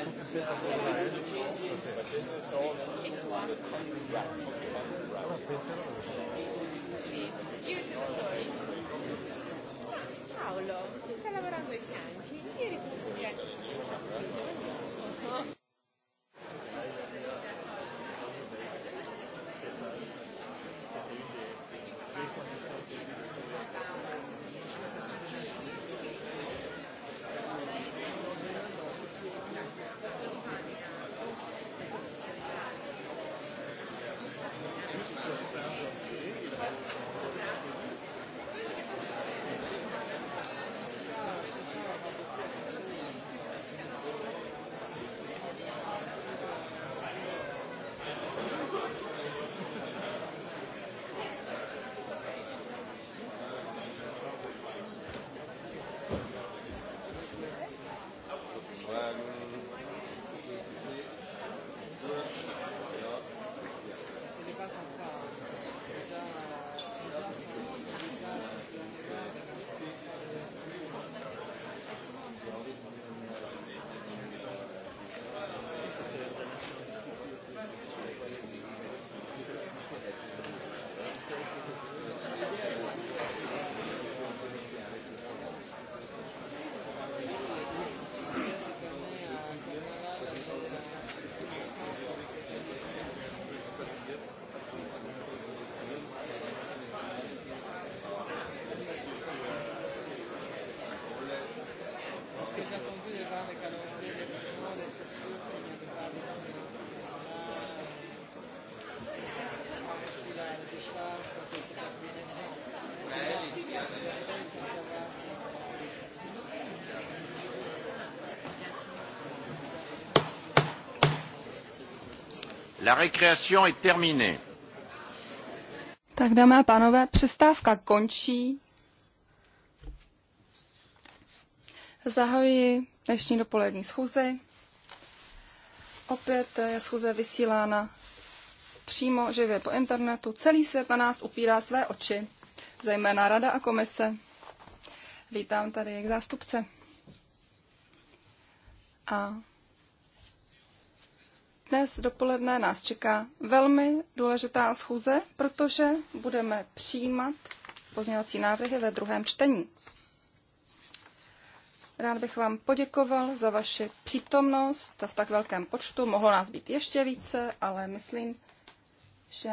Paolo, ti sta lavorando ai fianchi, ieri sono fuori anche. La récréation est terminée. Tak dámy a pánové, přestávka končí. Zahajuji dnešní dopolední schůzi. Opět je schůze vysílána přímo živě po internetu. Celý svět na nás upírá své oči, zejména Rada a komise. Vítám tady jejich zástupce. A dnes dopoledne nás čeká velmi důležitá schůze, protože budeme přijímat pozměňovací návrhy ve druhém čtení. Rád bych vám poděkoval za vaši přítomnost v tak velkém počtu. Mohlo nás být ještě více, ale myslím, že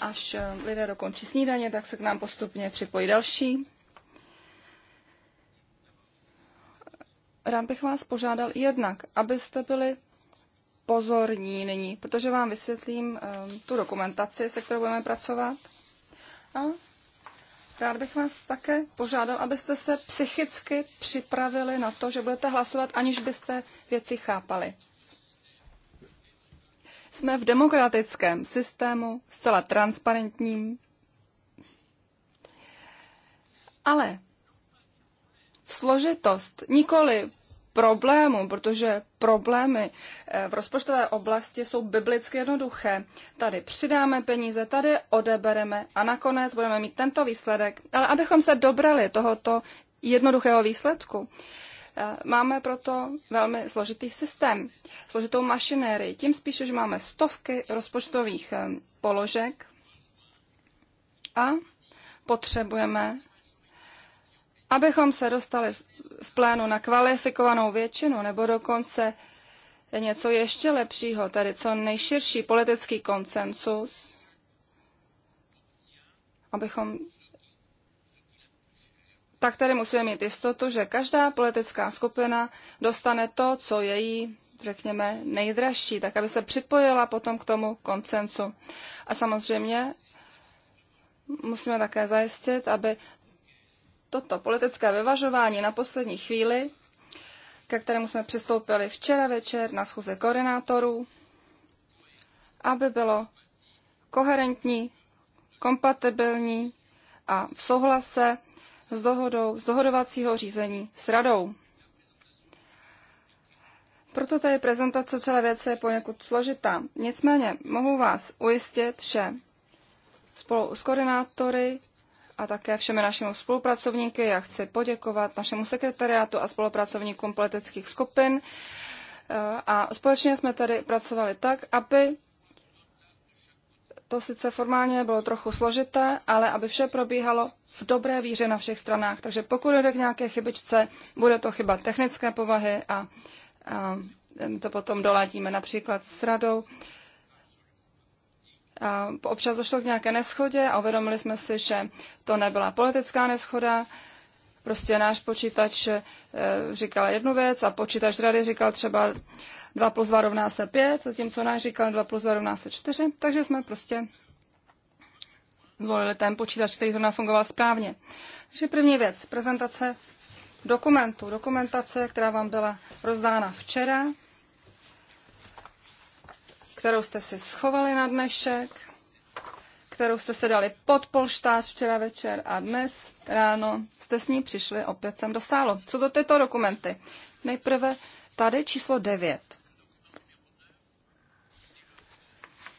až lidé dokončí snídaně, tak se k nám postupně připojí další. Rád bych vás požádal jednak, abyste byli pozorní nyní, protože vám vysvětlím eh, tu dokumentaci, se kterou budeme pracovat. A rád bych vás také požádal, abyste se psychicky připravili na to, že budete hlasovat, aniž byste věci chápali. Jsme v demokratickém systému, zcela transparentním, ale složitost, nikoli problémům, protože problémy eh, v rozpočtové oblasti jsou biblicky jednoduché. Tady přidáme peníze, tady odebereme a nakonec budeme mít tento výsledek. Ale abychom se dobrali tohoto jednoduchého výsledku, eh, Máme proto velmi složitý systém, složitou mašinérii. Tím spíše, že máme stovky rozpočtových eh, položek a potřebujeme, abychom se dostali v plénu na kvalifikovanou většinu nebo dokonce něco ještě lepšího, tedy co nejširší politický konsenzus, abychom tak tedy musíme mít jistotu, že každá politická skupina dostane to, co je jí, řekněme, nejdražší, tak aby se připojila potom k tomu koncensu. A samozřejmě musíme také zajistit, aby toto politické vyvažování na poslední chvíli, ke kterému jsme přistoupili včera večer na schůze koordinátorů, aby bylo koherentní, kompatibilní a v souhlase s dohodou s dohodovacího řízení s radou. Proto tady prezentace celé věci je poněkud složitá. Nicméně mohu vás ujistit, že spolu s koordinátory a také všemi našimi spolupracovníky. Já chci poděkovat našemu sekretariátu a spolupracovníkům politických skupin. Eh, a společně jsme tady pracovali tak, aby to sice formálně bylo trochu složité, ale aby vše probíhalo v dobré víře na všech stranách. Takže pokud jde k nějaké chybičce, bude to chyba technické povahy a, a eh, to potom doladíme například s radou. Uh, Občas došlo k nějaké neschodě a uvědomili jsme si, že to nebyla politická neschoda, prostě náš počítač eh, říkal jednu věc a počítač rady říkal třeba 2 plus 2 rovná se 5, zatímco náš říkal 2 plus 2 rovná se 4, takže jsme prostě zvolili ten počítač, který zrovna fungoval správně. Takže první věc, prezentace dokumentu, dokumentace, která vám byla rozdána včera, kterou jste si schovali na dnešek, kterou jste se dali pod polštář včera večer a dnes ráno jste s ní přišli opět sem do sálu. Co do tyto dokumenty? Nejprve tady číslo 9.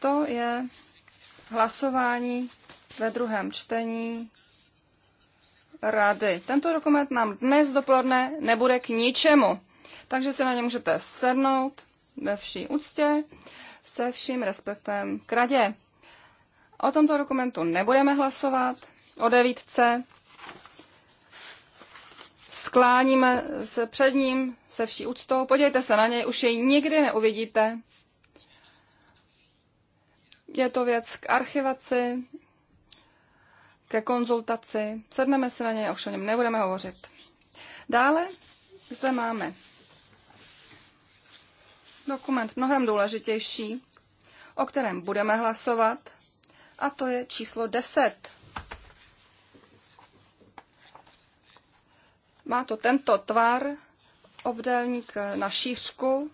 To je hlasování ve druhém čtení rady. Tento dokument nám dnes dopoledne nebude k ničemu, takže se na ně můžete sednout ve vší úctě se vším respektem k radě. O tomto dokumentu nebudeme hlasovat, o devítce. Skláníme se před ním se vší úctou, podívejte se na něj, už jej nikdy neuvidíte. Je to věc k archivaci, ke konzultaci. Sedneme se na něj, ovšem nebudeme hovořit. Dále zde máme dokument mnohem důležitější, o kterém budeme hlasovat, a to je číslo 10. Má to tento tvar, obdélník na šířku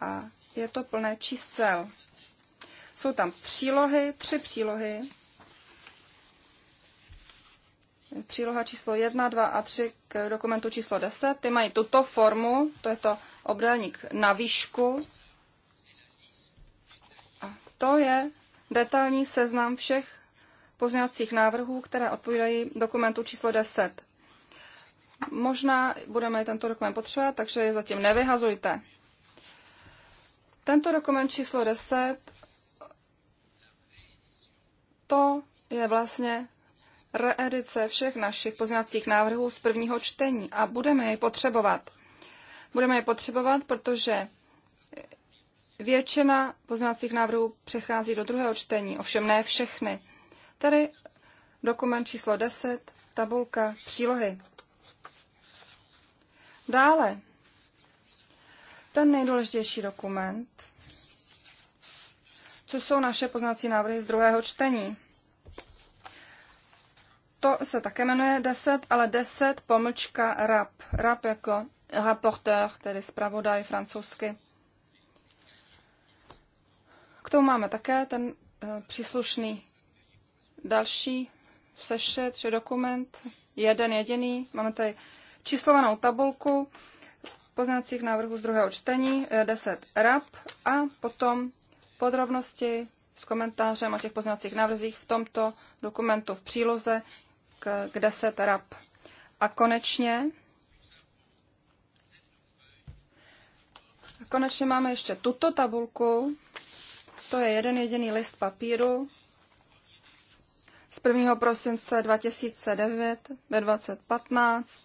a je to plné čísel. Jsou tam přílohy, tři přílohy. Příloha číslo 1, 2 a 3 k dokumentu číslo 10. Ty mají tuto formu, to je to obdélník na výšku. A to je detailní seznam všech pozměňovacích návrhů, které odpovídají dokumentu číslo 10. Možná budeme tento dokument potřebovat, takže je zatím nevyhazujte. Tento dokument číslo 10, to je vlastně reedice všech našich pozněcích návrhů z prvního čtení a budeme jej potřebovat. Budeme je potřebovat, protože většina poznacích návrhů přechází do druhého čtení, ovšem ne všechny. Tady dokument číslo 10, tabulka, přílohy. Dále, ten nejdůležitější dokument, co jsou naše poznací návrhy z druhého čtení. To se také jmenuje 10, ale 10 pomlčka RAP. RAP jako rapporteur, tedy zpravodaj francouzsky. K tomu máme také ten eh, příslušný další sešet či dokument, jeden jediný. Máme tady číslovanou tabulku poznacích návrhů z druhého čtení, 10 eh, RAP a potom podrobnosti s komentářem o těch poznacích návrzích v tomto dokumentu v příloze k, 10 RAP. A konečně konečně máme ještě tuto tabulku. To je jeden jediný list papíru z 1. prosince 2009 ve 2015.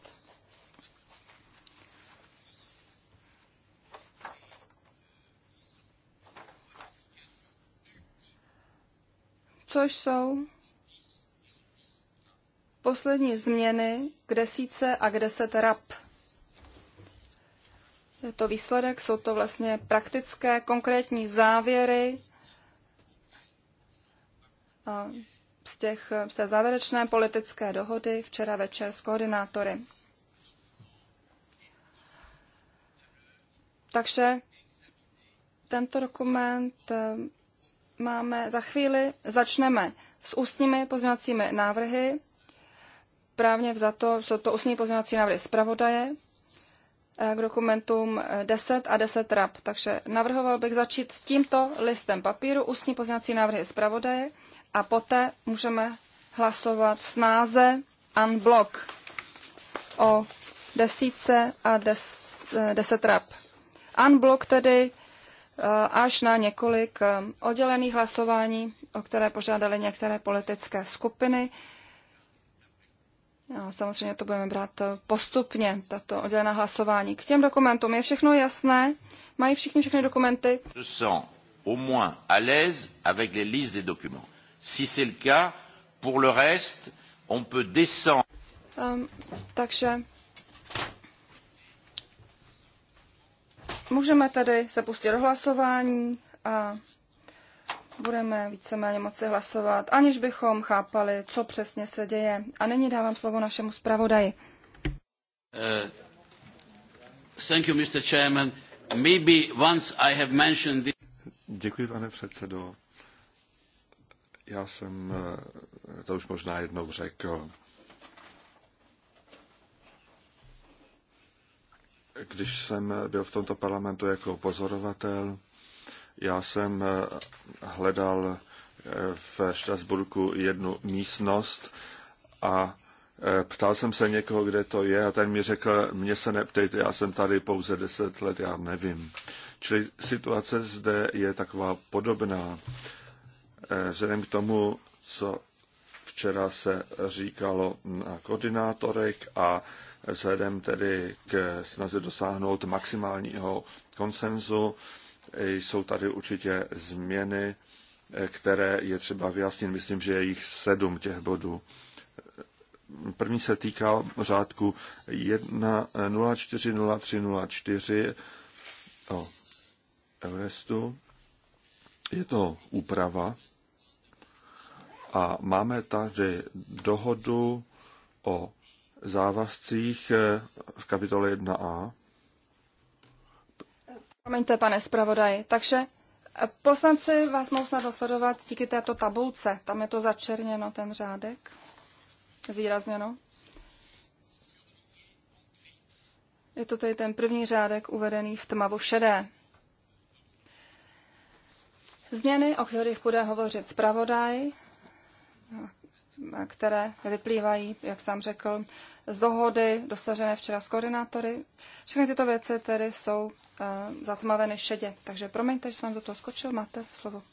což jsou poslední změny k desíce a k deset rap. Je to výsledek, jsou to vlastně praktické, konkrétní závěry z, těch, z té závěrečné politické dohody včera večer s koordinátory. Takže tento dokument e, máme za chvíli. Začneme s ústními pozměňovacími návrhy. Právně to jsou to ústní pozměňovací návrhy zpravodaje. Eh, k dokumentům 10 eh, a 10 RAP. Takže navrhoval bych začít tímto listem papíru, ústní poznací návrhy zpravodaje a poté můžeme hlasovat snáze unblock o desíce a des, eh, deset rap. Unblock tedy až na několik oddělených hlasování, o které požádaly některé politické skupiny. A samozřejmě to budeme brát postupně, tato oddělená hlasování. K těm dokumentům je všechno jasné? Mají všichni všechny dokumenty? au moins à l'aise avec les listes des documents. Si c'est le cas, pour le reste, on peut descendre. Um, takže můžeme tady zapustit hlasování a budeme víceméně moci hlasovat, aniž bychom chápali, co přesně se děje. A nyní dávám slovo našemu zpravodaji. Uh, thank you, Mr. Chairman. Maybe once I have mentioned Děkuji, pane předsedo. Já jsem eh, to už možná jednou řekl. Když jsem byl v tomto parlamentu jako pozorovatel, já jsem eh, hledal eh, v Štrasburku jednu místnost a eh, ptal jsem se někoho, kde to je a ten mi řekl, mě se neptejte, já jsem tady pouze deset let, já nevím. Čili situace zde je taková podobná. Vzhledem k tomu, co včera se říkalo na koordinátorech a vzhledem tedy k snaze dosáhnout maximálního konsenzu, jsou tady určitě změny, které je třeba vyjasnit. Myslím, že je jich sedm těch bodů. První se týká řádku 1040304 o Eurestu. Je to úprava a máme tady dohodu o závazcích v kapitole 1a Promiňte, pane zpravodaj. Takže eh, poslanci vás mohou snad sledovat díky této tabulce. Tam je to začerněno, ten řádek. Zvýrazněno. Je to tady ten první řádek uvedený v tmavu šedé. Změny, o kterých bude hovořit zpravodaj, které vyplývají, jak sám řekl, z dohody dosažené včera s koordinátory. Všechny tyto věci tedy jsou eh, zatmaveny šedě. Takže promiňte, že jsem vám do toho skočil, máte slovo.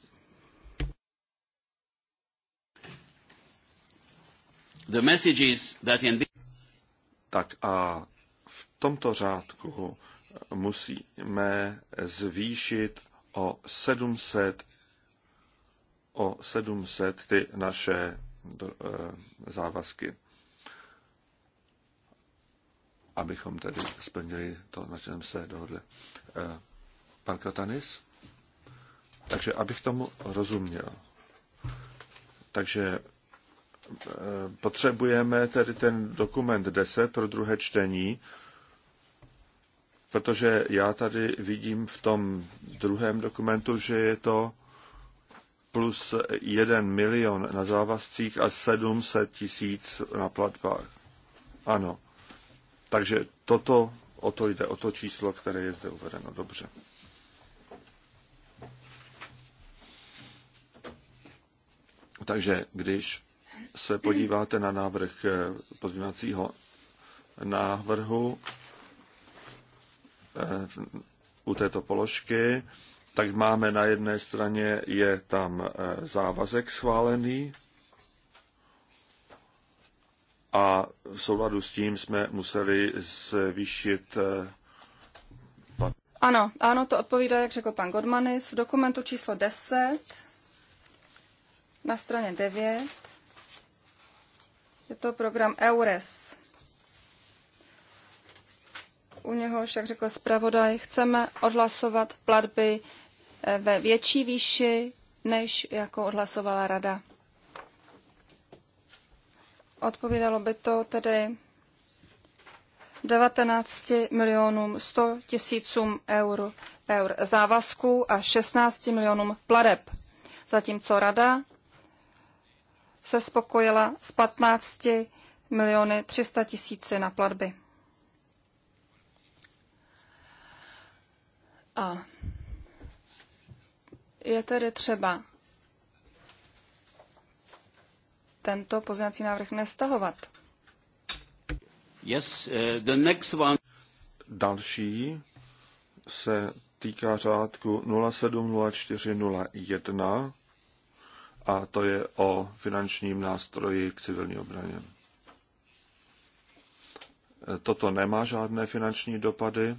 The message is that in tak a v tomto řádku musíme zvýšit o 700 o 700 ty naše Eh, závazky, abychom tedy splnili to, na čem se dohodli. Eh, pan Katanis? Takže abych tomu rozuměl. Takže eh, potřebujeme tedy ten dokument 10 pro druhé čtení, protože já tady vidím v tom druhém dokumentu, že je to plus 1 milion na závazcích a 700 tisíc na platbách. Ano. Takže toto, o to jde, o to číslo, které je zde uvedeno. Dobře. Takže když se podíváte na návrh eh, pozměňovacího návrhu eh, u této položky, tak máme na jedné straně je tam e, závazek schválený a v souladu s tím jsme museli zvýšit e, ano, ano, to odpovídá, jak řekl pan Godmanis, v dokumentu číslo 10 na straně 9 je to program EURES. U něho, jak řekl zpravodaj, chceme odhlasovat platby Eh, ve větší výši, než jako odhlasovala rada. Odpovídalo by to tedy 19 milionům 100 tisícům eur, eur závazků a 16 milionům pladeb, zatímco rada se spokojila s 15 miliony 300 tisíci na platby. A je tedy třeba tento pozměňovací návrh nestahovat. Yes, uh, the next one. Další se týká řádku 070401 a to je o finančním nástroji k civilní obraně. Toto nemá žádné finanční dopady,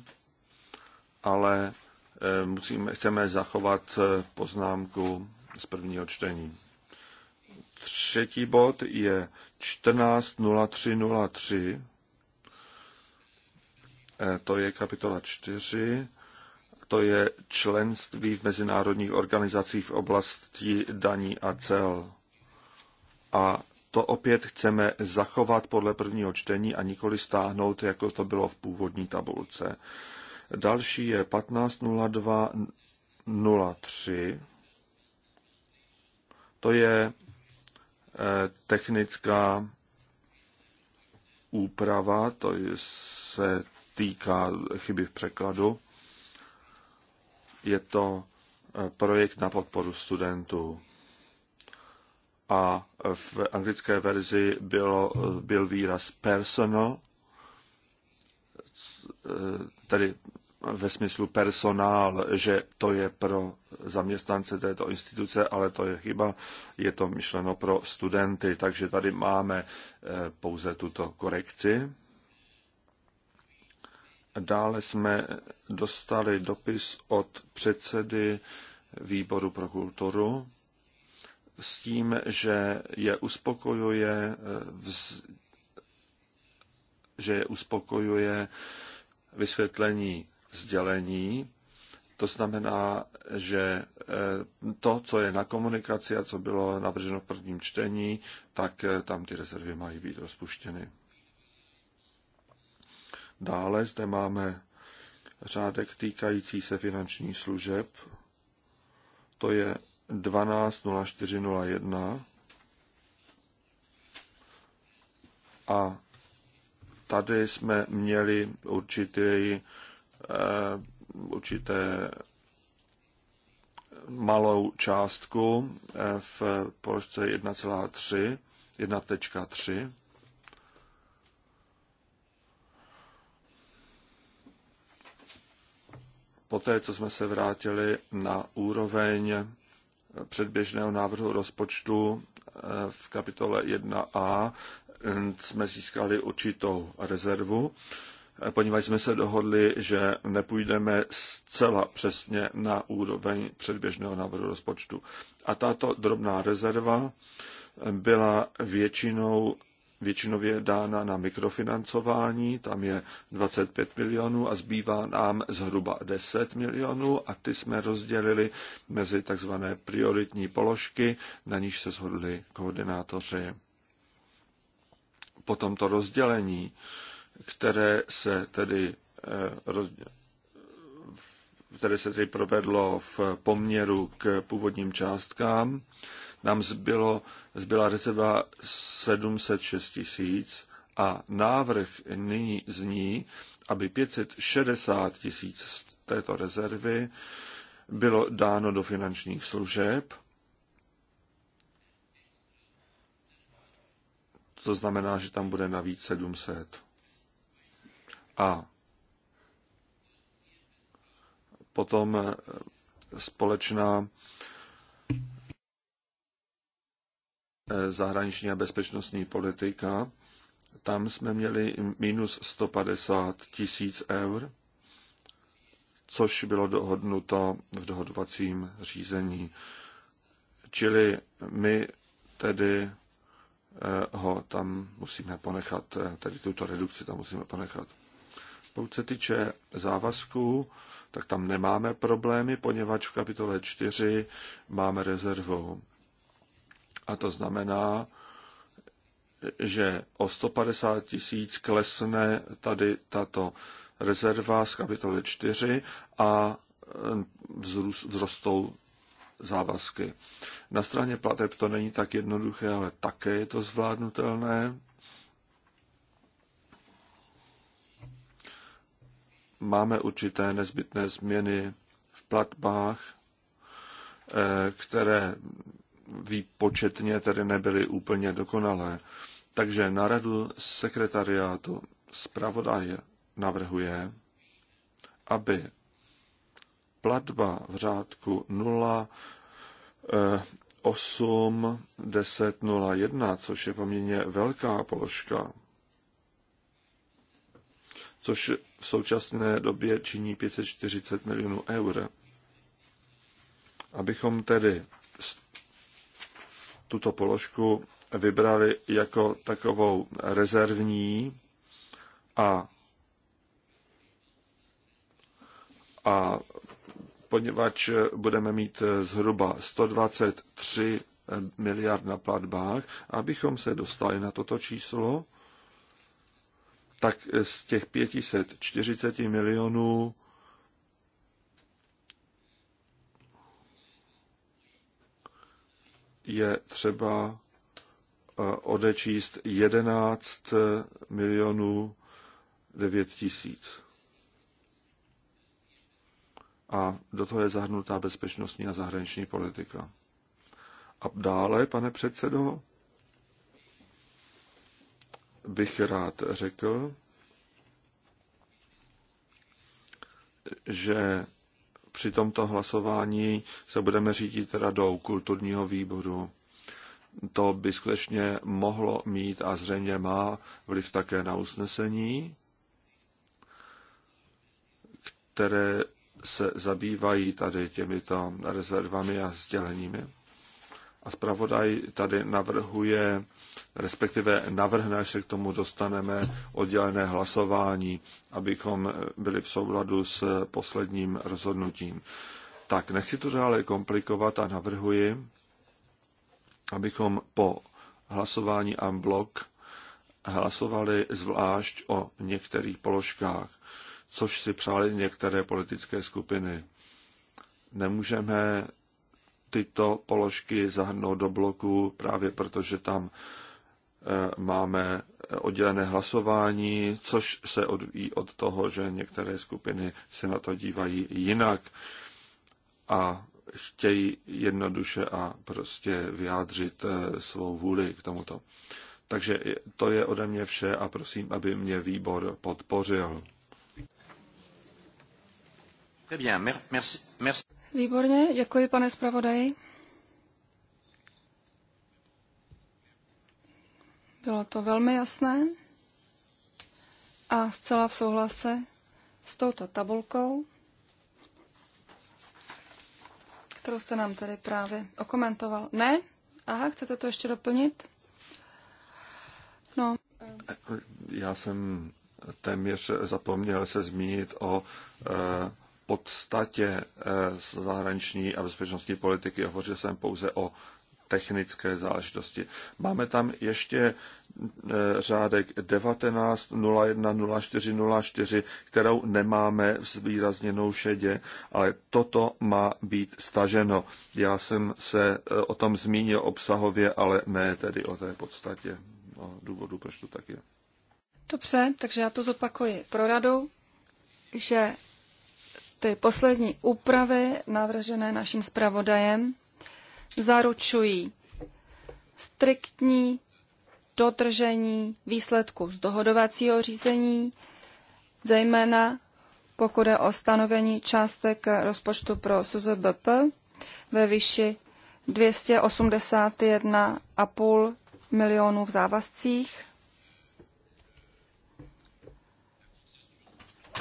ale musíme, chceme zachovat eh, poznámku z prvního čtení. Třetí bod je 14.03.03. Eh, to je kapitola 4. To je členství v mezinárodních organizacích v oblasti daní a cel. A to opět chceme zachovat podle prvního čtení a nikoli stáhnout, jako to bylo v původní tabulce. Další je 15.02.03. To je eh, technická úprava, to se týká chyby v překladu. Je to eh, projekt na podporu studentů. A v anglické verzi bylo, eh, byl výraz personal, tedy ve smyslu personál, že to je pro zaměstnance této instituce, ale to je chyba, je to myšleno pro studenty, takže tady máme eh, pouze tuto korekci. Dále jsme dostali dopis od předsedy výboru pro kulturu s tím, že je uspokojuje, eh, vz... že je uspokojuje vysvětlení sdělení. To znamená, že e, to, co je na komunikaci a co bylo navrženo v prvním čtení, tak e, tam ty rezervy mají být rozpuštěny. Dále zde máme řádek týkající se finanční služeb. To je 12.04.01. A tady jsme měli určitý Eh, určité malou částku eh, v položce 1,3, 1.3. Poté, co jsme se vrátili na úroveň předběžného návrhu rozpočtu eh, v kapitole 1a, jsme získali určitou rezervu poněvadž jsme se dohodli, že nepůjdeme zcela přesně na úroveň předběžného návrhu rozpočtu. A tato drobná rezerva byla většinou většinově dána na mikrofinancování, tam je 25 milionů a zbývá nám zhruba 10 milionů a ty jsme rozdělili mezi takzvané prioritní položky, na níž se shodli koordinátoři. Po tomto rozdělení které se tedy, eh, které se tedy provedlo v poměru k původním částkám. Nám zbylo, zbyla rezerva 706 tisíc a návrh nyní zní, aby 560 tisíc z této rezervy bylo dáno do finančních služeb. To znamená, že tam bude navíc 700. A potom eh, společná eh, zahraniční a bezpečnostní politika. Tam jsme měli minus 150 tisíc eur, což bylo dohodnuto v dohodovacím řízení. Čili my tedy eh, ho tam musíme ponechat, tedy tuto redukci tam musíme ponechat. Pokud se týče závazků, tak tam nemáme problémy, poněvadž v kapitole 4 máme rezervu. A to znamená, že o 150 tisíc klesne tady tato rezerva z kapitoly 4 a eh, vzrostou závazky. Na straně plateb to není tak jednoduché, ale také je to zvládnutelné. máme určité nezbytné změny v platbách, eh, které výpočetně tedy nebyly úplně dokonalé. Takže na radu sekretariátu zpravodaj navrhuje, aby platba v řádku 0 8 10 01, což je poměrně velká položka, což v současné době činí 540 milionů eur. Abychom tedy tuto položku vybrali jako takovou rezervní a, a poněvadž budeme mít zhruba 123 miliard na platbách, abychom se dostali na toto číslo, tak z těch 540 milionů je třeba eh, odečíst 11 milionů 9 tisíc. A do toho je zahrnutá bezpečnostní a zahraniční politika. A dále, pane předsedo, bych rád řekl, že při tomto hlasování se budeme řídit radou kulturního výboru. To by skutečně mohlo mít a zřejmě má vliv také na usnesení, které se zabývají tady těmito rezervami a sděleními. A zpravodaj tady navrhuje respektive navrhne, až se k tomu dostaneme, oddělené hlasování, abychom byli v souladu s posledním rozhodnutím. Tak, nechci to dále komplikovat a navrhuji, abychom po hlasování a blok hlasovali zvlášť o některých položkách, což si přáli některé politické skupiny. Nemůžeme tyto položky zahrnout do bloku právě protože tam Eh, máme eh, oddělené hlasování, což se odvíjí od toho, že některé skupiny se na to dívají jinak a chtějí jednoduše a prostě vyjádřit eh, svou vůli k tomuto. Takže to je ode mě vše a prosím, aby mě výbor podpořil. Výborně, děkuji pane zpravodaji. Bylo to velmi jasné a zcela v souhlase s touto tabulkou, kterou jste nám tady právě okomentoval. Ne? Aha, chcete to ještě doplnit? No. Já jsem téměř zapomněl se zmínit o eh, podstatě eh, zahraniční a bezpečnostní politiky. Hovořil jsem pouze o technické záležitosti. Máme tam ještě e, řádek 19.01.04.04, kterou nemáme zvýrazněnou šedě, ale toto má být staženo. Já jsem se e, o tom zmínil obsahově, ale ne tedy o té podstatě, o důvodu, proč to tak je. Dobře, takže já to zopakuji pro radu, že ty poslední úpravy navržené naším zpravodajem zaručují striktní dodržení výsledku z dohodovacího řízení, zejména pokud je o stanovení částek rozpočtu pro SZBP ve výši 281,5 milionů v závazcích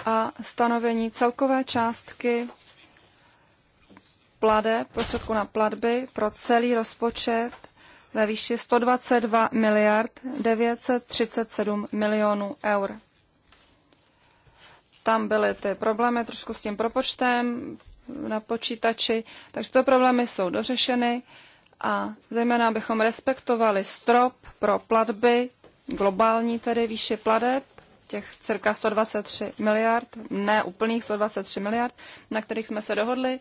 a stanovení celkové částky plade, prostředků na platby pro celý rozpočet ve výši 122 miliard 937 milionů eur. Tam byly ty problémy trošku s tím propočtem na počítači, takže ty problémy jsou dořešeny a zejména abychom respektovali strop pro platby, globální tedy výši plateb, těch cirka 123 miliard, ne úplných 123 miliard, na kterých jsme se dohodli,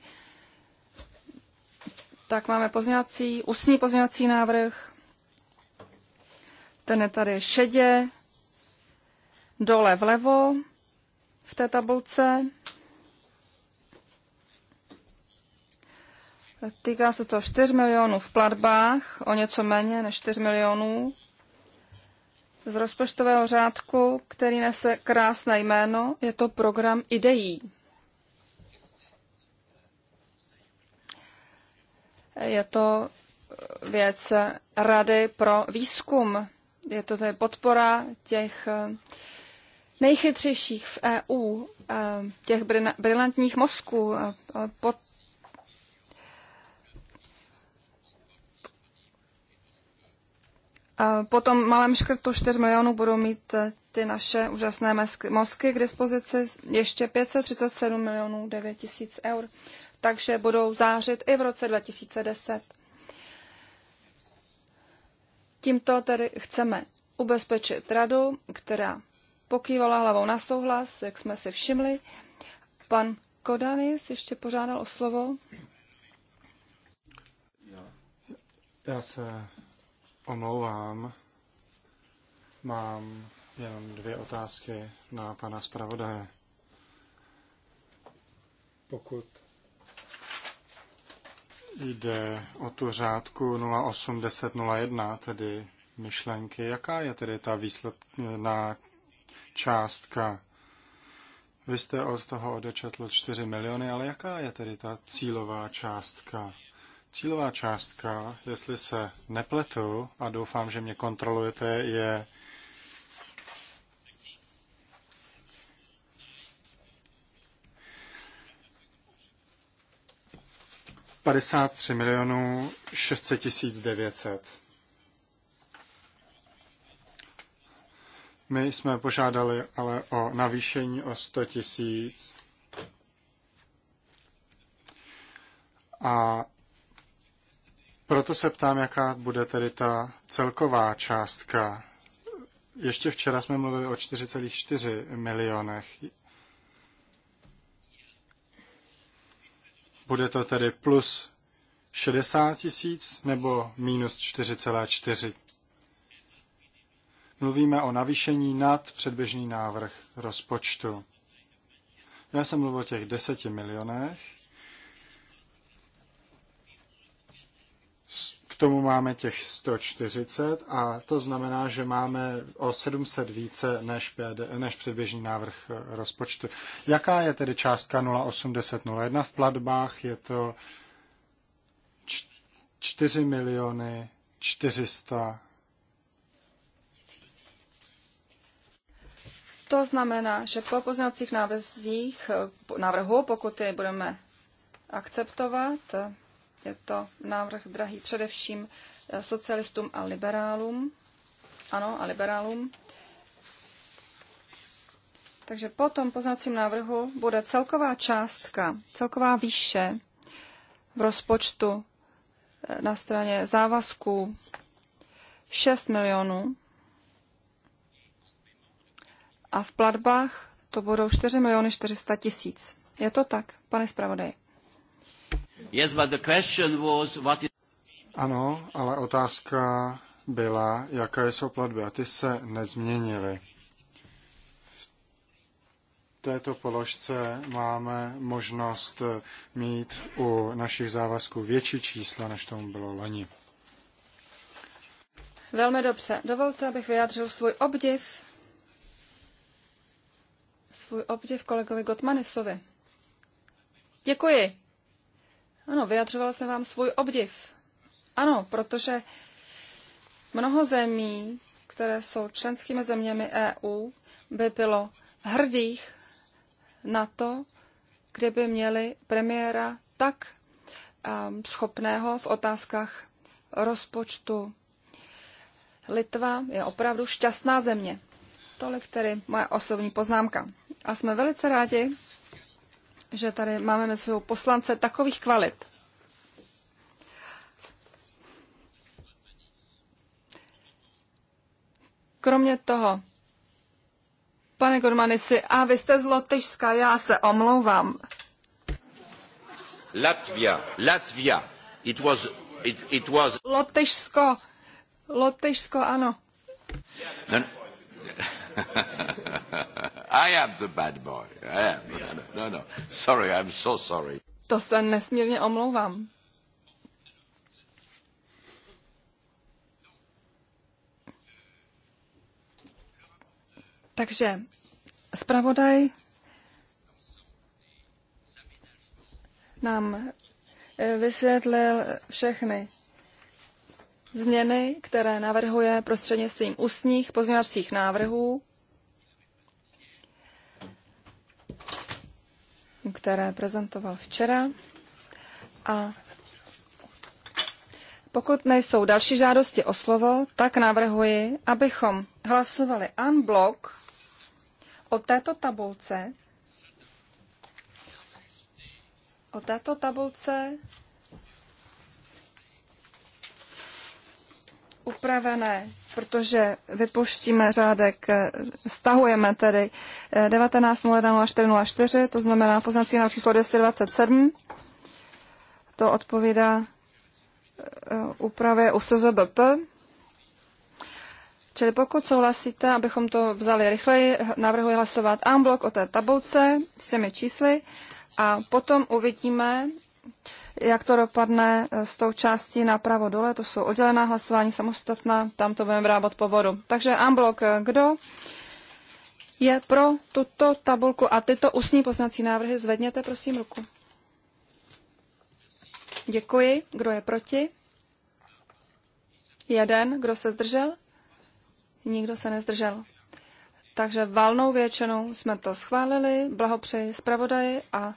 tak máme pozměňovací, ústní pozměňovací návrh. Ten je tady šedě, dole vlevo v té tabulce. Týká se to 4 milionů v platbách, o něco méně než 4 milionů z rozpočtového řádku, který nese krásné jméno, je to program IDEI. Je to věc Rady pro výzkum. Je to tedy podpora těch eh, nejchytřejších v EU, eh, těch brilantních mozků, eh, pod Po tom malém škrtu 4 milionů budou mít ty naše úžasné mozky k dispozici ještě 537 milionů 9 tisíc eur takže budou zářit i v roce 2010. Tímto tedy chceme ubezpečit radu, která pokývala hlavou na souhlas, jak jsme si všimli. Pan Kodanis ještě požádal o slovo. Já se omlouvám. Mám jenom dvě otázky na pana zpravodaje. Pokud jde o tu řádku 081001, tedy myšlenky. Jaká je tedy ta výsledná částka? Vy jste od toho odečetl 4 miliony, ale jaká je tedy ta cílová částka? Cílová částka, jestli se nepletu, a doufám, že mě kontrolujete, je 53 milionů 600 tisíc 900. My jsme požádali ale o navýšení o 100 tisíc. A proto se ptám, jaká bude tedy ta celková částka. Ještě včera jsme mluvili o 4,4 milionech. Bude to tedy plus 60 tisíc nebo minus 4,4. Mluvíme o navýšení nad předběžný návrh rozpočtu. Já jsem mluvil o těch 10 milionech, tomu máme těch 140 a to znamená, že máme o 700 více než, PD, než předběžný návrh eh, rozpočtu. Jaká je tedy částka 08001 v platbách? Je to 4 miliony 400 To znamená, že po pozměňovacích návrzích eh, návrhu, pokud je budeme akceptovat, je to návrh drahý především eh, socialistům a liberálům. Ano, a liberálům. Takže po tom poznacím návrhu bude celková částka, celková výše v rozpočtu eh, na straně závazků 6 milionů a v platbách to budou 4 miliony 400 tisíc. Je to tak, pane zpravodaji? Yes, but the question was what is... Ano, ale otázka byla, jaké jsou platby a ty se nezměnily. V této položce máme možnost mít u našich závazků větší čísla, než tomu bylo loni. Velmi dobře. Dovolte, abych vyjádřil svůj obdiv svůj obdiv kolegovi Gottmanisovi. Děkuji. Ano, vyjadřovala jsem vám svůj obdiv. Ano, protože mnoho zemí, které jsou členskými zeměmi EU, by bylo hrdých na to, kdyby měli premiéra tak ehm, schopného v otázkách rozpočtu. Litva je opravdu šťastná země. Tolik tedy moje osobní poznámka. A jsme velice rádi, že tady máme mezi sebou poslance takových kvalit. Kromě toho, pane Gormanisi, a vy jste z Lotyšska, já se omlouvám. Latvia, Latvia, it was, it, it was... Lotyšsko, Lotyšsko, ano. No, I am the bad boy. I am. No, no, no, no, no. Sorry, I'm so sorry. To se nesmírně omlouvám. Takže zpravodaj nám eh, vysvětlil všechny změny, které navrhuje prostřednictvím ústních pozměňovacích návrhů které prezentoval včera. A pokud nejsou další žádosti o slovo, tak navrhuji, abychom hlasovali unblock o této tabulce, o této tabulce upravené protože vypuštíme řádek, eh, stahujeme tedy 19.01.04.04, eh, to znamená poznací na číslo 227. To odpovídá eh, úpravě u SZBP. Čili pokud souhlasíte, abychom to vzali rychleji, navrhuji hlasovat en blok o té tabulce s těmi čísly a potom uvidíme, jak to dopadne s tou částí napravo dole, to jsou oddělená hlasování samostatná, tam to budeme brát po vodu. Takže unblock, kdo je pro tuto tabulku a tyto ústní poznací návrhy, zvedněte prosím ruku. Děkuji. Kdo je proti? Jeden. Kdo se zdržel? Nikdo se nezdržel. Takže valnou většinou jsme to schválili. Blahopřeji zpravodaji a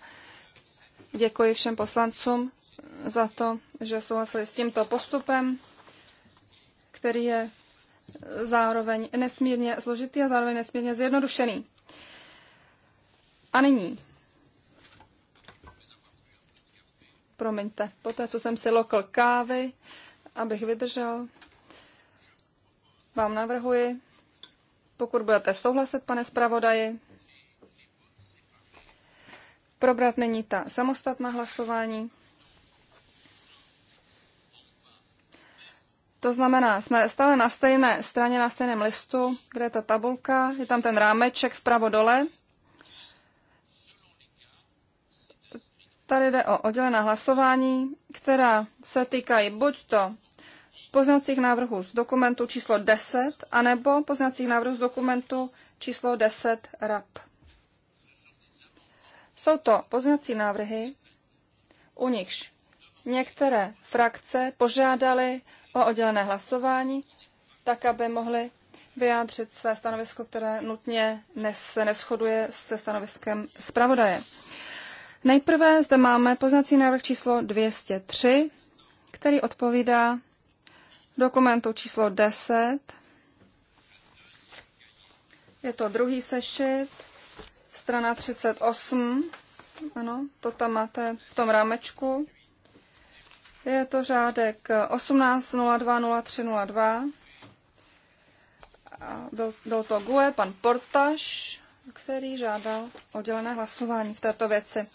Děkuji všem poslancům za to, že souhlasili s tímto postupem, který je zároveň nesmírně složitý a zároveň nesmírně zjednodušený. A nyní. Promiňte, po té, co jsem si lokl kávy, abych vydržel, vám navrhuji, pokud budete souhlasit, pane zpravodaji, probrat není ta samostatná hlasování. To znamená, jsme stále na stejné straně, na stejném listu, kde je ta tabulka, je tam ten rámeček vpravo dole. Tady jde o oddělená hlasování, která se týkají buď to poznacích návrhů z dokumentu číslo 10, anebo poznacích návrhů z dokumentu číslo 10 RAP. Jsou to pozněcí návrhy, u nichž některé frakce požádaly o oddělené hlasování, tak aby mohly vyjádřit své stanovisko, které nutně se neschoduje se stanoviskem zpravodaje. Nejprve zde máme poznací návrh číslo 203, který odpovídá dokumentu číslo 10. Je to druhý sešit Strana 38, ano, to tam máte v tom rámečku. Je to řádek 18.02.03.02. Byl, byl to GUE, pan Portaž, který žádal oddělené hlasování v této věci.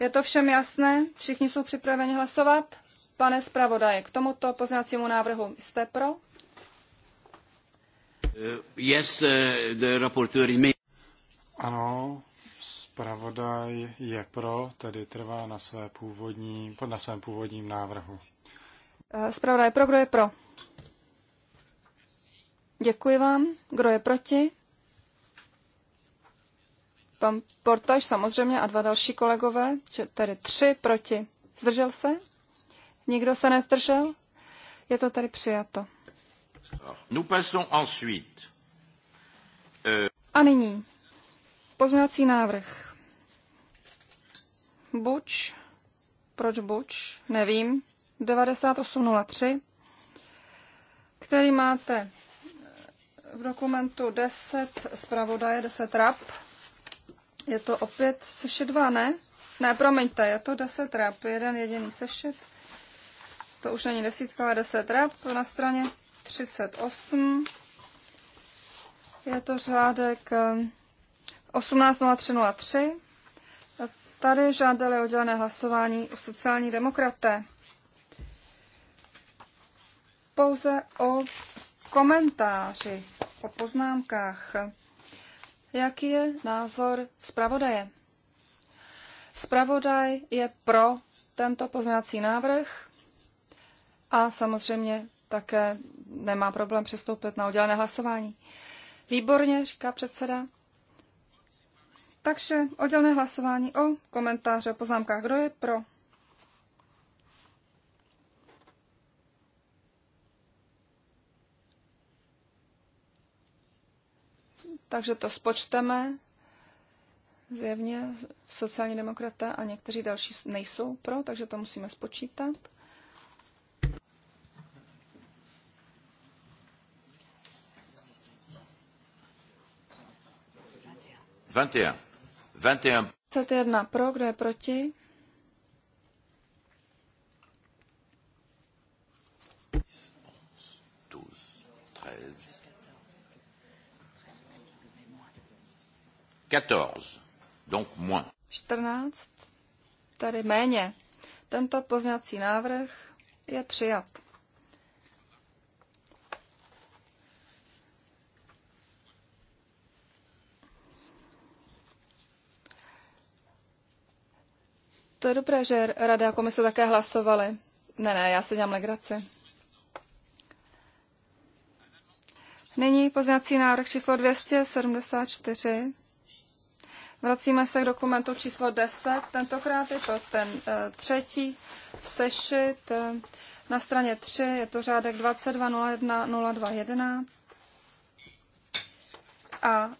Je to všem jasné? Všichni jsou připraveni hlasovat? Pane zpravodaje, k tomuto pozněcímu návrhu jste pro? Uh, yes, uh, the ano, zpravodaj je pro, tedy trvá na, své původní, na svém původním návrhu. Eh, zpravodaj je pro, kdo je pro? Děkuji vám. Kdo je proti? Pan Portaž samozřejmě a dva další kolegové, tedy tři proti. Zdržel se? Nikdo se nezdržel? Je to tedy přijato. Euh, a nyní Pozměňovací návrh. Buč, proč Buč, nevím, 9803, který máte v dokumentu 10 zpravodaje, 10 rap. Je to opět sešit dva, ne? Ne, promiňte, je to 10 rap, jeden jediný sešit. To už není desítka, ale 10 rap na straně 38. Je to řádek eh, 18.03.03. Tady žádali oddělené hlasování o sociální demokraté. Pouze o komentáři, o poznámkách. Jaký je názor zpravodaje? Spravodaj je pro tento poznávací návrh a samozřejmě také nemá problém přistoupit na oddělené hlasování. Výborně, říká předseda. Takže oddělené hlasování o komentáře o poznámkách. Kdo je pro? Takže to spočteme. Zjevně sociální demokraté a někteří další nejsou pro, takže to musíme spočítat. Vingt et 21. 21 pro, kdo je proti? Quatorze, donc moins. 14, tedy méně. Tento poznací návrh je přijat. To je dobré, že Rada a komise také hlasovaly. Ne, ne, já se dělám legraci. Nyní poznací návrh číslo 274. Vracíme se k dokumentu číslo 10. Tentokrát je to ten eh, třetí sešit. Eh, na straně 3 je to řádek 22010211. A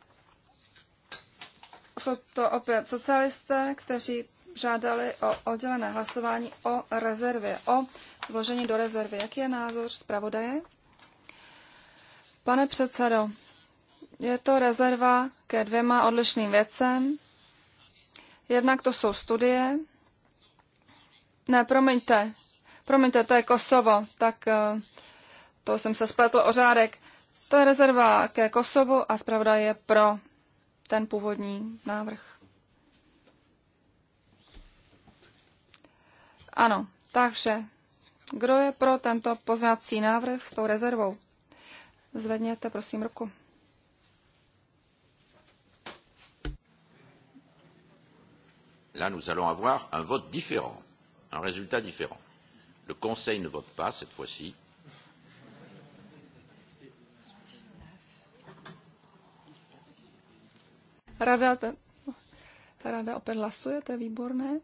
jsou to opět socialisté, kteří žádali o oddělené hlasování o rezervě, o vložení do rezervy. Jaký je názor zpravodaje? Pane předsedo, je to rezerva ke dvěma odlišným věcem. Jednak to jsou studie. Ne, promiňte, promiňte, to je Kosovo, tak eh, to jsem se spletl o řádek. To je rezerva ke Kosovu a zpravda je pro ten původní návrh. Ano, takže kdo je pro tento pozvací návrh s tou rezervou? Zvedněte prosím ruku. Là, nous allons avoir un vote différent, un résultat différent. Le Conseil ne vote pas cette fois-ci. Rada, rada opět hlasuje, to je výborné.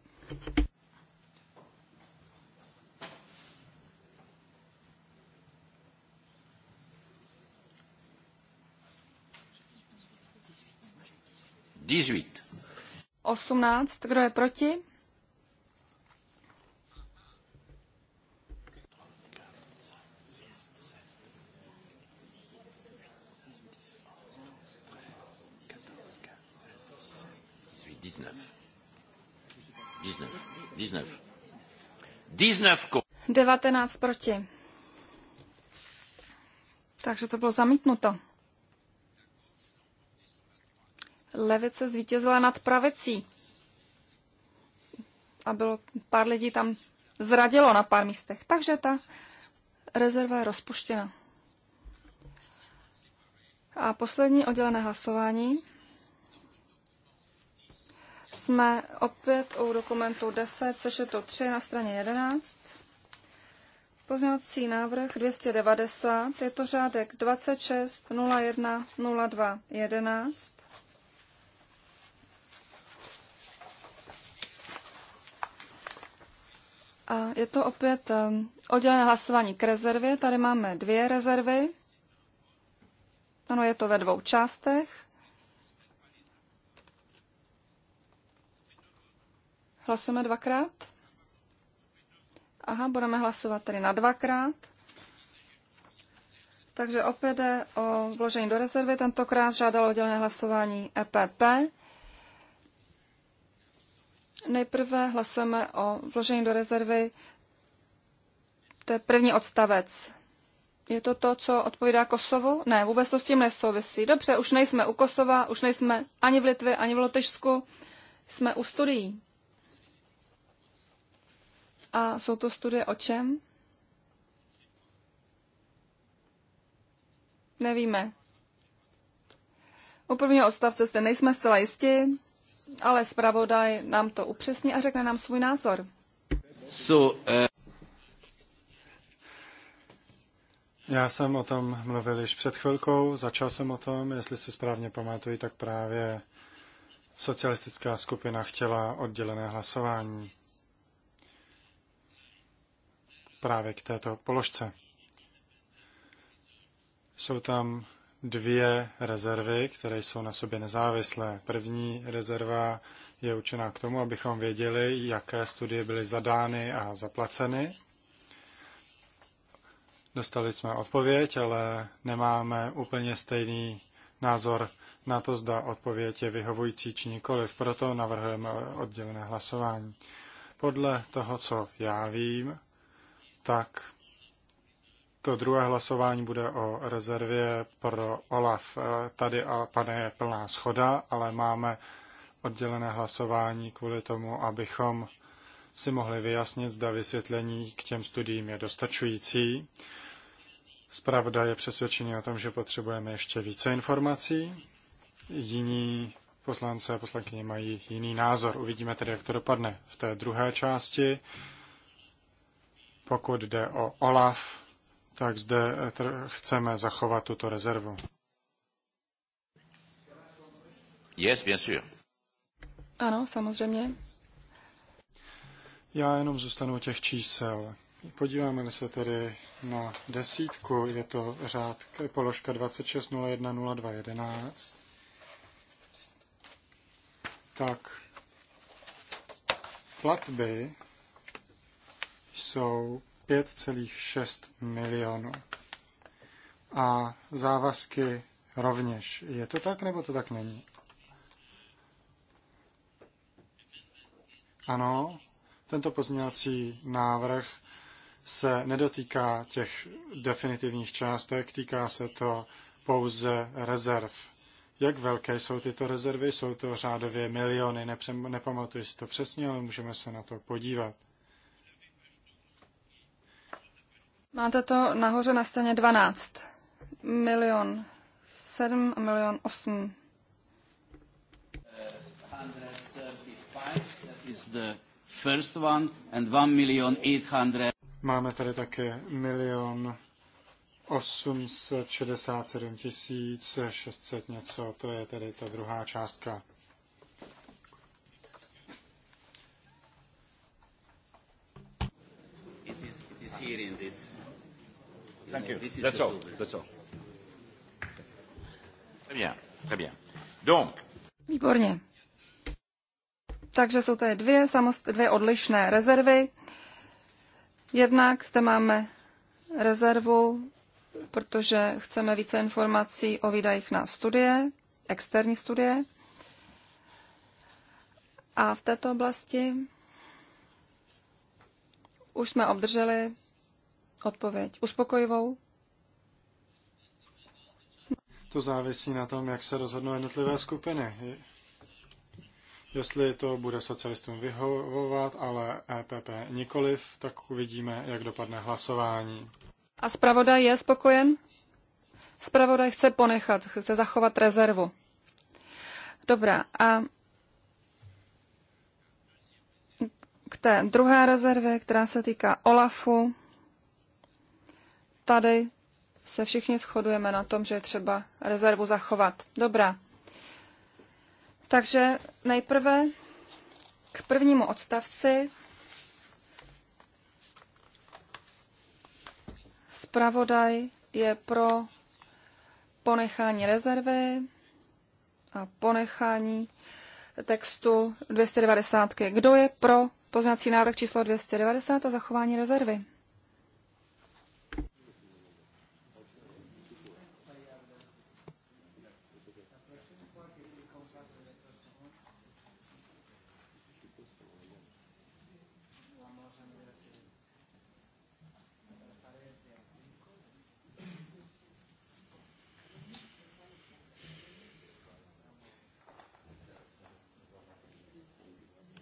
18. 18. Kdo je proti? Devatenáct 19 proti. Takže to bylo zamítnuto. levice zvítězila nad pravicí. A bylo pár lidí tam zradilo na pár místech. Takže ta rezerva je rozpuštěna. A poslední oddělené hlasování. Jsme opět u dokumentu 10, což je to 3 na straně 11. Pozměňovací návrh 290, je to řádek 26010211. 11. je to opět oddělené hlasování k rezervě. Tady máme dvě rezervy. Ano, je to ve dvou částech. Hlasujeme dvakrát. Aha, budeme hlasovat tedy na dvakrát. Takže opět jde o vložení do rezervy. Tentokrát žádalo oddělené hlasování EPP. Nejprve hlasujeme o vložení do rezervy. To je první odstavec. Je to to, co odpovídá Kosovu? Ne, vůbec to s tím nesouvisí. Dobře, už nejsme u Kosova, už nejsme ani v Litvě, ani v Lotyšsku. Jsme u studií. A jsou to studie o čem? Nevíme. U prvního odstavce se nejsme zcela jistí ale zpravodaj nám to upřesní a řekne nám svůj názor. So, uh... Já jsem o tom mluvil již před chvilkou, začal jsem o tom, jestli si správně pamatuju, tak právě socialistická skupina chtěla oddělené hlasování právě k této položce. Jsou tam dvě rezervy, které jsou na sobě nezávislé. První rezerva je učená k tomu, abychom věděli, jaké studie byly zadány a zaplaceny. Dostali jsme odpověď, ale nemáme úplně stejný názor na to, zda odpověď je vyhovující či nikoliv. Proto navrhujeme oddělené hlasování. Podle toho, co já vím, tak to druhé hlasování bude o rezervě pro OLAF. E, tady je plná schoda, ale máme oddělené hlasování kvůli tomu, abychom si mohli vyjasnit, zda vysvětlení k těm studiím je dostačující. Zpravda je přesvědčený o tom, že potřebujeme ještě více informací. Jiní poslance a poslankyně mají jiný názor. Uvidíme tedy, jak to dopadne v té druhé části. Pokud jde o OLAF, tak zde eh, chceme zachovat tuto rezervu. Yes, bien sûr. Ano, samozřejmě. Já jenom zůstanu u těch čísel. Podíváme se tedy na desítku, je to řád položka 26010211. Tak platby jsou 5,6 milionů. A závazky rovněž. Je to tak, nebo to tak není? Ano, tento pozměňovací návrh se nedotýká těch definitivních částek, týká se to pouze rezerv. Jak velké jsou tyto rezervy? Jsou to řádově miliony, nepamatuji si to přesně, ale můžeme se na to podívat. Máte to nahoře na straně 12. Milion 7 a milion 8. Máme tady také milion 867 tisíc 600 něco, to je tedy ta druhá částka. It is, it is That's all. That's all. Très bien. Très bien. Donc. Výborně. Takže jsou tady dvě, samost, dvě odlišné rezervy. Jednak zde máme rezervu, protože chceme více informací o výdajích na studie, externí studie. A v této oblasti už jsme obdrželi odpověď uspokojivou? To závisí na tom, jak se rozhodnou jednotlivé skupiny. Jestli to bude socialistům vyhovovat, ale EPP nikoliv, tak uvidíme, jak dopadne hlasování. A zpravodaj je spokojen? Zpravodaj chce ponechat, chce zachovat rezervu. Dobrá, a k té druhé rezervě, která se týká OLAFu, Tady se všichni shodujeme na tom, že je třeba rezervu zachovat. Dobrá. Takže nejprve k prvnímu odstavci Spravodaj je pro ponechání rezervy a ponechání textu 290. Kdo je pro poznací návrh číslo 290 a zachování rezervy?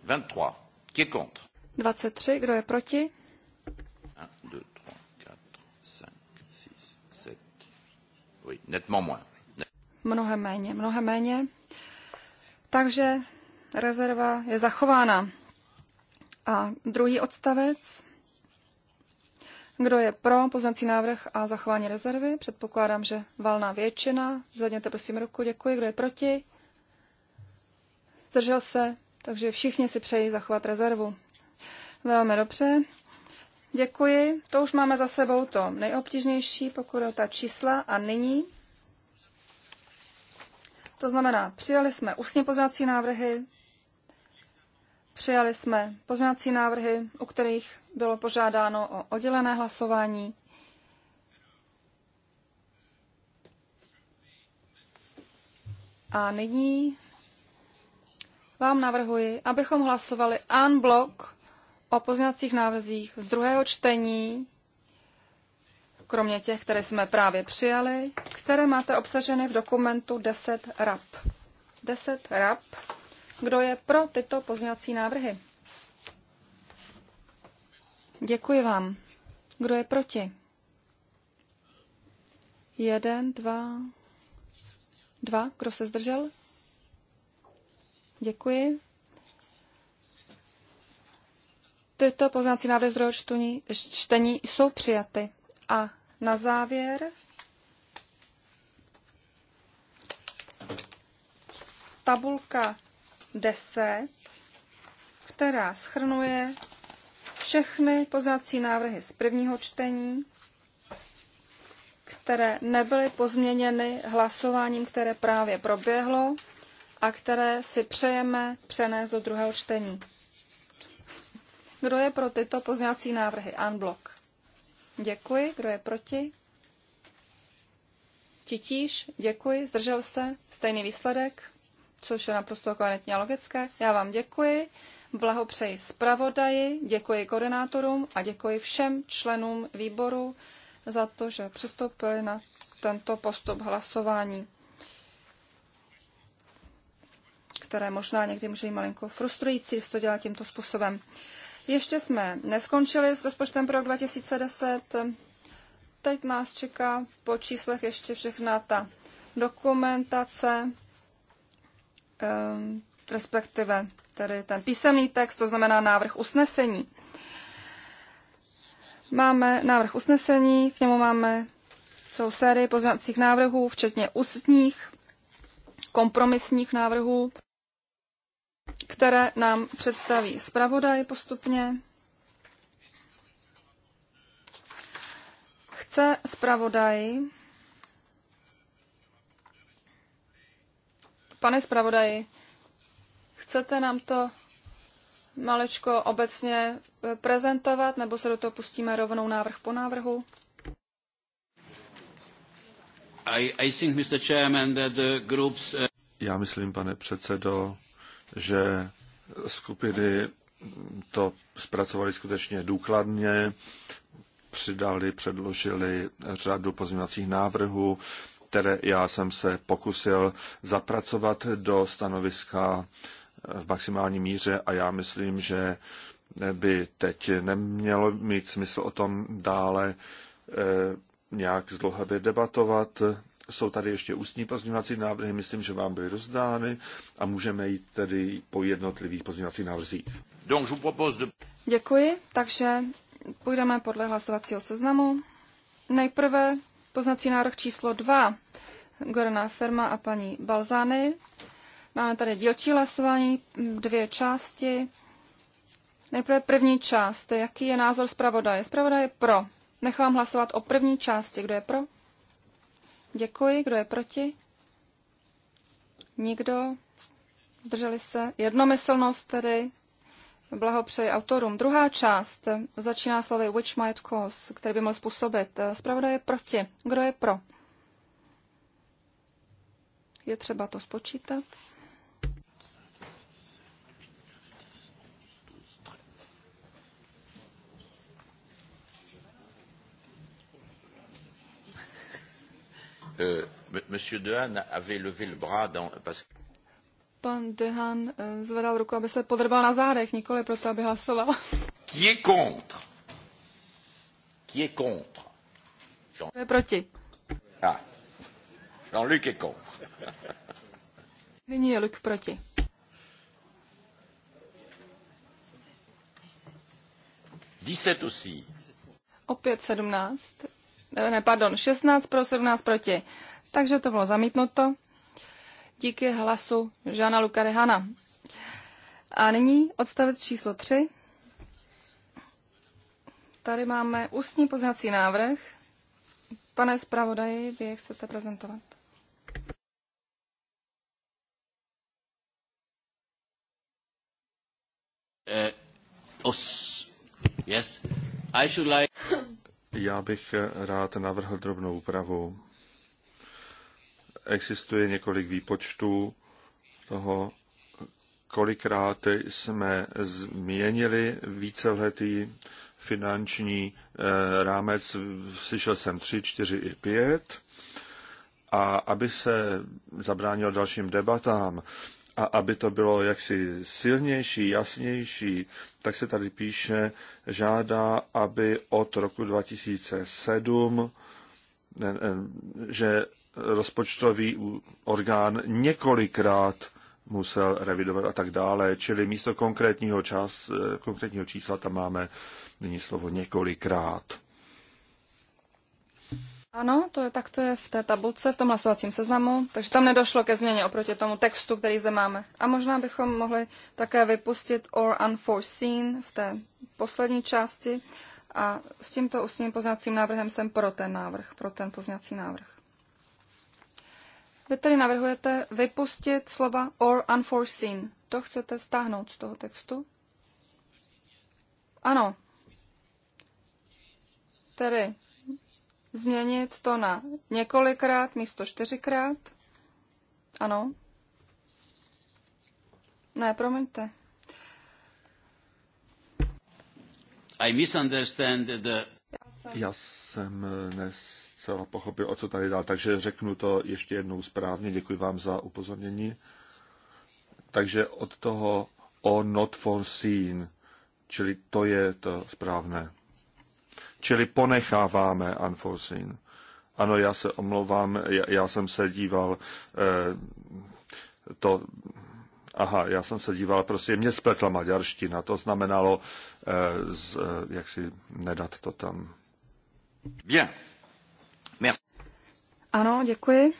23. Qui est contre 23. Kdo je proti? 1, 2, 3, 4, 5, 6, 7. Oui, nettement moins. Mnohem méně, mnohem méně. Takže rezerva je zachována. A druhý odstavec. Kdo je pro poznací návrh a zachování rezervy? Předpokládám, že valná většina. Zvedněte prosím ruku, děkuji. Kdo je proti? Zdržel se? takže všichni si přejí zachovat rezervu. Velmi dobře. Děkuji. To už máme za sebou to nejobtížnější, pokud je ta čísla. A nyní, to znamená, přijali jsme ústně pozměňovací návrhy, přijali jsme pozměňovací návrhy, u kterých bylo požádáno o oddělené hlasování. A nyní vám navrhuji, abychom hlasovali en blok o pozněcích návrzích z druhého čtení, kromě těch, které jsme právě přijali, které máte obsaženy v dokumentu 10 RAP. 10 RAP. Kdo je pro tyto pozněcí návrhy? Děkuji vám. Kdo je proti? Jeden, dva, dva. Kdo se zdržel? Děkuji. Tyto poznací návrhy z čtení, čtení jsou přijaty. A na závěr tabulka 10, která schrnuje všechny poznací návrhy z prvního čtení, které nebyly pozměněny hlasováním, které právě proběhlo a které si přejeme přenést do druhého čtení. Kdo je pro tyto pozněcí návrhy? Unblock. Děkuji. Kdo je proti? Titíš. děkuji, zdržel se, stejný výsledek, což je naprosto koherentně a logické. Já vám děkuji, blahopřeji zpravodaji, děkuji koordinátorům a děkuji všem členům výboru za to, že přistoupili na tento postup hlasování které možná někdy může být malinko frustrující, když to dělá tímto způsobem. Ještě jsme neskončili s rozpočtem pro rok 2010. Teď nás čeká po číslech ještě všechna ta dokumentace, ehm, respektive tedy ten písemný text, to znamená návrh usnesení. Máme návrh usnesení, k němu máme celou sérii pozvánacích návrhů, včetně ústních kompromisních návrhů které nám představí zpravodaj postupně. Chce zpravodaj, pane zpravodaji, chcete nám to malečko obecně prezentovat, nebo se do toho pustíme rovnou návrh po návrhu? I, I think, Mr. Chairman, that the groups... Uh, Já myslím, pane předsedo, že skupiny to zpracovali skutečně důkladně, přidali, předložili řadu pozměňovacích návrhů, které já jsem se pokusil zapracovat do stanoviska v maximální míře a já myslím, že by teď nemělo mít smysl o tom dále eh, nějak zdlouhavě debatovat. Jsou tady ještě ústní pozměňovací návrhy, myslím, že vám byly rozdány a můžeme jít tedy po jednotlivých pozměňovacích návrzích. Děkuji, takže půjdeme podle hlasovacího seznamu. Nejprve poznací návrh číslo 2 Gorená firma a paní Balzány. Máme tady dílčí hlasování, dvě části. Nejprve první část. Jaký je názor zpravodaje? Zpravodaj je pro. Nechám hlasovat o první části. Kdo je pro? Děkuji. Kdo je proti? Nikdo. Zdrželi se. Jednomyslnost tedy. Blahopřeji autorům. Druhá část začíná slovy which might cause, který by mohl způsobit. Zpravodaj je proti. Kdo je pro? Je třeba to spočítat. Euh, monsieur Dehaene avait levé le bras dans, parce que... Pan Dehan euh, zvedal ruku, aby se podrbal na zádech, nikoli proto, aby hlasoval. Qui est contre? Qui est contre? Jean... Je proti. Ah. Jean-Luc est contre. Nyní je Luc proti. Deset aussi. Opět sedmnáct. Eh, ne, pardon, 16 pro 17 proti. Takže to bylo zamítnuto díky hlasu Žána Luka Rehana. A nyní odstavec číslo 3. Tady máme ústní poznací návrh. Pane zpravodaji, vy je chcete prezentovat. Uh, os, yes. I should like... Já bych rád navrhl drobnou úpravu. Existuje několik výpočtů toho, kolikrát jsme změnili víceletý finanční eh, rámec, slyšel jsem 3, 4 i 5. A aby se zabránilo dalším debatám, a aby to bylo jaksi silnější, jasnější, tak se tady píše, žádá, aby od roku 2007, že rozpočtový orgán několikrát musel revidovat a tak dále, čili místo konkrétního, čas, eh, konkrétního čísla tam máme nyní slovo několikrát. Ano, to je, tak to je v té tabulce, v tom hlasovacím seznamu, takže tam nedošlo ke změně oproti tomu textu, který zde máme. A možná bychom mohli také vypustit or unforeseen v té poslední části a s tímto ústním pozněcím návrhem jsem pro ten návrh, pro ten pozněcí návrh. Vy tedy navrhujete vypustit slova or unforeseen. To chcete stáhnout z toho textu? Ano. Tedy změnit to na několikrát místo čtyřikrát? Ano? Ne, promiňte. I misunderstand the... Já jsem eh, nescela pochopil, o co tady dá, takže řeknu to ještě jednou správně. Děkuji vám za upozornění. Takže od toho o not foreseen, čili to je to správné. Čili ponecháváme unforeseen. Ano, já se omlouvám, já, já jsem se díval eh, to... Aha, já jsem se díval, prostě mě spletla maďarština, to znamenalo, eh, z, eh, jak si nedat to tam. Bien. Merci. Ano, děkuji.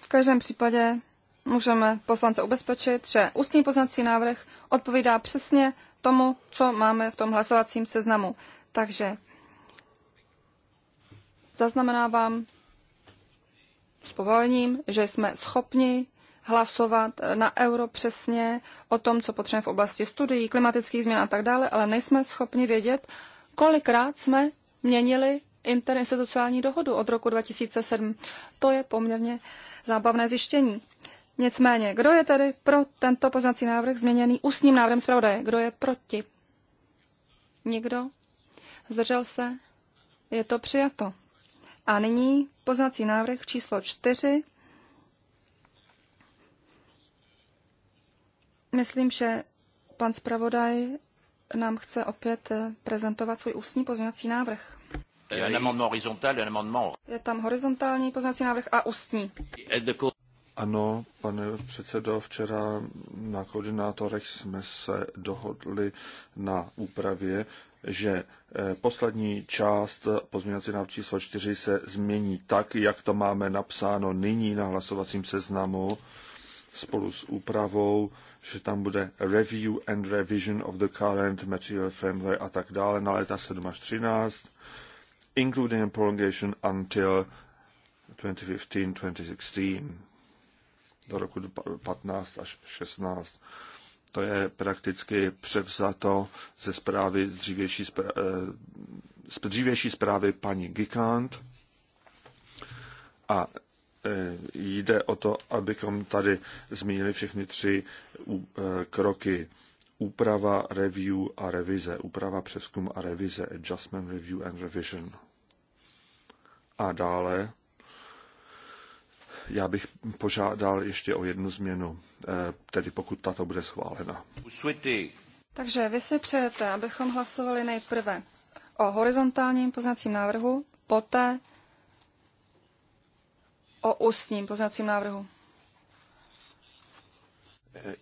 V každém případě můžeme poslance ubezpečit, že ústní poznací návrh odpovídá přesně tomu, co máme v tom hlasovacím seznamu. Takže zaznamenávám s povolením, že jsme schopni hlasovat na euro přesně o tom, co potřebujeme v oblasti studií, klimatických změn a tak dále, ale nejsme schopni vědět, kolikrát jsme měnili interinstitucionální dohodu od roku 2007. To je poměrně zábavné zjištění. Nicméně, kdo je tedy pro tento poznací návrh změněný ústním návrhem zpravodaje? Kdo je proti? Nikdo? Zdržel se? Je to přijato. A nyní poznací návrh číslo čtyři. Myslím, že pan zpravodaj nám chce opět eh, prezentovat svůj ústní pozměňovací návrh. Je tam horizontální pozměňovací návrh a ústní. Ano, pane předsedo, včera na koordinátorech jsme se dohodli na úpravě, že eh, poslední část pozměňovací návrh číslo 4 se změní tak, jak to máme napsáno nyní na hlasovacím seznamu spolu s úpravou, že tam bude review and revision of the current material framework a tak dále na léta 7 až 13, including a prolongation until 2015-2016 do roku 15 až 16. To je prakticky převzato ze zprávy dřívější, eh, z dřívější zprávy paní Gikant. A eh, jde o to, abychom tady zmínili všechny tři eh, kroky. Úprava, review a revize. Úprava, přeskum a revize. Adjustment, review and revision. A dále já bych požádal ještě o jednu změnu, eh, tedy pokud tato bude schválena. Takže vy si přejete, abychom hlasovali nejprve o horizontálním poznacím návrhu, poté o ústním poznacím návrhu. Eh,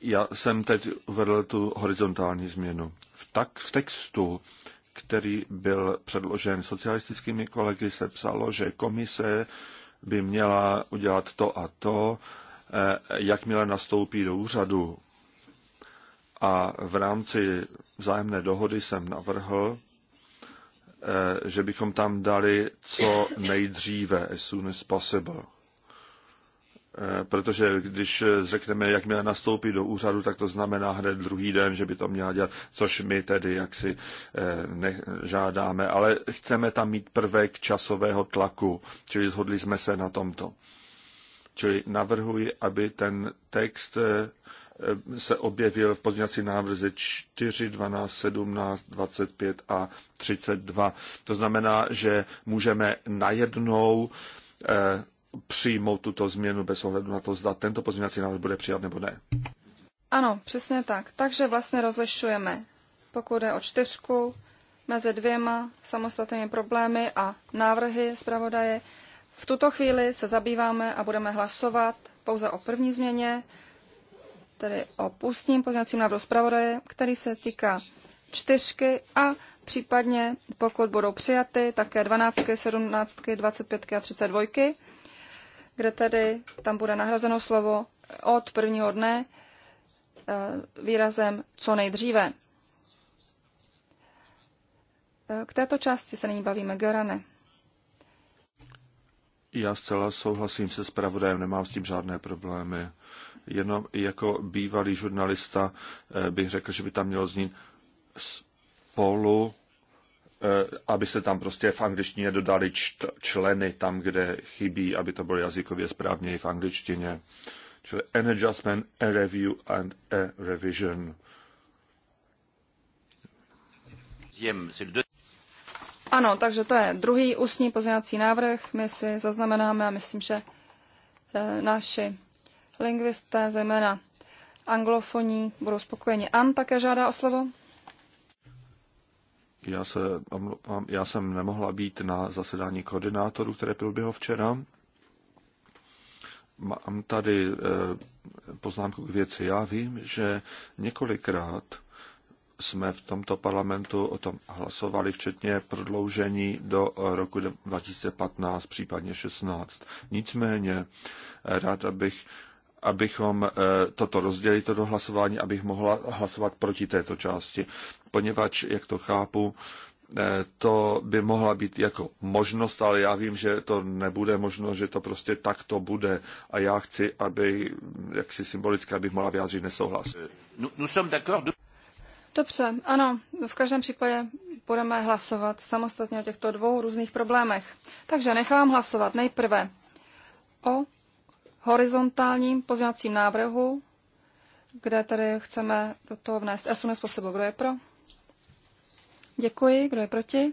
já jsem teď uvedl tu horizontální změnu. V, tak, v textu, který byl předložen socialistickými kolegy, se psalo, že komise by měla udělat to a to, eh, jakmile nastoupí do úřadu. A v rámci vzájemné dohody jsem navrhl, eh, že bychom tam dali co nejdříve, as soon as possible. Eh, protože když eh, řekneme, jakmile nastoupí do úřadu, tak to znamená hned druhý den, že by to měla dělat, což my tedy jaksi eh, nežádáme, ale chceme tam mít prvek časového tlaku, čili zhodli jsme se na tomto. Čili navrhuji, aby ten text se objevil v pozměňovací návrze 4, 12, 17, 25 a 32. To znamená, že můžeme najednou přijmout tuto změnu bez ohledu na to, zda tento pozměňovací návrh bude přijat nebo ne. Ano, přesně tak. Takže vlastně rozlišujeme, pokud je o čtyřku, mezi dvěma samostatnými problémy a návrhy zpravodaje. V tuto chvíli se zabýváme a budeme hlasovat pouze o první změně, tedy o půstním pozměňovacím návrhu zpravodaje, který se týká čtyřky a případně, pokud budou přijaty, také dvanáctky, sedmnáctky, dvacet pětky a třicet dvojky kde tedy tam bude nahrazeno slovo od prvního dne eh, výrazem co nejdříve. Eh, k této části se nyní bavíme, Gerane. Já zcela souhlasím se zpravodajem, nemám s tím žádné problémy. Jenom jako bývalý žurnalista eh, bych řekl, že by tam mělo znít spolu Eh, aby se tam prostě v angličtině dodali čt, členy tam, kde chybí, aby to bylo jazykově správně i v angličtině. Čili an adjustment, a review and a revision. Ano, takže to je druhý ústní pozměňovací návrh. My si zaznamenáme a myslím, že eh, naši lingvisté, zejména anglofoní, budou spokojeni. An také žádá o slovo. Já, se, já jsem nemohla být na zasedání koordinátorů, které proběhlo včera. Mám tady eh, poznámku k věci. Já vím, že několikrát jsme v tomto parlamentu o tom hlasovali, včetně prodloužení do eh, roku 2015, případně 16. Nicméně eh, ráda bych abychom eh, toto rozdělili, to do hlasování, abych mohla hlasovat proti této části. Poněvadž, jak to chápu, eh, to by mohla být jako možnost, ale já vím, že to nebude možno, že to prostě tak to bude a já chci, aby, jak si symbolicky, abych mohla vyjádřit nesouhlas. Dobře, ano, v každém případě budeme hlasovat samostatně o těchto dvou různých problémech. Takže nechám hlasovat nejprve o horizontálním pozměňovacím návrhu, kde tady chceme do toho vnést S soon e Kdo je pro? Děkuji. Kdo je proti?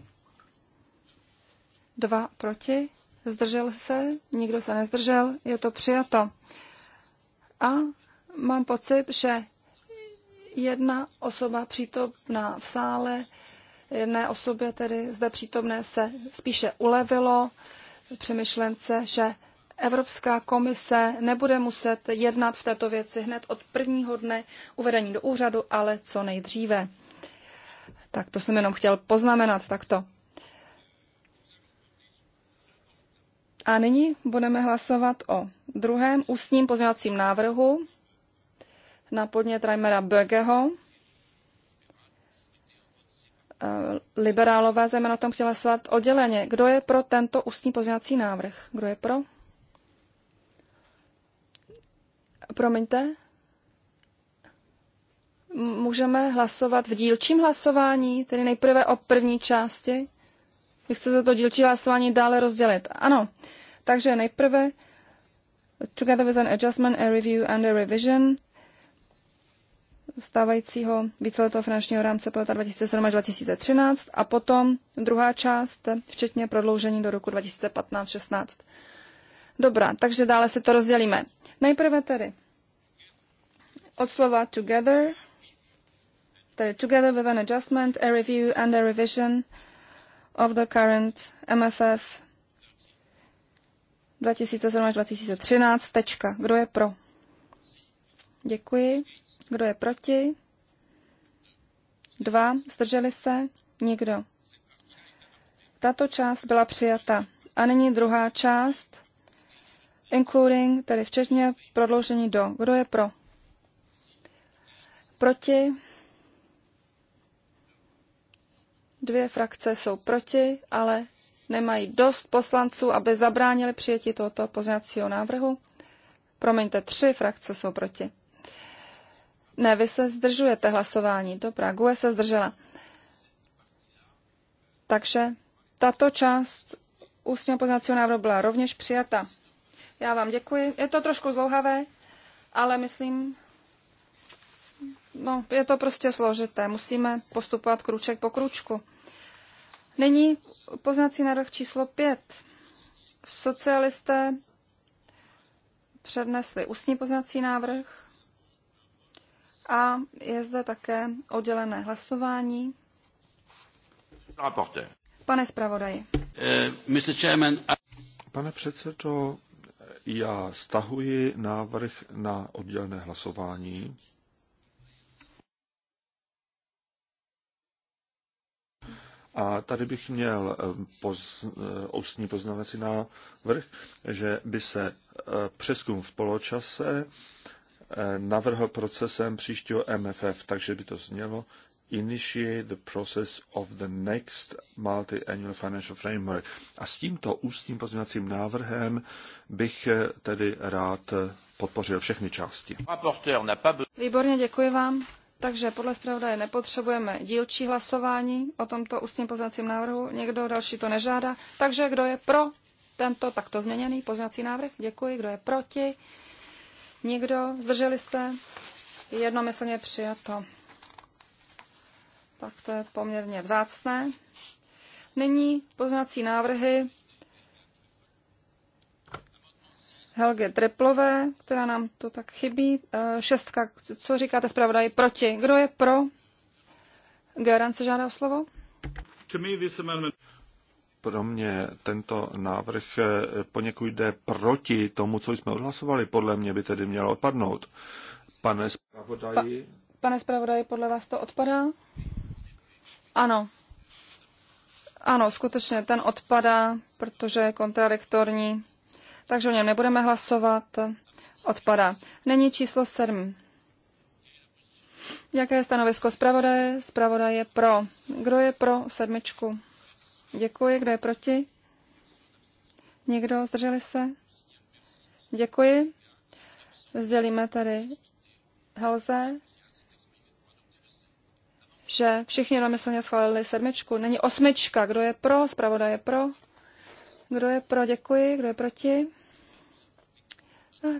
Dva proti. Zdržel se? Nikdo se nezdržel. Je to přijato. A mám pocit, že jedna osoba přítomná v sále, jedné osobě tedy zde přítomné se spíše ulevilo Přemýšlence, že Evropská komise nebude muset jednat v této věci hned od prvního dne uvedení do úřadu, ale co nejdříve. Tak to jsem jenom chtěl poznamenat takto. A nyní budeme hlasovat o druhém ústním pozměňovacím návrhu na podnět Reimera Bögeho. Eh, liberálové zejména o tom chtěli hlasovat odděleně. Kdo je pro tento ústní pozměňovací návrh? Kdo je pro? Promiňte? Můžeme hlasovat v dílčím hlasování, tedy nejprve o první části. Vy chcete to dílčí hlasování dále rozdělit. Ano. Takže nejprve together with an adjustment, a review and a revision stávajícího víceletého finančního rámce pro 2007 až 2013 a potom druhá část, včetně prodloužení do roku 2015-16. Dobrá, takže dále si to rozdělíme. Nejprve tedy od slova together, tedy together with an adjustment, a review and a revision of the current MFF 2007 2013. Tečka. Kdo je pro? Děkuji. Kdo je proti? Dva. Zdrželi se? Nikdo. Tato část byla přijata. A nyní druhá část, including, tedy včetně prodloužení do. Kdo je pro? proti. Dvě frakce jsou proti, ale nemají dost poslanců, aby zabránili přijetí tohoto pozněcího návrhu. Promiňte, tři frakce jsou proti. Ne, vy se zdržujete hlasování. Dobrá, GUE se zdržela. Takže tato část ústního poznacího návrhu byla rovněž přijata. Já vám děkuji. Je to trošku zlouhavé, ale myslím, no, je to prostě složité. Musíme postupovat kruček po kručku. Nyní poznací návrh číslo 5. Socialisté přednesli ústní poznací návrh a je zde také oddělené hlasování. Pane zpravodaji. Eh, Pane předsedo, já stahuji návrh na oddělené hlasování A tady bych měl eh, poz, eh, ústní poznávací návrh, že by se eh, přeskum v poločase navrhl procesem příštího MFF, takže by to znělo initiate the process of the next multi-annual financial framework. A s tímto ústním pozměňovacím návrhem bych tedy rád podpořil všechny části. Výborně, děkuji vám. Takže podle zpravodaje nepotřebujeme dílčí hlasování o tomto ústním pozvacím návrhu. Někdo další to nežádá. Takže kdo je pro tento takto změněný pozvací návrh? Děkuji. Kdo je proti? Nikdo? Zdrželi jste? Jednomyslně přijato. Tak to je poměrně vzácné. Nyní poznací návrhy Helge Treplové, která nám to tak chybí. Eh, šestka, co říkáte zpravodaji? Proti. Kdo je pro? Geran se žádá o slovo. Pro mě tento návrh eh, poněkud jde proti tomu, co jsme odhlasovali. Podle mě by tedy mělo odpadnout. Pane zpravodaji... Pa, pane zpravodaji, podle vás to odpadá? Ano. Ano, skutečně ten odpadá, protože je kontradiktorní takže o něm nebudeme hlasovat. odpada Není číslo 7. Jaké je stanovisko zpravodaje? Zpravodaj je pro. Kdo je pro sedmičku? Děkuji. Kdo je proti? Nikdo? Zdrželi se? Děkuji. Sdělíme tady Helze, že všichni domyslně schválili sedmičku. Není osmička. Kdo je pro? Zpravodaj je pro. Kdo je pro? Děkuji. Kdo je proti?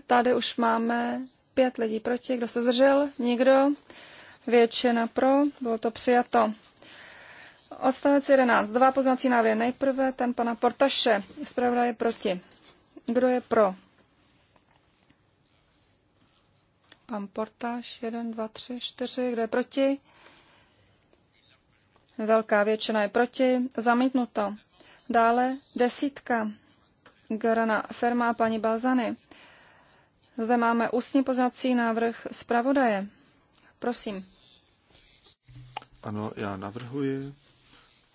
tady už máme pět lidí proti. Kdo se zdržel? Nikdo. Většina pro. Bylo to přijato. Odstavec 11. Dva poznací návrhy. Nejprve ten pana Portaše. Zpravda je proti. Kdo je pro? Pan Portaš. 1, 2, 3, 4, kdo je proti? Velká většina je proti. Zamítnuto. Dále desítka Garana Ferma a paní Balzany. Zde máme ústní poznací návrh zpravodaje. Prosím. Ano, já navrhuji,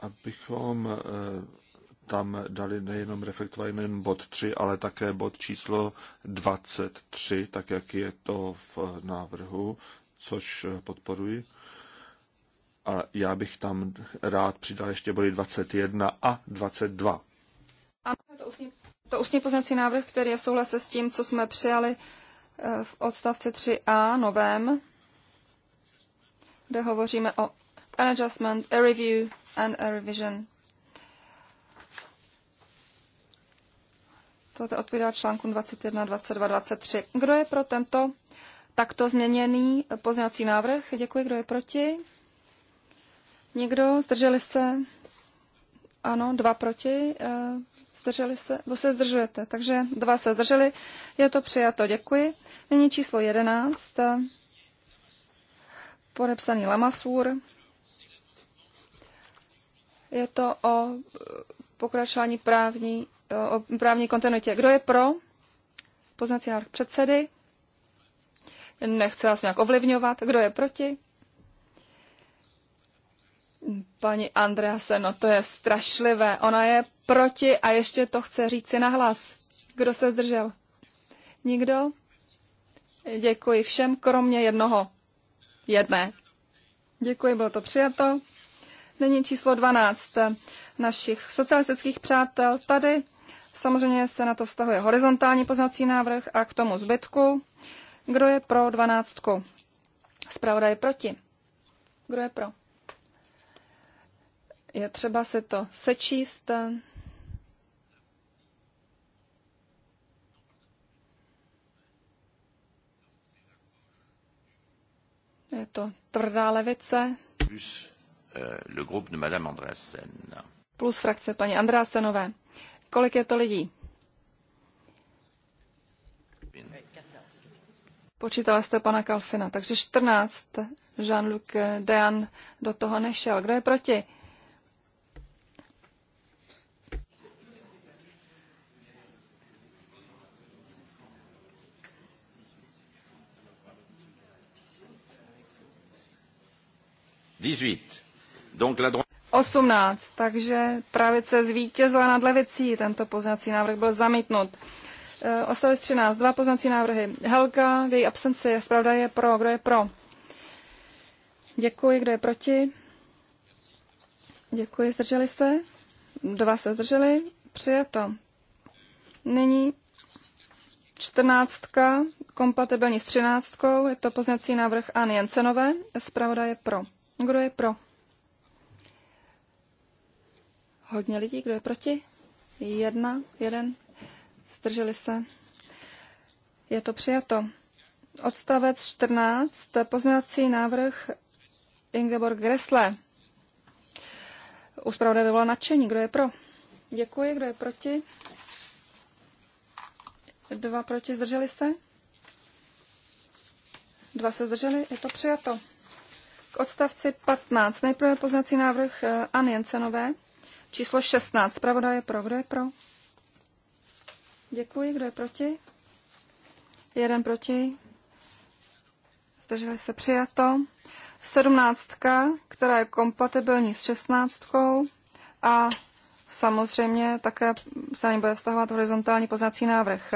abychom eh, tam dali nejenom reflektovali bod 3, ale také bod číslo 23, tak jak je to v eh, návrhu, což eh, podporuji. A já bych tam rád přidal ještě body 21 a 22. Ano, to ústní, to ústní poznací návrh, který je v souhlase s tím, co jsme přijali eh, v odstavci 3a novém, kde hovoříme o an adjustment, a review and a revision. To je odpovídá článku 21, 22, 23. Kdo je pro tento takto změněný pozměňovací návrh? Děkuji. Kdo je proti? Nikdo? Zdrželi se? Ano, dva proti. Eh, zdrželi se? Vy se zdržujete. Takže dva se zdrželi. Je to přijato. Děkuji. Nyní číslo 11. Eh, podepsaný Lamasur. Je to o eh, pokračování právní, o právní kontinuitě. Kdo je pro? Poznací návrh předsedy. Nechce vás nějak ovlivňovat. Kdo je proti? Paní Andrease, no to je strašlivé. Ona je proti a ještě to chce říct si hlas. Kdo se zdržel? Nikdo? Děkuji všem, kromě jednoho. Jedné. Děkuji, bylo to přijato. Není číslo 12 našich socialistických přátel. Tady samozřejmě se na to vztahuje horizontální poznací návrh a k tomu zbytku. Kdo je pro dvanáctku? Zpravodaj proti. Kdo je pro? Je třeba si to sečíst. Je to tvrdá levice. Plus, uh, le groupe de Madame Plus frakce paní Andrásenové. Kolik je to lidí? Počítala jste pana Kalfina, takže 14. Jean-Luc Dean do toho nešel. Kdo je proti? 18. Takže pravice zvítězila nad levicí. Tento poznací návrh byl zamítnut. E, Ostavec 13. Dva poznací návrhy. Helga v její absenci je zpravda je pro. Kdo je pro? Děkuji. Kdo je proti? Děkuji. Zdrželi se? Dva se zdrželi. Přijato. Nyní čtrnáctka, kompatibilní s třináctkou, je to poznací návrh Anny Jencenové, zpravoda je pro. Kdo je pro? Hodně lidí. Kdo je proti? Jedna, jeden. Zdrželi se. Je to přijato. Odstavec 14. poznávací návrh Ingeborg Gressle. U zpravodaje nadšení. Kdo je pro? Děkuji. Kdo je proti? Dva proti. Zdrželi se? Dva se zdrželi. Je to přijato odstavci 15. Nejprve poznací návrh eh, An Jensenové. Číslo 16. Pravoda je pro. Kdo je pro? Děkuji. Kdo je proti? Jeden proti. Zdrželi se přijato. 17. která je kompatibilní s 16. a samozřejmě také se na bude vztahovat horizontální poznací návrh.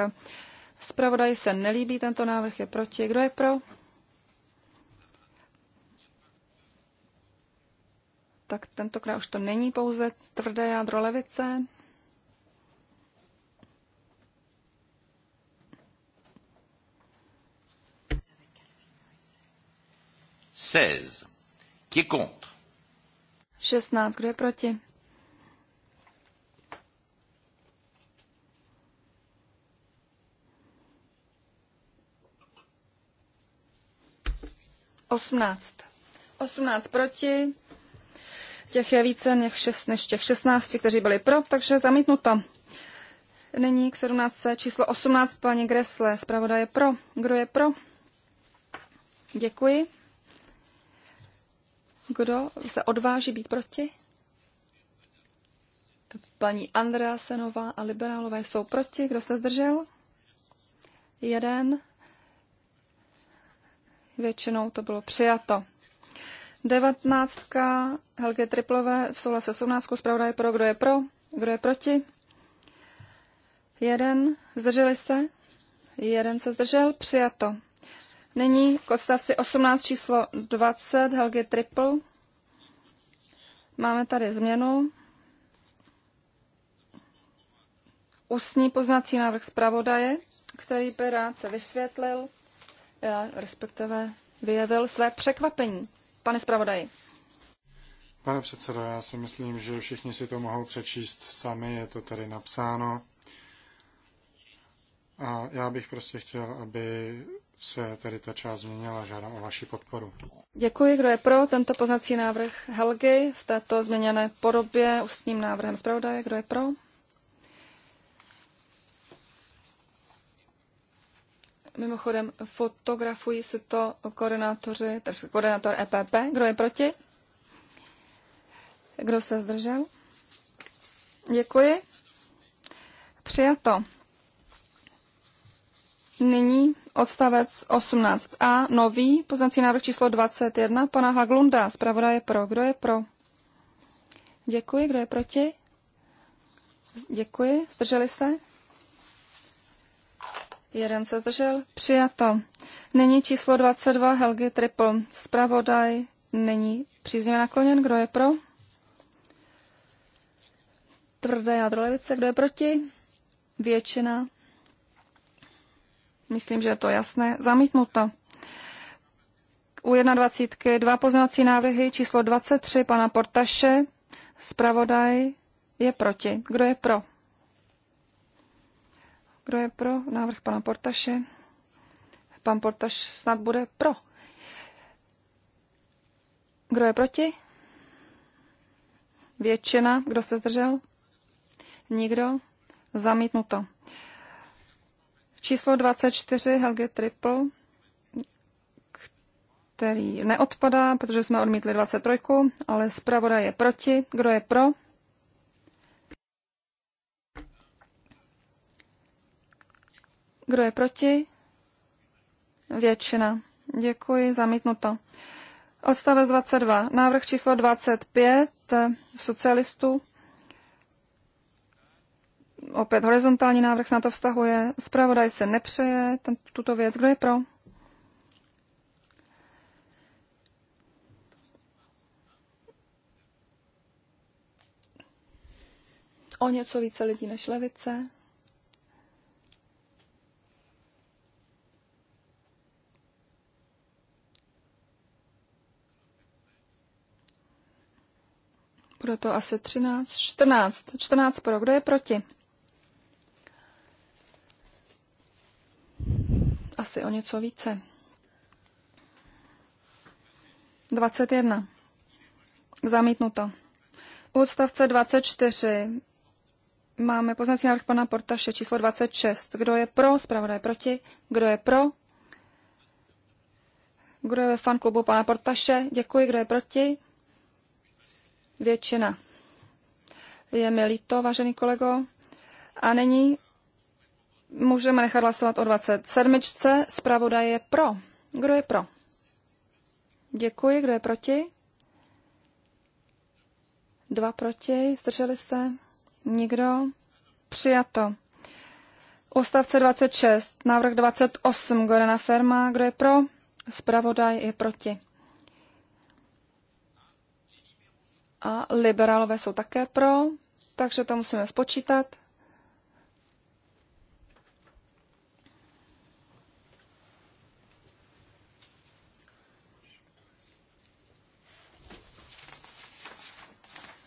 Zpravodaji se nelíbí tento návrh, je proti. Kdo je pro? tak tentokrát už to není pouze tvrdé jádro levice. Seize. Qui est contre? 16. Kdo je proti? Osmnáct. Osmnáct proti, Těch je více než, šest, než těch 16, kteří byli pro, takže zamítnuto. Nyní k 17. číslo 18, paní Gresle. Zpravoda je pro. Kdo je pro? Děkuji. Kdo se odváží být proti? Paní Andrea Senová a liberálové jsou proti. Kdo se zdržel? Jeden. Většinou to bylo přijato. 19. Helge Triplové v souhlase 18 Zpravodaj pro, kdo je pro, kdo je proti. Jeden, zdrželi se? Jeden se zdržel, přijato. Nyní k odstavci 18 číslo 20 Helge Triple. Máme tady změnu. Ústní poznací návrh zpravodaje, který by rád vysvětlil, eh, respektive vyjevil své překvapení. Pane zpravodaji. Pane předsedo, já si myslím, že všichni si to mohou přečíst sami, je to tady napsáno. A já bych prostě chtěl, aby se tady ta část změnila. Žádám o vaši podporu. Děkuji. Kdo je pro tento poznací návrh Helgy v této změněné podobě ústním návrhem zpravodaje? Kdo je pro? Mimochodem, fotografují si to koordinátoři, takže koordinátor EPP. Kdo je proti? Kdo se zdržel? Děkuji. Přijato. Nyní odstavec 18a, nový, poznací návrh číslo 21, pana Haglunda, zpravodaje pro. Kdo je pro? Děkuji. Kdo je proti? Děkuji. Zdrželi se? jeden se zdržel, přijato. Nyní číslo 22 Helgi Triple. Spravodaj není příznivě nakloněn. Kdo je pro? Tvrdé jádro levice. Kdo je proti? Většina. Myslím, že je to jasné. Zamítnuto. U 21. dva poznací návrhy. Číslo 23 pana Portaše. Spravodaj je proti. Kdo je pro? Kdo je pro návrh pana Portaše? Pan Portaš snad bude pro. Kdo je proti? Většina. Kdo se zdržel? Nikdo. Zamítnuto. Číslo 24 Helge Triple, který neodpadá, protože jsme odmítli 23, ale zpravodaj je proti. Kdo je pro? Kdo je proti? Většina. Děkuji, zamítnuto. Odstavec 22. Návrh číslo 25 eh, socialistů. Opět horizontální návrh se na to vztahuje. Zpravodaj se nepřeje ten, tuto věc. Kdo je pro? O něco více lidí než levice. Bude to asi 13, 14, 14 pro. Kdo je proti? Asi o něco více. 21. Zamítnuto. U odstavce 24 máme poznací návrh pana Portaše číslo 26. Kdo je pro? Zpravodaj proti. Kdo je pro? Kdo je ve fanklubu pana Portaše? Děkuji. Kdo je proti? většina. Je mi líto, vážený kolego. A nyní můžeme nechat hlasovat o 27. Zpravodaj je pro. Kdo je pro? Děkuji. Kdo je proti? Dva proti. Zdrželi se? Nikdo. Přijato. Ustavce 26, návrh 28, Gorena Ferma, kdo je pro? Spravodaj je proti. a liberálové jsou také pro, takže to musíme spočítat.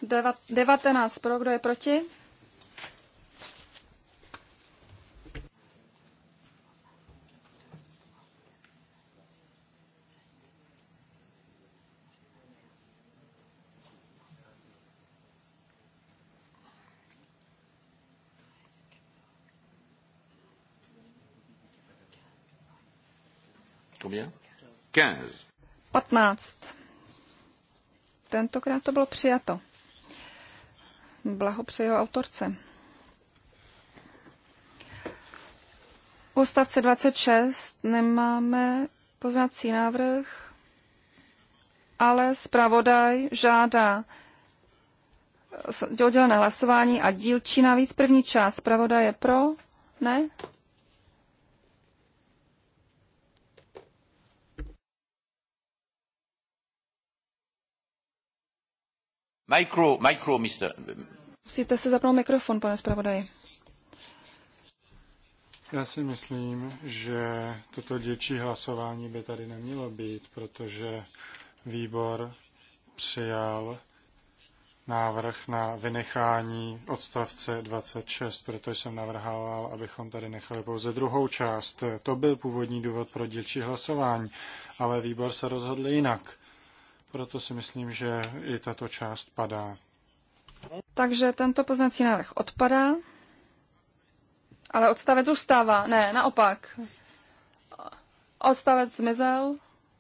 Deva, 19 pro, kdo je proti? 15. Tentokrát to bylo přijato. Blahopřeji jeho autorce. Ústavce 26 nemáme poznací návrh, ale zpravodaj žádá oddělené hlasování a dílčí navíc. První část zpravodaj je pro, ne? Micro, micro, mister. Musíte se zapnout mikrofon, pane zpravodaji. Já si myslím, že toto děčí hlasování by tady nemělo být, protože výbor přijal návrh na vynechání odstavce 26, protože jsem navrhoval, abychom tady nechali pouze druhou část. To byl původní důvod pro dílčí hlasování, ale výbor se rozhodl jinak proto si myslím, že i tato část padá. Takže tento poznací návrh odpadá, ale odstavec zůstává. Ne, naopak. Odstavec zmizel,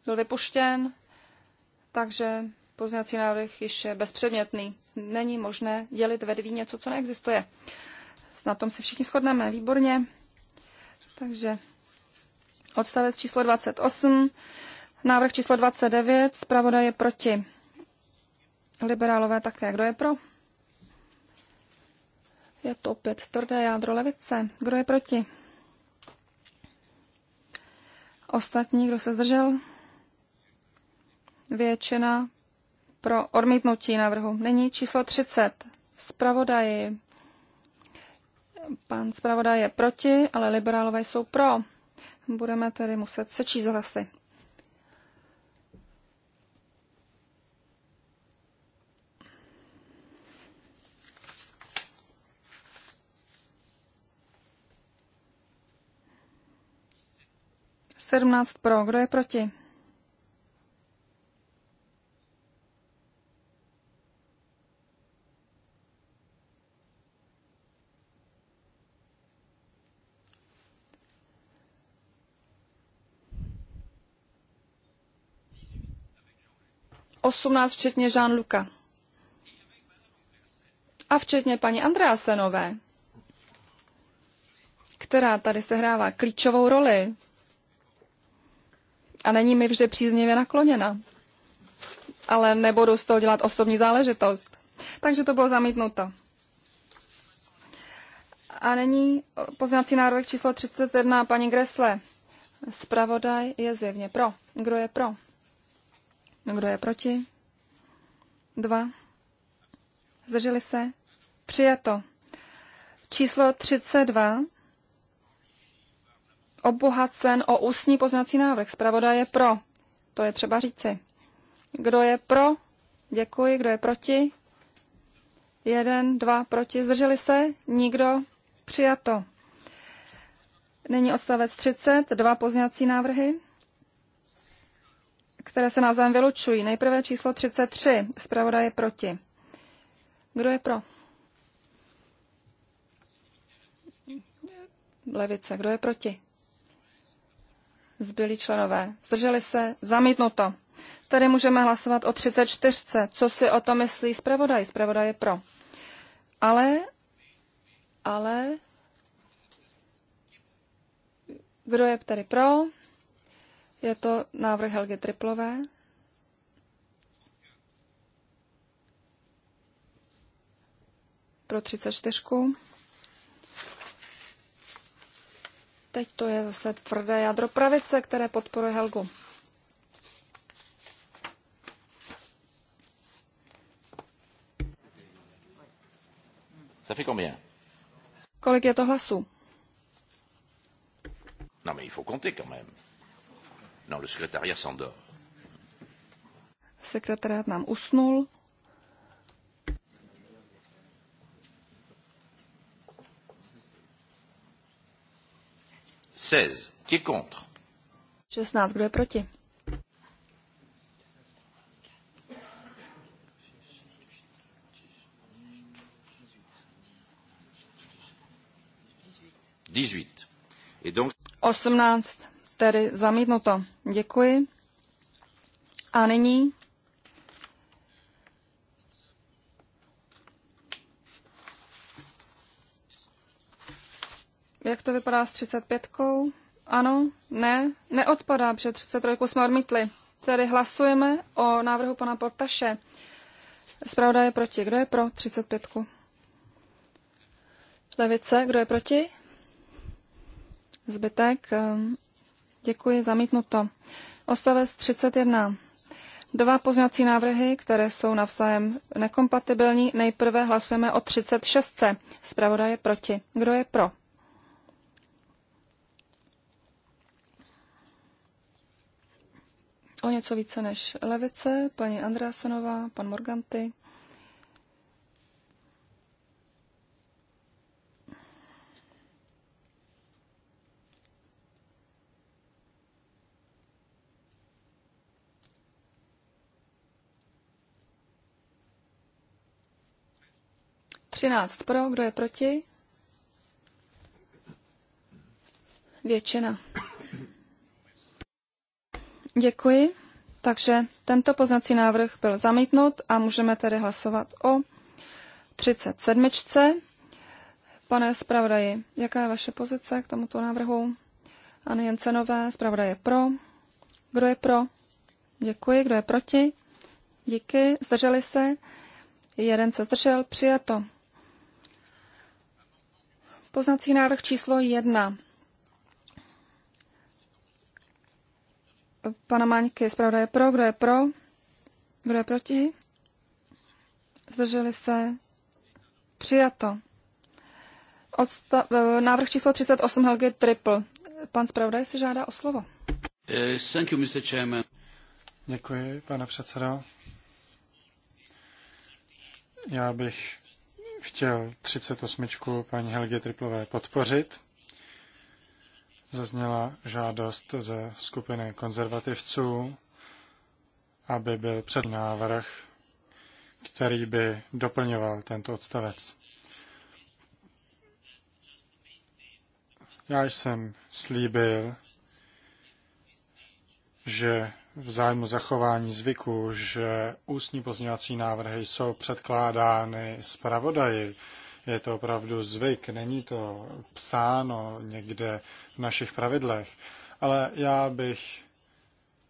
byl vypuštěn, takže poznací návrh již je bezpředmětný. Není možné dělit ve dví něco, co neexistuje. Na tom se všichni shodneme, výborně. Takže odstavec číslo 28. Návrh číslo 29, zpravodaj je proti. Liberálové také. Kdo je pro? Je to opět tvrdé jádro levice. Kdo je proti? Ostatní, kdo se zdržel? Většina pro odmítnutí návrhu. není číslo 30. spravodaj Pan zpravodaj je proti, ale liberálové jsou pro. Budeme tedy muset sečíst hlasy. 17 pro. Kdo je proti? Osmnáct včetně Jean-Luca. A včetně paní Andrea Senové, která tady sehrává klíčovou roli a není mi vždy příznivě nakloněna. Ale nebudu z toho dělat osobní záležitost. Takže to bylo zamítnuto. A není pozměňovací návrh číslo 31 paní Gresle. Spravodaj je zjevně pro. Kdo je pro? Kdo je proti? Dva. Zdrželi se? Přijato. Číslo 32 obohacen o ústní poznací návrh. Zpravodaj je pro. To je třeba říci. Kdo je pro? Děkuji. Kdo je proti? Jeden, dva proti. Zdrželi se? Nikdo? Přijato. Nyní odstavec 30, dva pozněcí návrhy, které se navzájem vylučují. Nejprve číslo 33. Zpravodaj je proti. Kdo je pro? Levice. Kdo je proti? zbylí členové. Zdrželi se? Zamítnuto. Tady můžeme hlasovat o 34. Co si o to myslí zpravodaj? Zpravodaj je pro. Ale, ale, kdo je tady pro? Je to návrh Helgy Triplové. Pro 34. Teď to je zase tvrdé jádro pravice, které podporuje Helgu. Ça fait Kolik je to hlasů? Non, mais il faut compter quand même. Non, le secrétariat s'endort. Sekretariat nám usnul. 16. Qui est contre 16. Kdo je proti? Donc... Tedy zamítnuto. Děkuji. A nyní Jak to vypadá s 35? -kou? Ano, ne, neodpadá, protože 33 jsme odmítli. Tedy hlasujeme o návrhu pana Portaše. Zpravda je proti. Kdo je pro 35? -ku? Levice, kdo je proti? Zbytek. Ehm, děkuji, zamítnuto. Ostavec 31. Dva pozňací návrhy, které jsou navzájem nekompatibilní. Nejprve hlasujeme o 36. Zpravodaj je proti. Kdo je pro? o něco více než levice, paní Andrásenová, pan Morganty. Třináct pro, kdo je proti? Většina. Děkuji. Takže tento poznací návrh byl zamítnut a můžeme tedy hlasovat o 37. Pane zpravodaji, jaká je vaše pozice k tomuto návrhu? Ani Jensenové, zpravodaj je pro. Kdo je pro? Děkuji. Kdo je proti? Díky. Zdrželi se? Jeden se zdržel. Přijato. Poznací návrh číslo 1. pana Maňky, zpravodaje pro, kdo je pro, kdo je proti, zdrželi se, přijato. Odsta- e, návrh číslo 38 Helge Triple. Pan zpravodaj si žádá o slovo. Eh, thank you, Mr. Chairman. Děkuji, pane předsedo. Já bych chtěl 38. paní Helge Triplové podpořit zazněla žádost ze skupiny konzervativců, aby byl před návrh, který by doplňoval tento odstavec. Já jsem slíbil, že v zájmu zachování zvyku, že ústní pozměňovací návrhy jsou předkládány zpravodaji, je to opravdu zvyk, není to psáno někde v našich pravidlech. Ale já bych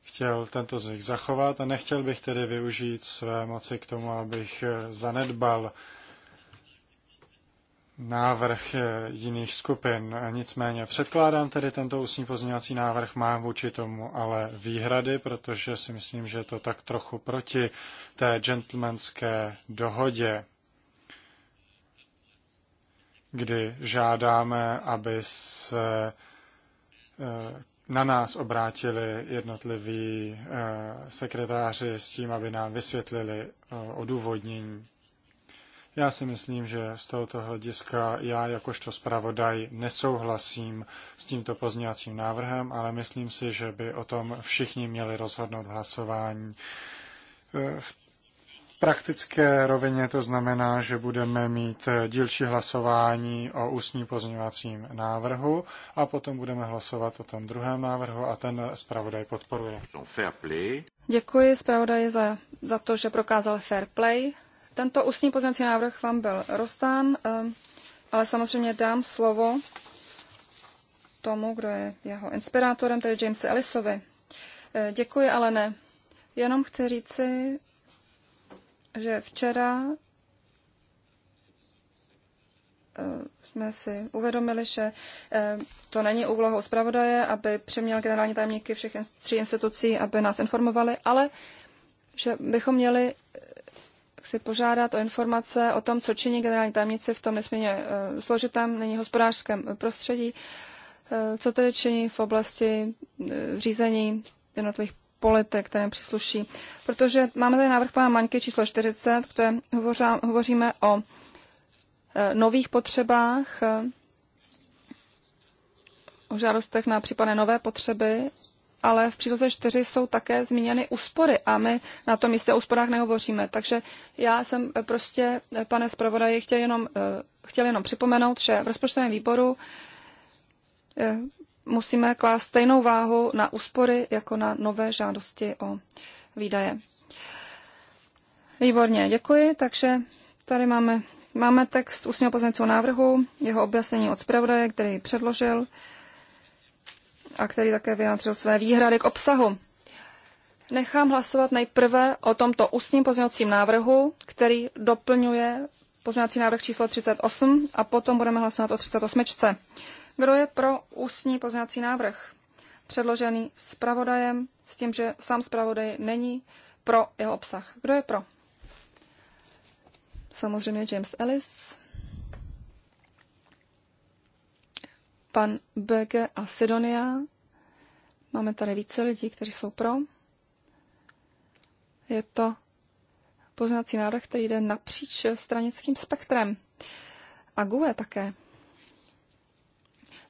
chtěl tento zvyk zachovat a nechtěl bych tedy využít své moci k tomu, abych zanedbal návrh jiných skupin. Nicméně předkládám tedy tento ústní pozměňovací návrh, mám vůči tomu ale výhrady, protože si myslím, že je to tak trochu proti té gentlemanské dohodě kdy žádáme, aby se eh, na nás obrátili jednotliví eh, sekretáři s tím, aby nám vysvětlili eh, odůvodnění. Já si myslím, že z tohoto hlediska já jakožto zpravodaj nesouhlasím s tímto pozněvacím návrhem, ale myslím si, že by o tom všichni měli rozhodnout hlasování. V praktické rovině to znamená, že budeme mít dílčí hlasování o ústní pozměňovacím návrhu a potom budeme hlasovat o tom druhém návrhu a ten zpravodaj podporuje. Děkuji zpravodaji za, za to, že prokázal fair play. Tento ústní pozměňovací návrh vám byl rozdán, ehm, ale samozřejmě dám slovo tomu, kdo je jeho inspirátorem, tedy Jamesi Ellisovi. Eh, děkuji, ale ne. Jenom chci říci, že včera eh, jsme si uvědomili, že eh, to není úlohou zpravodaje, aby přeměl generální tajemníky všech tří institucí, aby nás informovali, ale že bychom měli eh, si požádat o informace o tom, co činí generální tajemníci v tom nesmírně složitém, není hospodářském prostředí, co tedy činí v oblasti řízení jednotlivých politik, které přísluší. Protože máme tady návrh pana Maňky číslo 40, kde hovořá, hovoříme o e, nových potřebách, e, o žádostech na případné nové potřeby, ale v příloze 4 jsou také zmíněny úspory a my na tom místě o úsporách nehovoříme. Takže já jsem e, prostě, pane zpravodaji, chtěl jenom, chtěl jenom připomenout, že v rozpočtovém výboru musíme klást stejnou váhu na úspory jako na nové žádosti o výdaje. Výborně, děkuji. Takže tady máme, máme text ústního pozměňovacího návrhu, jeho objasnění od zpravodaje, který předložil a který také vyjádřil své výhrady k obsahu. Nechám hlasovat nejprve o tomto ústním pozměňovacím návrhu, který doplňuje pozměňovací návrh číslo 38 a potom budeme hlasovat o 38. Kdo je pro ústní pozměňovací návrh? Předložený zpravodajem s tím, že sám zpravodaj není pro jeho obsah. Kdo je pro? Samozřejmě James Ellis, pan Bege a Sidonia. Máme tady více lidí, kteří jsou pro. Je to poznací návrh, který jde napříč stranickým spektrem. A GUE také.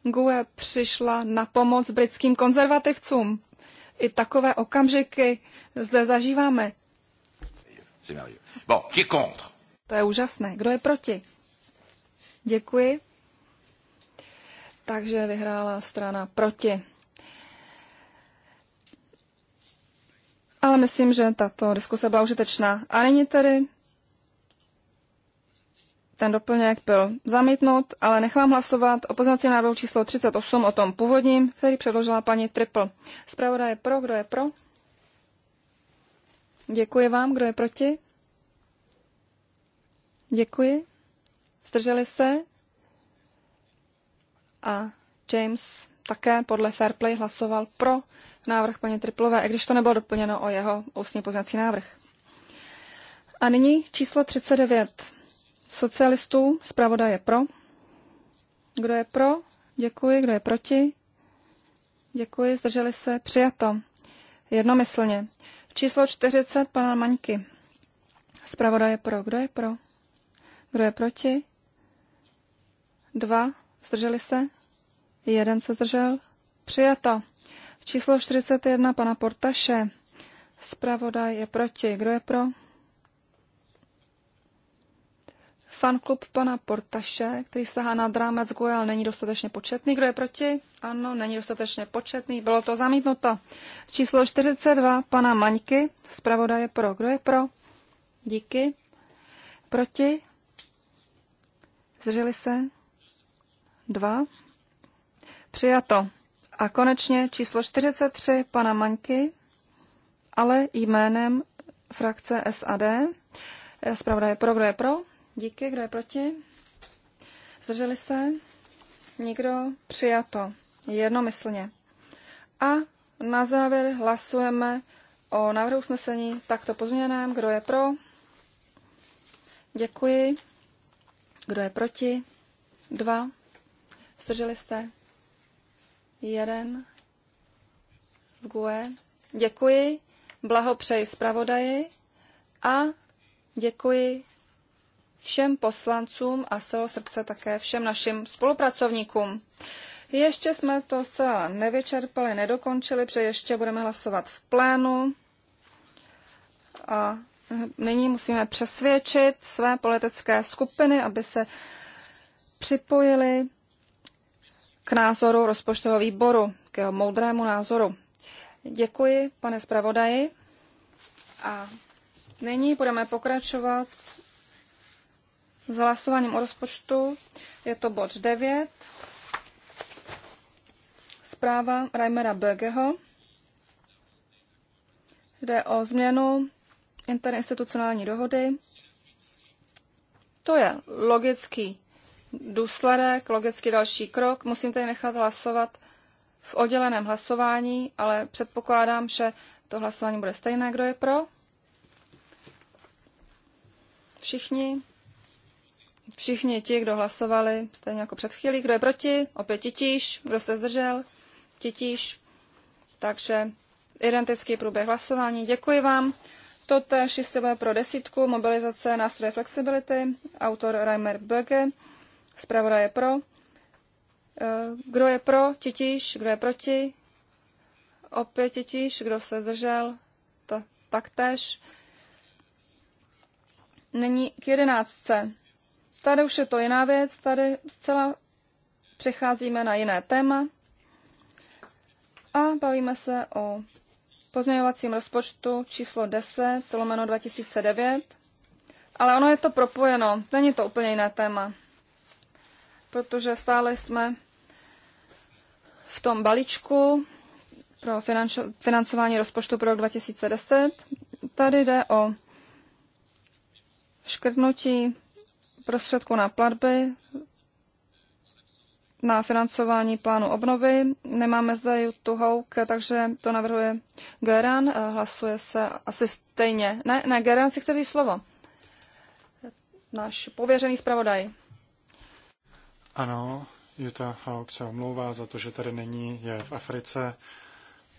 GUE přišla na pomoc britským konzervativcům. I takové okamžiky zde zažíváme. Bon, To je úžasné. Kdo je proti? Děkuji. Takže vyhrála strana proti. Ale myslím, že tato diskuse byla užitečná. A nyní tedy ten doplněk byl zamítnut, ale nechám hlasovat o poznacím návrhu číslo 38 o tom původním, který předložila paní Tripl. Zpravodaj je pro, kdo je pro? Děkuji vám, kdo je proti? Děkuji. Zdrželi se? A James také podle Fairplay hlasoval pro návrh paní Triplové, i když to nebylo doplněno o jeho ústní poznací návrh. A nyní číslo 39 socialistů. Zpravoda je pro. Kdo je pro? Děkuji. Kdo je proti? Děkuji. Zdrželi se. Přijato. Jednomyslně. Číslo 40 pana Maňky. Zpravoda je pro. Kdo je pro? Kdo je proti? Dva. Zdrželi se? Jeden se zdržel. Přijato. Číslo 41 pana Portaše. Zpravodaj je proti. Kdo je pro? Fanklub pana Portaše, který sahá na drámec GUE, ale není dostatečně početný. Kdo je proti? Ano, není dostatečně početný. Bylo to zamítnuto. Číslo 42 pana Maňky, zpravodaje pro. Kdo je pro? Díky. Proti? Zřeli se? Dva. Přijato. A konečně číslo 43 pana Maňky, ale jménem frakce SAD. Zpravodaje pro, kdo je pro? Díky, kdo je proti? Zdrželi se? Nikdo? Přijato. Jednomyslně. A na závěr hlasujeme o návrhu usnesení takto pozměněném. Kdo je pro? Děkuji. Kdo je proti? Dva. Zdrželi jste? Jeden. V GUE. Děkuji. Blahopřeji zpravodaji a děkuji všem poslancům a z celého srdce také všem našim spolupracovníkům. Ještě jsme to se nevyčerpali, nedokončili, protože ještě budeme hlasovat v plénu. A nyní musíme přesvědčit své politické skupiny, aby se připojili k názoru rozpočtového výboru, k jeho moudrému názoru. Děkuji, pane zpravodaji. A nyní budeme pokračovat s hlasováním o rozpočtu. Je to bod 9. Zpráva Reimera Bögeho. Jde o změnu interinstitucionální dohody. To je logický důsledek, logický další krok. Musím tedy nechat hlasovat v odděleném hlasování, ale předpokládám, že to hlasování bude stejné. Kdo je pro? Všichni všichni ti, kdo hlasovali, stejně jako před chvílí, kdo je proti, opět titíž, kdo se zdržel, titíž. Takže identický průběh hlasování. Děkuji vám. Toto je bude pro desítku mobilizace nástroje flexibility, autor Reimer Böge, zpravodaj je pro. Eh, kdo je pro, titíž, kdo je proti, opět titíž, kdo se zdržel, Tak taktéž. Nyní k jedenáctce. Tady už je to jiná věc, tady zcela přecházíme na jiné téma a bavíme se o pozměňovacím rozpočtu číslo 10, lomeno 2009, ale ono je to propojeno, není to úplně jiné téma, protože stále jsme v tom balíčku pro financování rozpočtu pro rok 2010. Tady jde o škrtnutí prostředků na platby, na financování plánu obnovy. Nemáme zde houk, takže to navrhuje Geran. Eh, hlasuje se asi stejně. Ne, ne, Geran si chce vzít slovo. Náš pověřený zpravodaj. Ano, Jutta Hauk se omlouvá za to, že tady není, je v Africe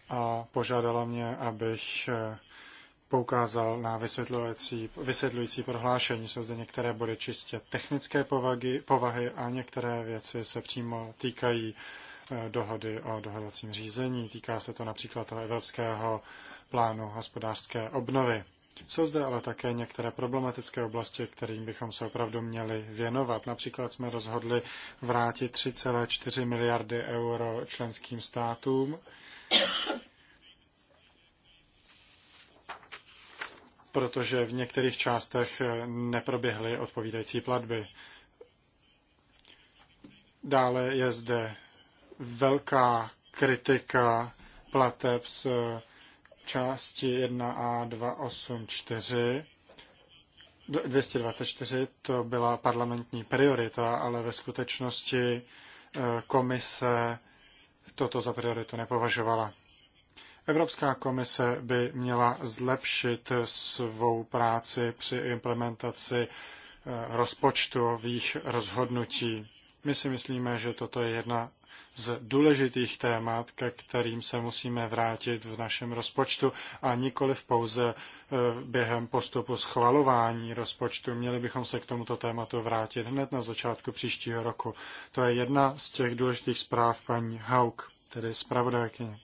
a požádala mě, abych eh, poukázal na vysvětlující, vysvětlující prohlášení. Jsou zde některé body čistě technické povahy, povahy a některé věci se přímo týkají e, dohody o dohodacím řízení. Týká se to například toho Evropského plánu hospodářské obnovy. Jsou zde ale také některé problematické oblasti, kterým bychom se opravdu měli věnovat. Například jsme rozhodli vrátit 3,4 miliardy euro členským státům protože v některých částech eh, neproběhly odpovídající platby. Dále je zde velká kritika plateb z eh, části 1a 284. 224 to byla parlamentní priorita, ale ve skutečnosti eh, komise toto za prioritu nepovažovala. Evropská komise by měla zlepšit svou práci při implementaci eh, rozpočtových rozhodnutí. My si myslíme, že toto je jedna z důležitých témat, ke kterým se musíme vrátit v našem rozpočtu a v pouze eh, během postupu schvalování rozpočtu. Měli bychom se k tomuto tématu vrátit hned na začátku příštího roku. To je jedna z těch důležitých zpráv paní Hauk, tedy zpravodajkyně.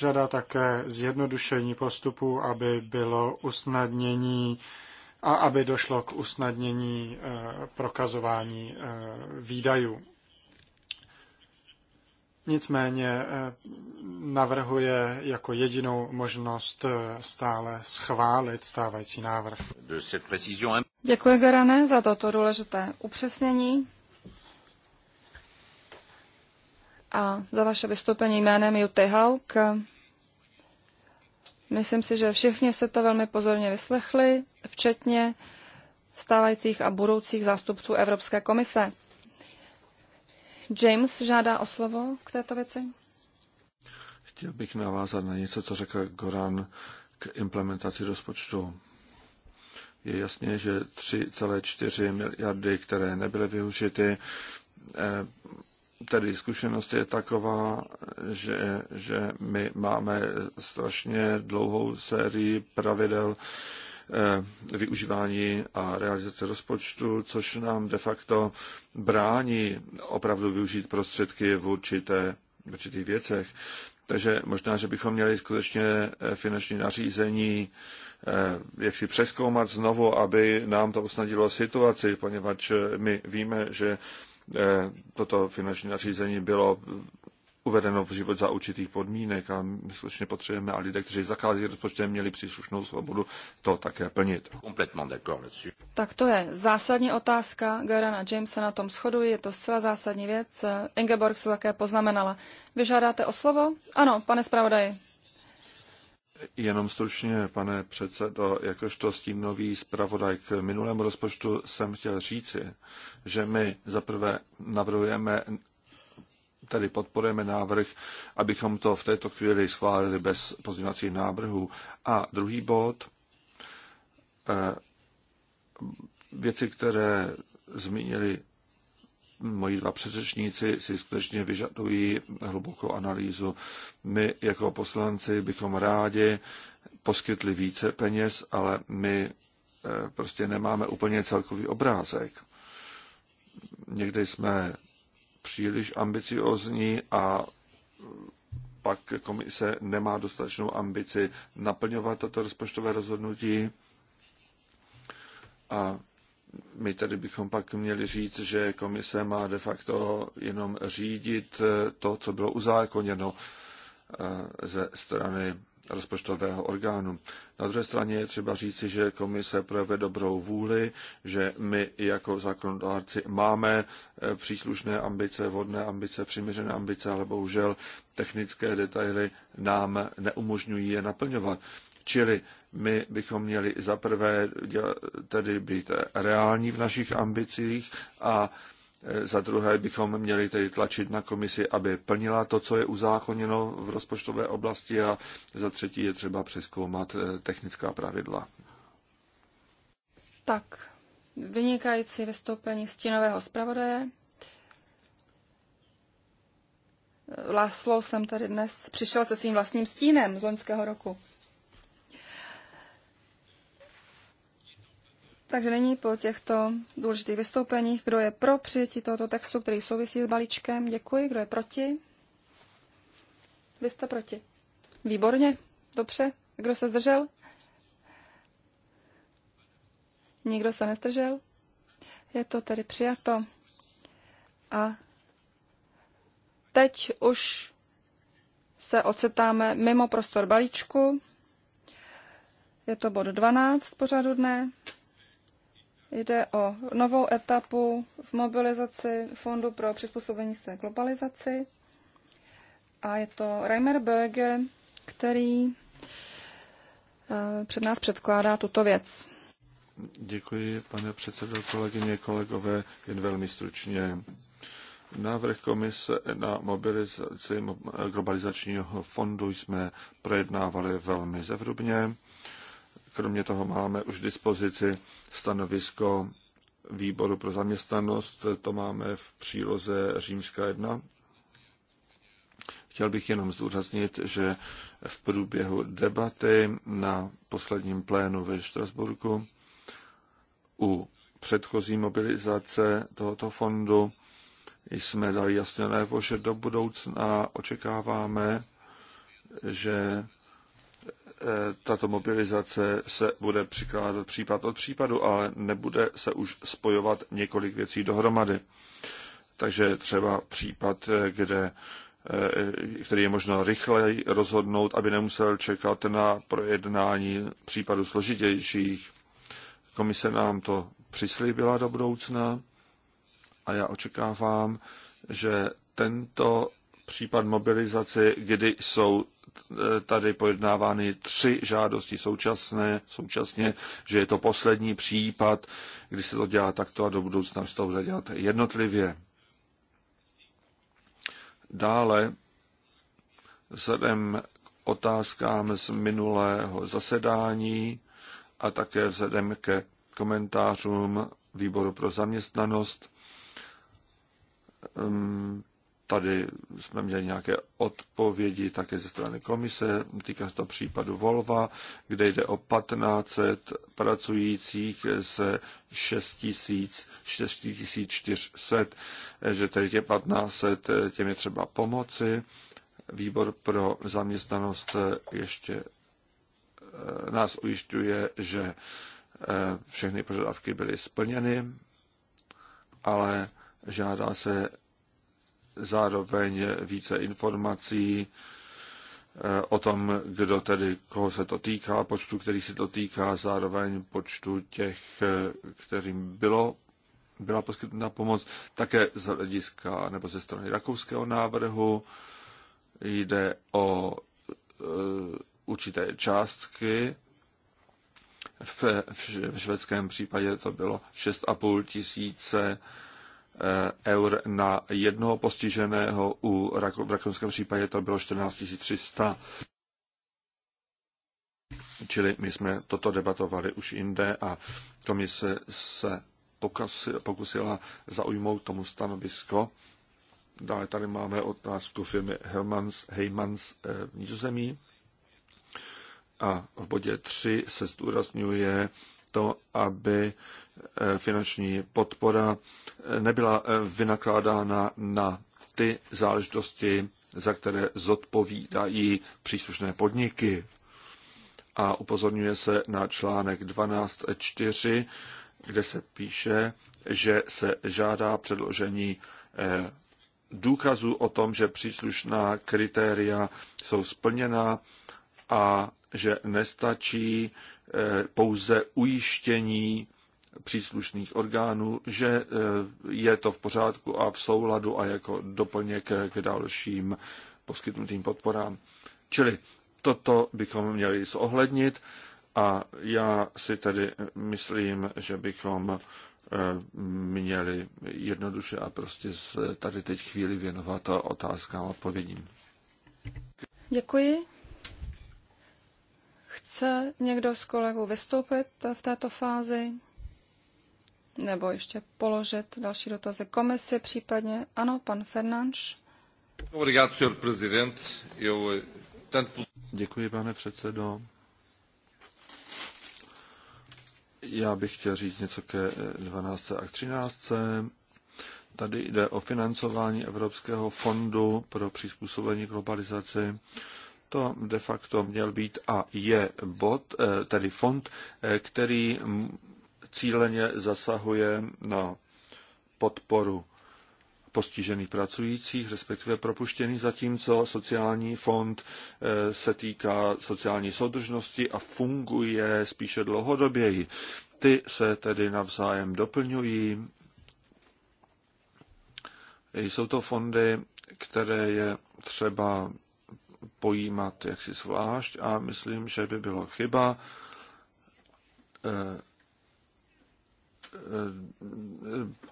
Žádá také zjednodušení postupu, aby bylo usnadnění a aby došlo k usnadnění eh, prokazování eh, výdajů. Nicméně eh, navrhuje jako jedinou možnost stále schválit stávající návrh. Děkuji, Garane, za toto důležité upřesnění a za vaše vystoupení jménem Juty Hauk. Myslím si, že všichni se to velmi pozorně vyslechli, včetně stávajících a budoucích zástupců Evropské komise. James žádá o slovo k této věci. Chtěl bych navázat na něco, co řekl Goran k implementaci rozpočtu. Je jasné, že 3,4 miliardy, které nebyly využity, eh, tedy zkušenost je taková, že, že my máme strašně dlouhou sérii pravidel eh, využívání a realizace rozpočtu, což nám de facto brání opravdu využít prostředky v, určité, v určitých věcech. Takže možná, že bychom měli skutečně eh, finanční nařízení eh, jak si přeskoumat znovu, aby nám to usnadilo situaci, poněvadž my víme, že Eh, toto finanční nařízení bylo uvedeno v život za určitých podmínek a my skutečně potřebujeme, a lidé, kteří zakází rozpočtem, měli příslušnou svobodu to také plnit. Tak to je zásadní otázka. Garana Jamesa na tom shodují, je to zcela zásadní věc. Ingeborg se také poznamenala. Vyžádáte o slovo? Ano, pane zpravodaji. Jenom stručně, pane předsedo, jakožto stínový zpravodaj k minulému rozpočtu jsem chtěl říci, že my zaprvé navrhujeme, tedy podporujeme návrh, abychom to v této chvíli schválili bez pozměňovacích návrhů. A druhý bod, eh, věci, které zmínili moji dva předřečníci si skutečně vyžadují hlubokou analýzu. My jako poslanci bychom rádi poskytli více peněz, ale my eh, prostě nemáme úplně celkový obrázek. Někdy jsme příliš ambiciozní a pak komise nemá dostatečnou ambici naplňovat toto rozpočtové rozhodnutí. A my tedy bychom pak měli říct, že komise má de facto jenom řídit eh, to, co bylo uzákoněno eh, ze strany rozpočtového orgánu. Na druhé straně je třeba říci, že komise projeve dobrou vůli, že my jako zákonodárci máme eh, příslušné ambice, vodné ambice, přiměřené ambice, ale bohužel technické detaily nám neumožňují je naplňovat. Čili my bychom měli zaprvé dělat, tedy být reální v našich ambicích a e, za druhé bychom měli tedy tlačit na komisi, aby plnila to, co je uzákoněno v rozpočtové oblasti a za třetí je třeba přeskoumat e, technická pravidla. Tak, vynikající vystoupení stínového zpravodaje. Láslo jsem tady dnes přišel se svým vlastním stínem z loňského roku. Takže není po těchto důležitých vystoupeních, kdo je pro přijetí tohoto textu, který souvisí s balíčkem. Děkuji. Kdo je proti? Vy jste proti. Výborně. Dobře. Kdo se zdržel? Nikdo se nestržel? Je to tedy přijato. A teď už se ocitáme mimo prostor balíčku. Je to bod 12 pořadu dne. Jde o novou etapu v mobilizaci Fondu pro přizpůsobení se globalizaci. A je to Reimer Böge, který eh, před nás předkládá tuto věc. Děkuji, pane předsedo, kolegyně, kolegové, jen velmi stručně. Návrh komise na mobilizaci globalizačního fondu jsme projednávali velmi zevrubně Kromě toho máme už v dispozici stanovisko výboru pro zaměstnanost, to máme v příloze Římská 1. Chtěl bych jenom zdůraznit, že v průběhu debaty na posledním plénu ve Štrasburku u předchozí mobilizace tohoto fondu jsme dali jasně najevo, že do budoucna očekáváme, že tato mobilizace se bude přikládat případ od případu, ale nebude se už spojovat několik věcí dohromady. Takže třeba případ, kde eh, který je možno rychleji rozhodnout, aby nemusel čekat na projednání případů složitějších. Komise nám to přislíbila do budoucna a já očekávám, že tento případ mobilizace, kdy jsou tady pojednávány tři žádosti současné, současně, že je to poslední případ, kdy se to dělá takto a do budoucna se to bude dělat jednotlivě. Dále, vzhledem k otázkám z minulého zasedání a také vzhledem ke komentářům výboru pro zaměstnanost, um, Tady jsme měli nějaké odpovědi také ze strany komise, týká se to případu Volva, kde jde o 1500 pracujících se 6400, že tady je 1500, těm je třeba pomoci. Výbor pro zaměstnanost ještě eh, nás ujišťuje, že eh, všechny požadavky byly splněny, ale žádá se zároveň více informací eh, o tom, kdo tedy, koho se to týká, počtu, který se to týká, zároveň počtu těch, eh, kterým bylo, byla poskytnuta pomoc, také z hlediska nebo ze strany rakouského návrhu. Jde o e, určité částky. V, v, v švédském případě to bylo 6,5 tisíce e, Eh, eur na jednoho postiženého, u, v rakouském případě to bylo 14 300. Čili my jsme toto debatovali už jinde a komise se pokusila zaujmout tomu stanovisko. Dále tady máme otázku firmy Helmans, Heymans eh, v Nizozemí. A v bodě 3 se zdůrazňuje to, aby finanční podpora nebyla vynakládána na ty záležitosti, za které zodpovídají příslušné podniky. A upozorňuje se na článek 12.4, kde se píše, že se žádá předložení eh, důkazů o tom, že příslušná kritéria jsou splněna a že nestačí eh, pouze ujištění příslušných orgánů, že e, je to v pořádku a v souladu a jako doplněk k dalším poskytnutým podporám. Čili toto bychom měli zohlednit a já si tedy myslím, že bychom e, měli jednoduše a prostě se tady teď chvíli věnovat otázkám a odpovědím. Děkuji. Chce někdo z kolegů vystoupit v této fázi? nebo ještě položit další dotazy komisi, případně ano, pan Fernanš. Eh, Děkuji, pane předsedo. Já bych chtěl říct něco ke 12. Eh, a 13. Tady jde o financování Evropského fondu pro přizpůsobení globalizaci. To de facto měl být a je bod, eh, tedy fond, který cíleně zasahuje na podporu postižených pracujících, respektive propuštěných, zatímco sociální fond eh, se týká sociální soudržnosti a funguje spíše dlouhodoběji. Ty se tedy navzájem doplňují. Jsou to fondy, které je třeba pojímat jaksi zvlášť a myslím, že by bylo chyba eh, Eh,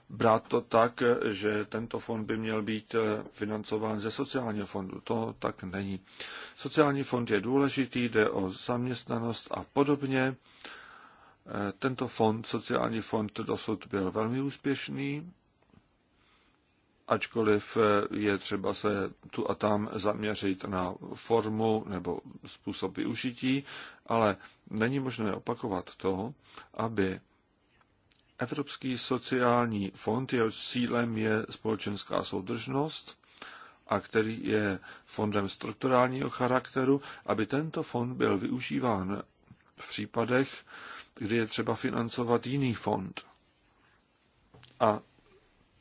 brát to tak, že tento fond by měl být eh, financován ze sociálního fondu. To tak není. Sociální fond je důležitý, jde o zaměstnanost a podobně. Eh, tento fond, sociální fond, dosud byl velmi úspěšný, ačkoliv je třeba se tu a tam zaměřit na formu nebo způsob využití, ale není možné opakovat to, aby Evropský sociální fond, jehož cílem je společenská soudržnost a který je fondem strukturálního charakteru, aby tento fond byl využíván v případech, kdy je třeba financovat jiný fond. A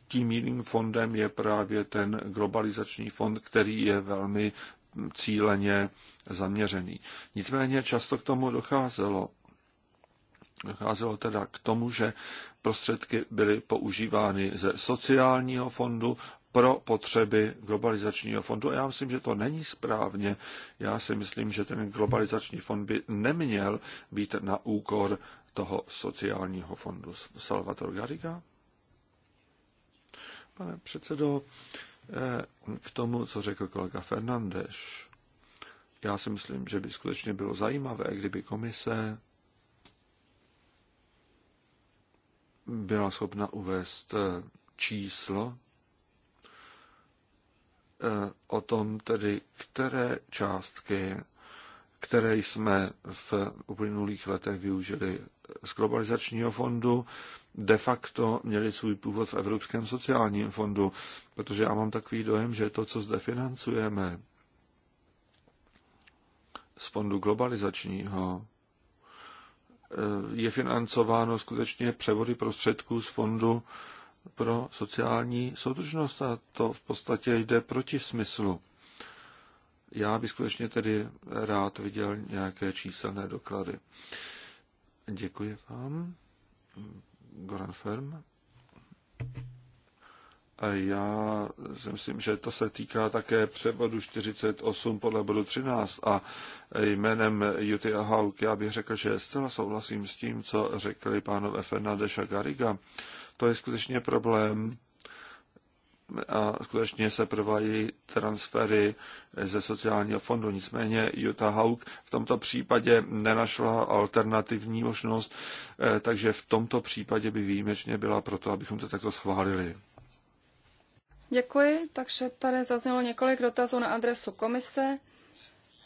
tím jiným fondem je právě ten globalizační fond, který je velmi cíleně zaměřený. Nicméně často k tomu docházelo Docházelo teda k tomu, že prostředky byly používány ze sociálního fondu pro potřeby globalizačního fondu. A já myslím, že to není správně. Já si myslím, že ten globalizační fond by neměl být na úkor toho sociálního fondu. Salvator Gariga? Pane předsedo, eh, k tomu, co řekl kolega Fernandeš. Já si myslím, že by skutečně bylo zajímavé, kdyby komise byla schopna uvést eh, číslo eh, o tom tedy, které částky, které jsme v uplynulých letech využili z globalizačního fondu, de facto měli svůj původ v Evropském sociálním fondu, protože já mám takový dojem, že to, co zde financujeme z fondu globalizačního, Eh, je financováno skutečně převody prostředků z fondu pro sociální soudržnost a to v podstatě jde proti smyslu. Já bych skutečně tedy rád viděl nějaké číselné doklady. Děkuji vám. Goran Ferm já si myslím, že to se týká také převodu 48 podle bodu 13 a jménem Juty a Hauk já bych řekl, že zcela souhlasím s tím, co řekli pánové Fernandeš a Gariga. To je skutečně problém a skutečně se provají transfery ze sociálního fondu. Nicméně Jutta Hauk v tomto případě nenašla alternativní možnost, eh, takže v tomto případě by výjimečně byla proto, abychom to takto schválili. Děkuji, takže tady zaznělo několik dotazů na adresu komise.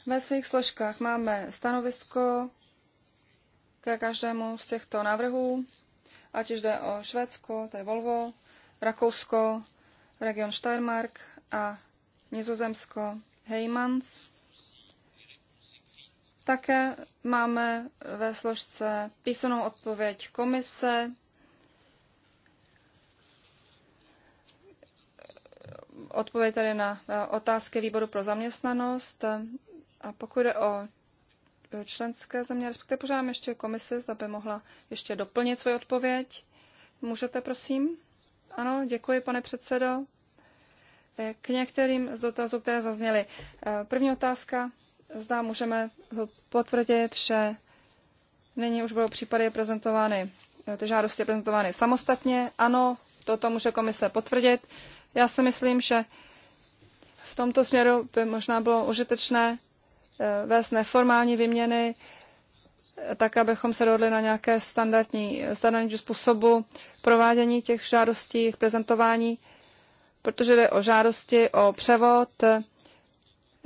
Ve svých složkách máme stanovisko ke každému z těchto návrhů, ať už jde o Švédsko, to je Volvo, Rakousko, region Steiermark a Nizozemsko Heymans. Také máme ve složce písanou odpověď komise odpověď tady na otázky výboru pro zaměstnanost. A pokud jde o e, členské země, respektive požádám ještě komisi, zda by mohla ještě doplnit svoji odpověď. Můžete, prosím? Ano, děkuji, pane předsedo. E, k některým z dotazů, které zazněly. E, první otázka, zda můžeme potvrdit, že nyní už budou případy prezentovány, ty žádosti prezentovány samostatně. Ano, toto může komise potvrdit. Já si myslím, že v tomto směru by možná bylo užitečné eh, vést neformální vyměny, eh, tak abychom se dohodli na nějaké standardní, eh, standardní způsobu provádění těch žádostí, jejich prezentování, protože jde o žádosti o převod,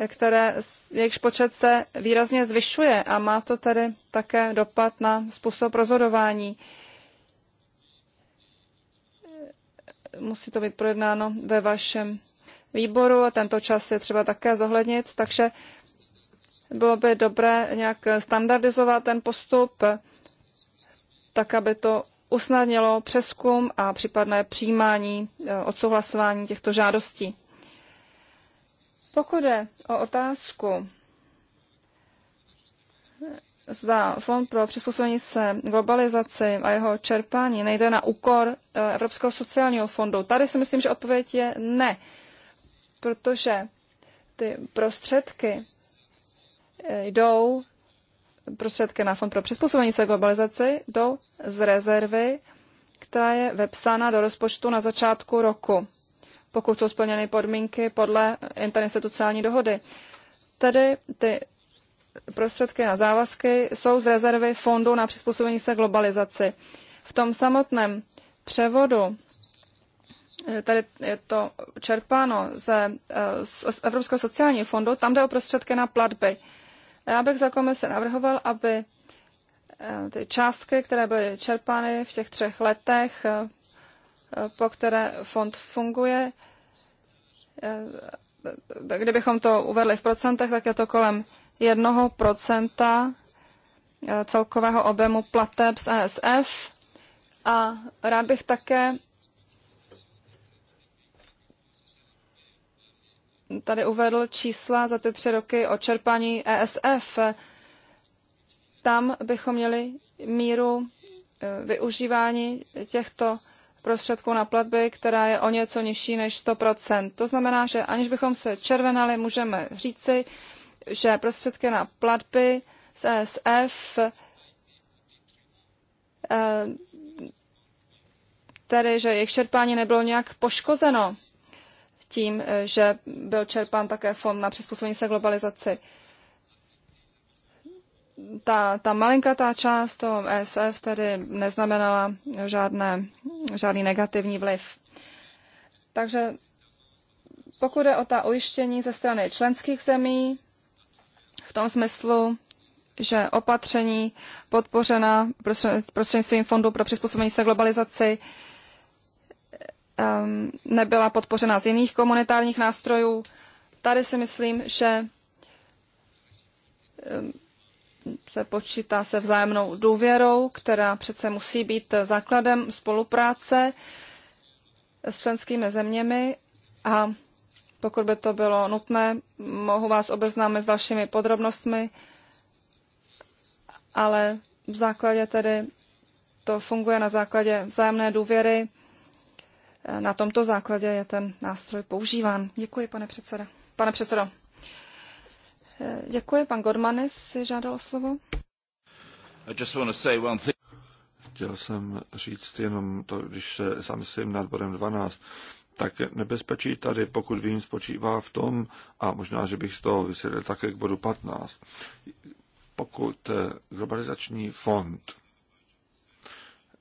které, jejichž počet se výrazně zvyšuje a má to tedy také dopad na způsob rozhodování. musí to být projednáno ve vašem výboru a tento čas je třeba také zohlednit, takže bylo by dobré nějak standardizovat ten postup, tak aby to usnadnilo přeskum a případné přijímání, eh, odsouhlasování těchto žádostí. Pokud je o otázku zda Fond pro přizpůsobení se globalizaci a jeho čerpání nejde na úkor eh, Evropského sociálního fondu. Tady si myslím, že odpověď je ne, protože ty prostředky eh, jdou, prostředky na Fond pro přizpůsobení se globalizaci jdou z rezervy, která je vepsána do rozpočtu na začátku roku, pokud jsou splněny podmínky podle interinstitucionální dohody. Tedy ty prostředky na závazky jsou z rezervy fondu na přizpůsobení se globalizaci. V tom samotném převodu eh, tady je to čerpáno ze, eh, z Evropského sociálního fondu, tam jde o prostředky na platby. Já bych za komise navrhoval, aby eh, ty částky, které byly čerpány v těch třech letech, po které fond funguje, kdybychom to uvedli v procentech, tak je to kolem 1% eh, celkového objemu plateb z ESF. A rád bych také tady uvedl čísla za ty tři roky o čerpání ESF. Tam bychom měli míru eh, využívání těchto prostředků na platby, která je o něco nižší než 100%. To znamená, že aniž bychom se červenali, můžeme říci, že prostředky na platby z ESF eh, tedy, že jejich čerpání nebylo nějak poškozeno tím, eh, že byl čerpán také fond na přizpůsobení se globalizaci. Ta, ta ta část toho ESF tedy neznamenala žádné, žádný negativní vliv. Takže pokud je o ta ujištění ze strany členských zemí, v tom smyslu, že opatření podpořena prostřednictvím Fondu pro přizpůsobení se globalizaci nebyla podpořena z jiných komunitárních nástrojů. Tady si myslím, že se počítá se vzájemnou důvěrou, která přece musí být základem spolupráce s členskými zeměmi a pokud by to bylo nutné, mohu vás obeznámit s dalšími podrobnostmi, ale v základě tedy to funguje na základě vzájemné důvěry. Na tomto základě je ten nástroj používán. Děkuji, pane předseda. Pane předsedo. Děkuji. Pan Godmanis si žádal o slovo. Chtěl jsem říct jenom to, když se zamyslím nad bodem 12 tak nebezpečí tady, pokud vím, spočívá v tom, a možná, že bych z toho vysvětlil také k bodu 15, pokud eh, globalizační fond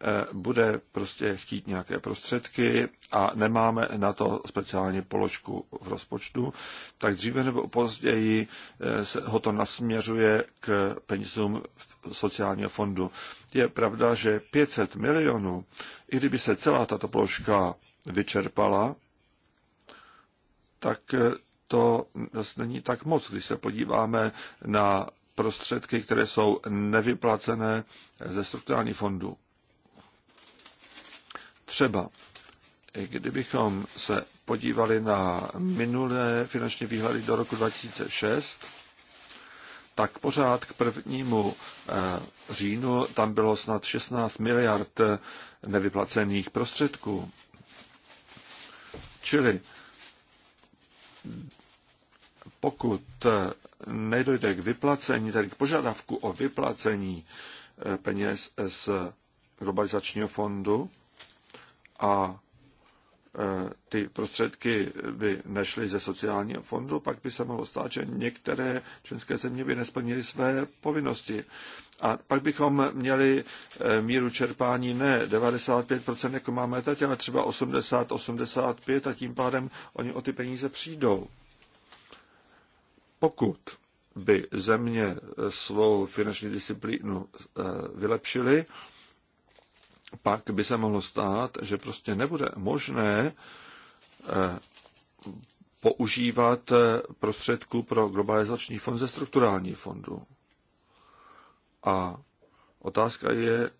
eh, bude prostě chtít nějaké prostředky a nemáme na to speciální položku v rozpočtu, tak dříve nebo později eh, se ho to nasměřuje k penězům sociálního fondu. Je pravda, že 500 milionů, i kdyby se celá tato položka vyčerpala, tak eh, to zase není tak moc. Když se podíváme na prostředky, které jsou nevyplacené ze strukturální fondu. Třeba, kdybychom se podívali na minulé finanční výhledy do roku 2006, tak pořád k prvnímu eh, říjnu tam bylo snad 16 miliard eh, nevyplacených prostředků. Čili pokud nedojde k vyplacení, tedy k požadavku o vyplacení eh, peněz z globalizačního fondu a Eh, ty prostředky by nešly ze sociálního fondu, pak by se mohlo stát, že některé členské země by nesplnily své povinnosti. A pak bychom měli eh, míru čerpání ne 95%, jako máme teď, ale třeba 80-85% a tím pádem oni o ty peníze přijdou. Pokud by země svou finanční disciplínu eh, vylepšily, pak by se mohlo stát, že prostě nebude možné eh, používat eh, prostředku pro globalizační fond ze strukturální fondu. A otázka je,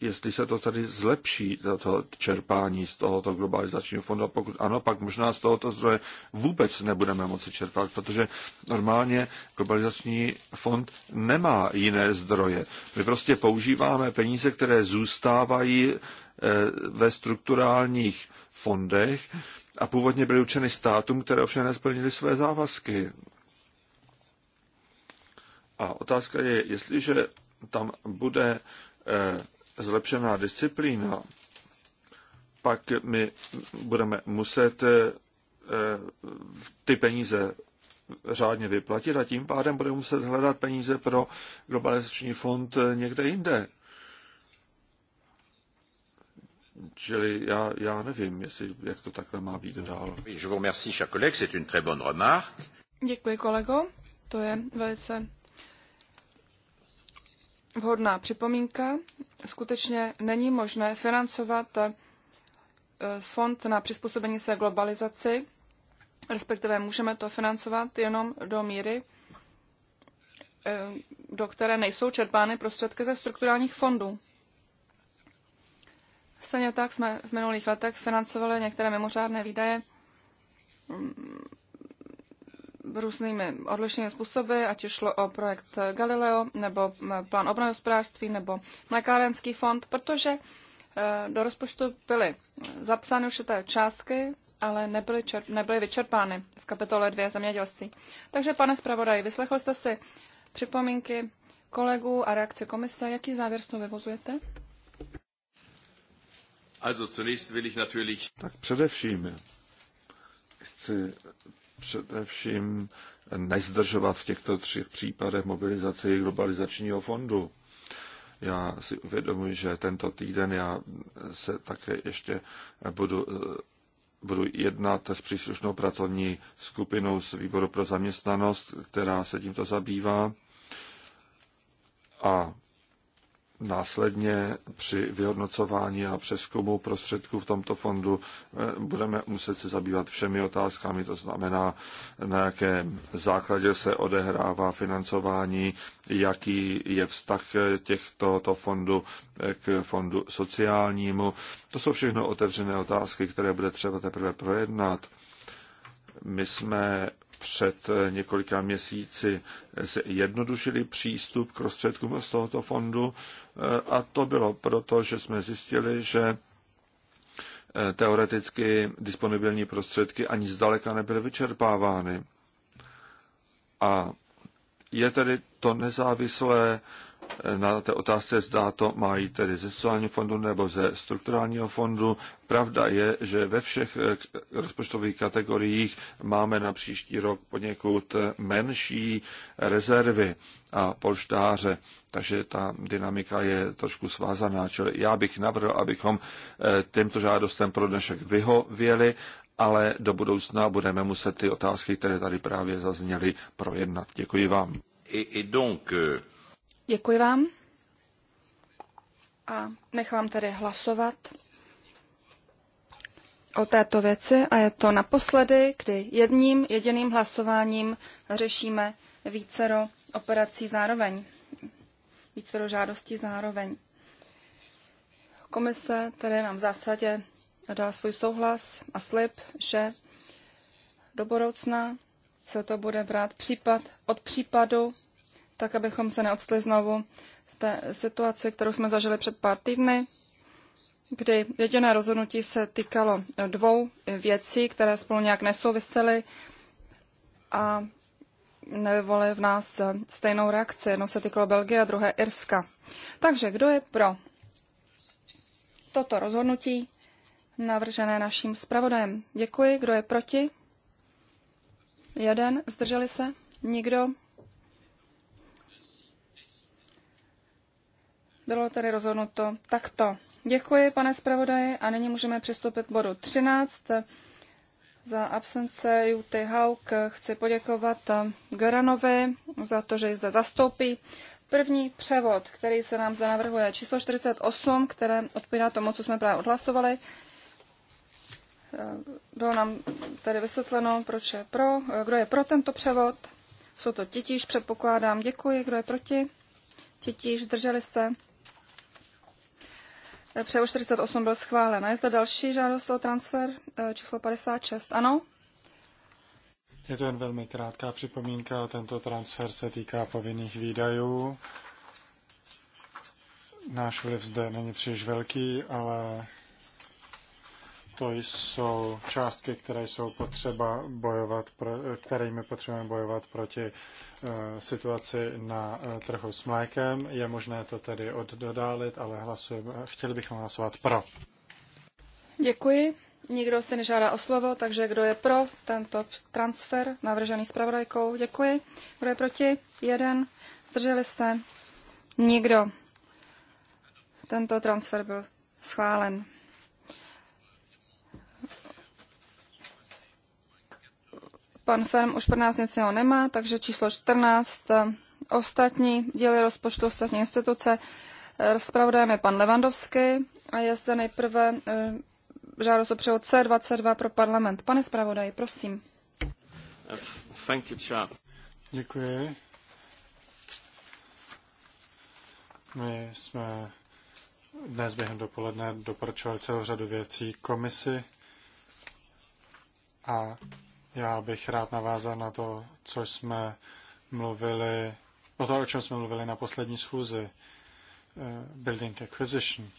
jestli se to tady zlepší, toto čerpání z tohoto globalizačního fondu, a pokud ano, pak možná z tohoto zdroje vůbec nebudeme moci čerpat, protože normálně globalizační fond nemá jiné zdroje. My prostě používáme peníze, které zůstávají e, ve strukturálních fondech a původně byly učeny státům, které ovšem nesplnily své závazky. A otázka je, jestliže tam bude e, zlepšená disciplína, pak my budeme muset eh, ty peníze řádně vyplatit a tím pádem budeme muset hledat peníze pro globalizační fond eh, někde jinde. Čili já, já nevím, jestli, jak to takhle má být dál. Je Děkuji, kolego. To je velice vhodná připomínka. Skutečně není možné financovat eh, fond na přizpůsobení se globalizaci, respektive můžeme to financovat jenom do míry, eh, do které nejsou čerpány prostředky ze strukturálních fondů. Stejně tak jsme v minulých letech financovali některé mimořádné výdaje mm, různými odlišnými způsoby, ať už šlo o projekt Galileo, nebo plán obnovy hospodářství, nebo mlékárenský fond, protože eh, do rozpočtu byly zapsány té částky, ale nebyly, nebyly vyčerpány v kapitole 2 zemědělství. Takže, pane zpravodaj, vyslechl jste si připomínky kolegů a reakce komise. Jaký závěr s vyvozujete? Also will ich natürlich... Tak především chci především nezdržovat v těchto třech případech mobilizaci globalizačního fondu. Já si uvědomuji, že tento týden já se také ještě budu, budu jednat s příslušnou pracovní skupinou z výboru pro zaměstnanost, která se tímto zabývá. A následně při vyhodnocování a přeskumu prostředků v tomto fondu eh, budeme muset se zabývat všemi otázkami, to znamená, na jakém základě se odehrává financování, jaký je vztah eh, těchto fondu eh, k fondu sociálnímu. To jsou všechno otevřené otázky, které bude třeba teprve projednat. My jsme před několika měsíci zjednodušili přístup k prostředkům z tohoto fondu Eh, a to bylo proto, že jsme zjistili, že eh, teoreticky disponibilní prostředky ani zdaleka nebyly vyčerpávány. A je tedy to nezávislé Eh, na té otázce, zda to mají tedy ze sociálního fondu nebo ze strukturálního fondu. Pravda je, že ve všech eh, rozpočtových kategoriích máme na příští rok poněkud eh, menší rezervy a polštáře, takže ta dynamika je trošku svázaná. Čili já bych navrhl, abychom těmto žádostem pro dnešek vyhověli, ale do budoucna budeme muset ty otázky, které tady právě zazněly, projednat. Děkuji vám. Et, et donc, euh... Děkuji vám a nechám tedy hlasovat o této věci a je to naposledy, kdy jedním jediným hlasováním řešíme vícero operací zároveň, vícero žádostí zároveň. Komise tedy nám v zásadě dala svůj souhlas a slib, že do budoucna se to bude brát případ od případu tak abychom se neodstli znovu v té situaci, kterou jsme zažili před pár týdny, kdy jediné rozhodnutí se týkalo dvou věcí, které spolu nějak nesouvisely a nevyvolily v nás stejnou reakci. Jedno se týkalo Belgie a druhé Irska. Takže kdo je pro toto rozhodnutí navržené naším zpravodajem? Děkuji. Kdo je proti? Jeden. Zdrželi se? Nikdo? Bylo tedy rozhodnuto takto. Děkuji, pane zpravodaji, a nyní můžeme přistoupit k bodu 13. Za absence Juty Hauk chci poděkovat Geranovi za to, že ji zde zastoupí. První převod, který se nám zde navrhuje, číslo 48, které odpovídá tomu, co jsme právě odhlasovali. Bylo nám tady vysvětleno, proč je pro, kdo je pro tento převod. Jsou to titíž, předpokládám. Děkuji. Kdo je proti? Titíž, drželi se. Převod 48 byl schválen. A je zde další žádost o transfer eh, číslo 56. Ano? Je to jen velmi krátká připomínka. Tento transfer se týká povinných výdajů. Náš vliv zde není příliš velký, ale to jsou částky, které jsou potřeba bojovat, pro, kterými potřebujeme bojovat proti eh, situaci na eh, trhu s mlékem. Je možné to tedy oddodálit, ale hlasujeme, chtěli bychom hlasovat pro. Děkuji. Nikdo se nežádá o slovo, takže kdo je pro tento transfer navržený zpravodajkou? Děkuji. Kdo je proti? Jeden. Zdrželi se? Nikdo. Tento transfer byl schválen. Pan Ferm už 14 nic jeho nemá, takže číslo 14. Eh, ostatní díly rozpočtu, ostatní instituce. Rozpravodajem eh, je pan Levandovský a je zde nejprve eh, žádost o převod C22 pro parlament. Pane zpravodaji, prosím. Thank you, Děkuji. My jsme dnes během dopoledne doporučovali celou řadu věcí komisi a já bych rád navázal na to, co jsme mluvili, o to, o čem jsme mluvili na poslední schůzi, eh, Building Acquisition.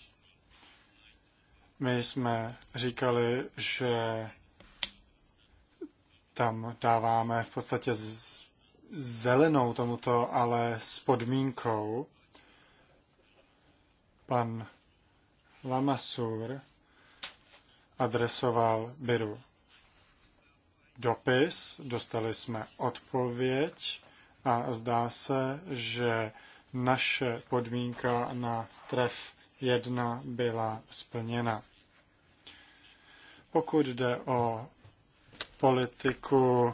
My jsme říkali, že tam dáváme v podstatě zelenou tomuto, ale s podmínkou. Pan Lamasur adresoval Biru dopis, dostali jsme odpověď a zdá se, že naše podmínka na tref 1 byla splněna. Pokud jde o politiku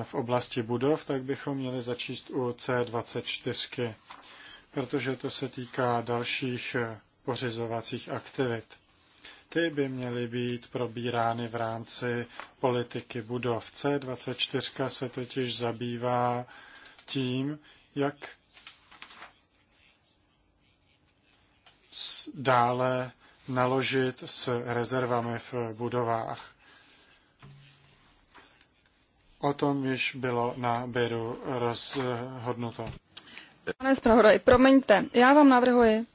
eh, v oblasti budov, tak bychom měli začíst u C24, protože to se týká dalších eh, pořizovacích aktivit. Ty by měly být probírány v rámci politiky budov. C24 se totiž zabývá tím, jak dále naložit s rezervami v budovách. O tom již bylo na Beru rozhodnuto. Pane zpravodaj, promiňte, já vám navrhuji,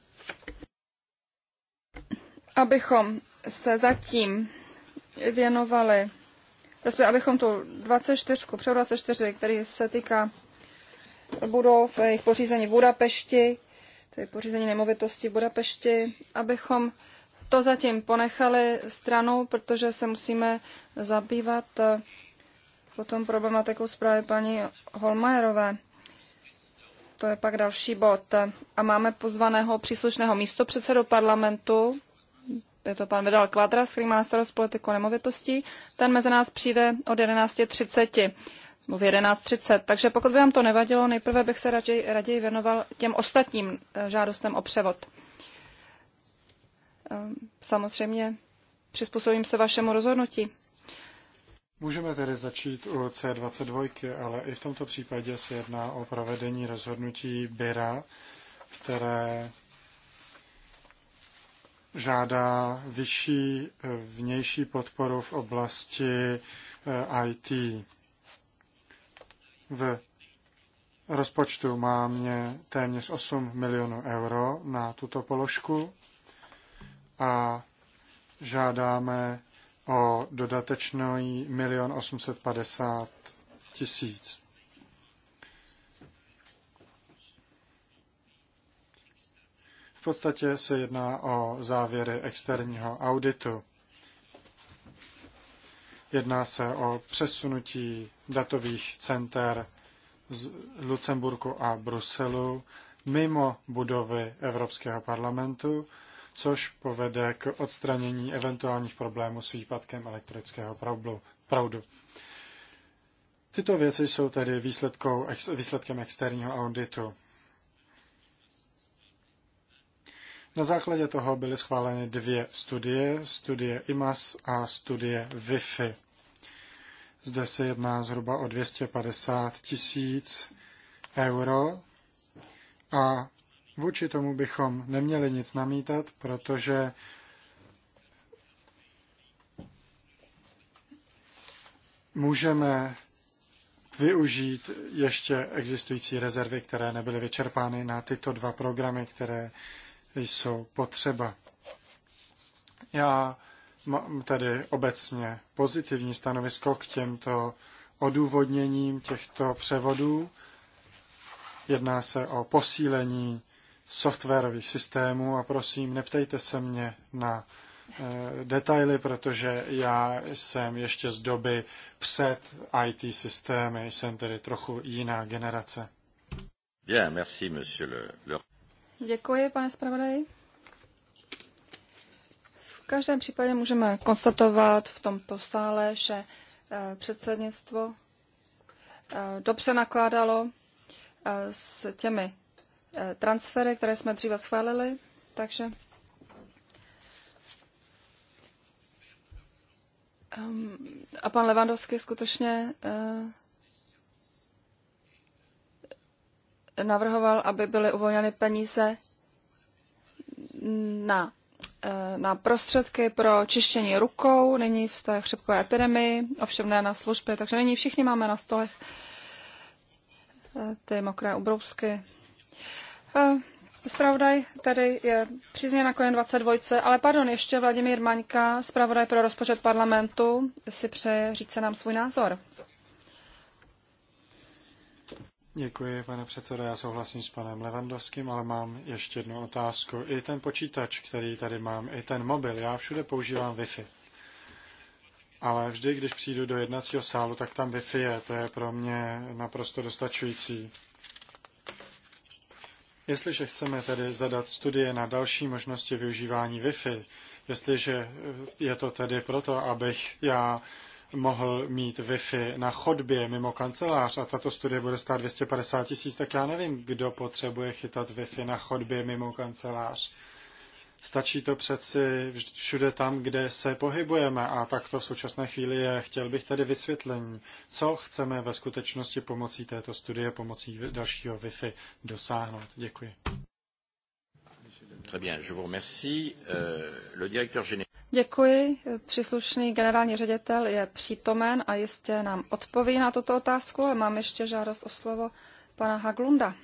abychom se zatím věnovali, respektive abychom tu 24, převo 24, který se týká budov, jejich pořízení v Budapešti, tedy pořízení nemovitosti v Budapešti, abychom to zatím ponechali stranou, protože se musíme zabývat eh, potom problematikou zprávy paní Holmajerové. To je pak další bod. A máme pozvaného příslušného místopředsedu parlamentu, je to pan Vidal Kvadras, který má na starost politiku nemovitostí, ten mezi nás přijde od 11.30 v 11.30. Takže pokud by vám to nevadilo, nejprve bych se raději, raději věnoval těm ostatním eh, žádostem o převod. Ehm, samozřejmě přizpůsobím se vašemu rozhodnutí. Můžeme tedy začít u C22, ale i v tomto případě se jedná o provedení rozhodnutí Byra, které žádá vyšší eh, vnější podporu v oblasti eh, IT. V rozpočtu máme téměř 8 milionů euro na tuto položku a žádáme o dodatečný milion 850 tisíc. V podstatě se jedná o závěry externího auditu. Jedná se o přesunutí datových center z Lucemburku a Bruselu mimo budovy Evropského parlamentu, což povede k odstranění eventuálních problémů s výpadkem elektrického proudu. Tyto věci jsou tedy výsledkem externího auditu. Na základě toho byly schváleny dvě studie, studie IMAS a studie WIFI. Zde se jedná zhruba o 250 tisíc euro a vůči tomu bychom neměli nic namítat, protože můžeme využít ještě existující rezervy, které nebyly vyčerpány na tyto dva programy, které jsou potřeba. Já mám tady obecně pozitivní stanovisko k těmto odůvodněním těchto převodů. Jedná se o posílení softwarových systémů a prosím, neptejte se mě na eh, detaily, protože já jsem ještě z doby před IT systémy, jsem tedy trochu jiná generace. Bien, merci, monsieur le... Děkuji, pane zpravodaji. V každém případě můžeme konstatovat v tomto sále, že eh, předsednictvo eh, dobře nakládalo eh, s těmi transfery, které jsme dříve schválili, takže ehm, a pan Levandovský skutečně navrhoval, aby byly uvolněny peníze na, eh, na prostředky pro čištění rukou, nyní v té chřipkové epidemii, ovšem ne na služby, takže nyní všichni máme na stolech eh, ty mokré ubrousky. Spravodaj eh, tady je přízně na kolem 22, ale pardon, ještě Vladimír Maňka, spravodaj pro rozpočet parlamentu, si přeje říct se nám svůj názor. Děkuji, pane předsedo. Já souhlasím s panem Levandovským, ale mám ještě jednu otázku. I ten počítač, který tady mám, i ten mobil, já všude používám Wi-Fi. Ale vždy, když přijdu do jednacího sálu, tak tam Wi-Fi je. To je pro mě naprosto dostačující. Jestliže chceme tedy zadat studie na další možnosti využívání Wi-Fi, jestliže je to tedy proto, abych já mohl mít Wi-Fi na chodbě mimo kancelář a tato studie bude stát 250 tisíc, tak já nevím, kdo potřebuje chytat Wi-Fi na chodbě mimo kancelář. Stačí to přeci všude tam, kde se pohybujeme a tak to v současné chvíli je. Chtěl bych tedy vysvětlení, co chceme ve skutečnosti pomocí této studie, pomocí dalšího Wi-Fi dosáhnout. Děkuji. Très bien, je vous remercie. Euh, le directeur général... Děkuji. Příslušný generální ředitel je přítomen a jistě nám odpoví na tuto otázku, ale mám ještě žádost o slovo pana Haglunda.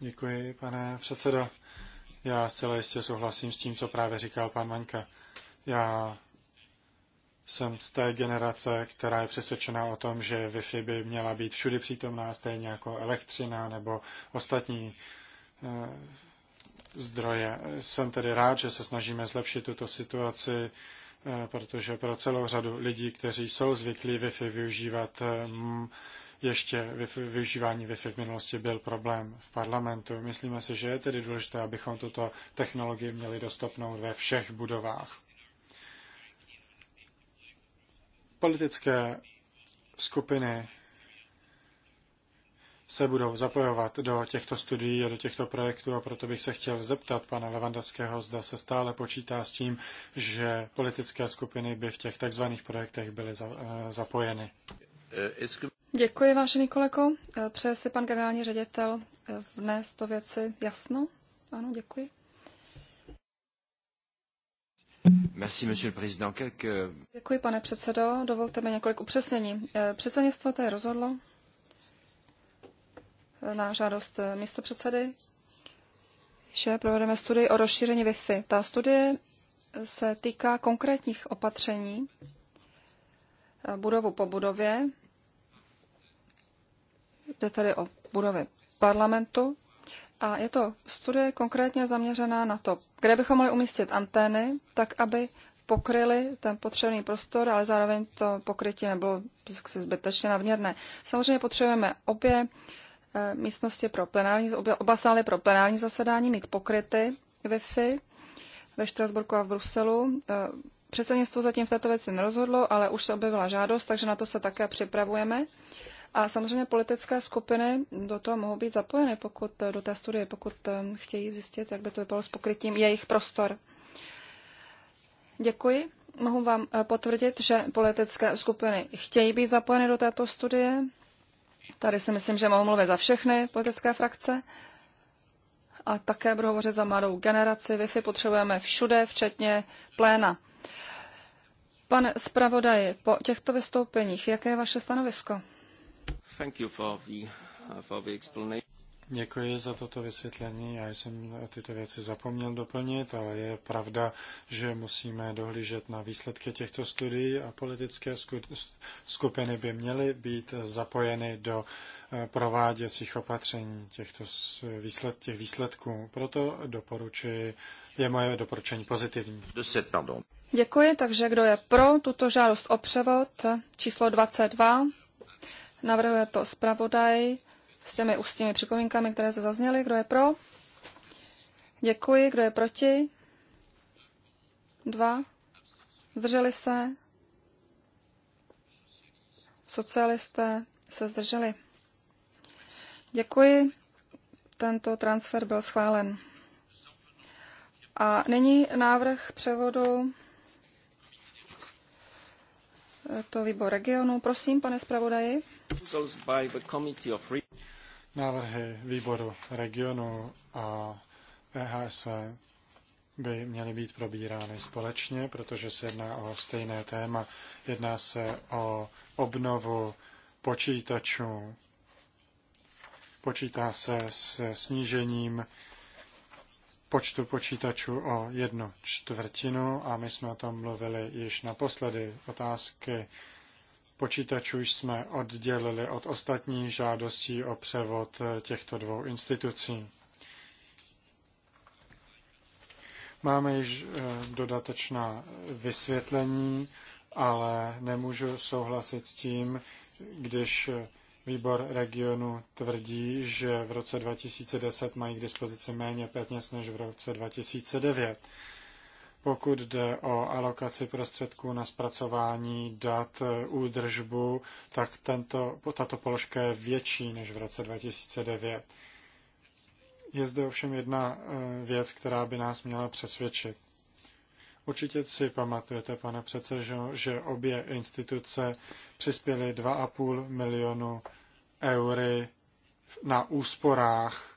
Děkuji, pane předsedo. Já zcela jistě souhlasím s tím, co právě říkal pan Maňka. Já jsem z té generace, která je přesvědčena o tom, že Wi-Fi by měla být všudy přítomná, stejně jako elektřina nebo ostatní eh, zdroje. Jsem tedy rád, že se snažíme zlepšit tuto situaci, eh, protože pro celou řadu lidí, kteří jsou zvyklí Wi-Fi využívat, eh, ještě využívání Wi-Fi v minulosti byl problém v parlamentu. Myslíme si, že je tedy důležité, abychom tuto technologii měli dostupnou ve všech budovách. Politické skupiny se budou zapojovat do těchto studií a do těchto projektů a proto bych se chtěl zeptat pana Levandovského, zda se stále počítá s tím, že politické skupiny by v těch takzvaných projektech byly eh, zapojeny. Děkuji, vážený kolego. Eh, přeje si pan generální ředitel eh, vnést to věci jasno? Ano, děkuji. Děkuji, pane předsedo. Dovolte mi několik upřesnění. Předsednictvo je rozhodlo, na žádost eh, místopředsedy, že provedeme studii o rozšíření Wi-Fi. Ta studie se týká konkrétních opatření eh, budovu po budově. Jde tedy o budovy parlamentu. A je to studie konkrétně zaměřená na to, kde bychom mohli umístit antény, tak aby pokryly ten potřebný prostor, ale zároveň to pokrytí nebylo zbytečně nadměrné. Samozřejmě potřebujeme obě Eh, místnosti pro plenární, oba sály pro plenární zasedání mít pokryty Wi-Fi ve Štrasburku a v Bruselu. Eh, předsednictvo zatím v této věci nerozhodlo, ale už se objevila žádost, takže na to se také připravujeme. A samozřejmě politické skupiny do toho mohou být zapojeny, pokud eh, do té studie, pokud chtějí zjistit, jak by to vypadalo s pokrytím jejich prostor. Děkuji. Mohu vám potvrdit, že politické skupiny chtějí být zapojeny do této studie. Tady si myslím, že mohu mluvit za všechny politické frakce. A také budu hovořit za mladou generaci. Wi-Fi potřebujeme všude, včetně pléna. Pan zpravodaj, po těchto vystoupeních, jaké je vaše stanovisko? Thank you for the, for the explanation. Děkuji za toto vysvětlení. Já jsem tyto věci zapomněl doplnit, ale je pravda, že musíme dohlížet na výsledky těchto studií a politické skupiny by měly být zapojeny do eh, prováděcích opatření těchto výsled, těch výsledků. Proto doporučuji, je moje doporučení pozitivní. Děkuji, takže kdo je pro tuto žádost o převod číslo 22? Navrhuje to zpravodaj s těmi ústními připomínkami, které se zazněly. Kdo je pro? Děkuji. Kdo je proti? Dva. Zdrželi se? Socialisté se zdrželi. Děkuji. Tento transfer byl schválen. A nyní návrh převodu to výbor regionu. Prosím, pane zpravodaji. Návrhy výboru regionu a VHSV e by měly být probírány společně, protože se jedná o stejné téma. Jedná se o obnovu počítačů. Počítá se s snížením počtu počítačů o jednu čtvrtinu a my jsme o tom mluvili již naposledy. Otázky počítačů jsme oddělili od ostatních žádostí o převod eh, těchto dvou institucí. Máme již eh, dodatečná vysvětlení, ale nemůžu souhlasit s tím, když eh, výbor regionu tvrdí, že v roce 2010 mají k dispozici méně peněz než v roce 2009 pokud jde o alokaci prostředků na zpracování dat, e, údržbu, tak tento, tato položka je větší než v roce 2009. Je zde ovšem jedna e, věc, která by nás měla přesvědčit. Určitě si pamatujete, pane přece, že obě instituce přispěly 2,5 milionu eury na úsporách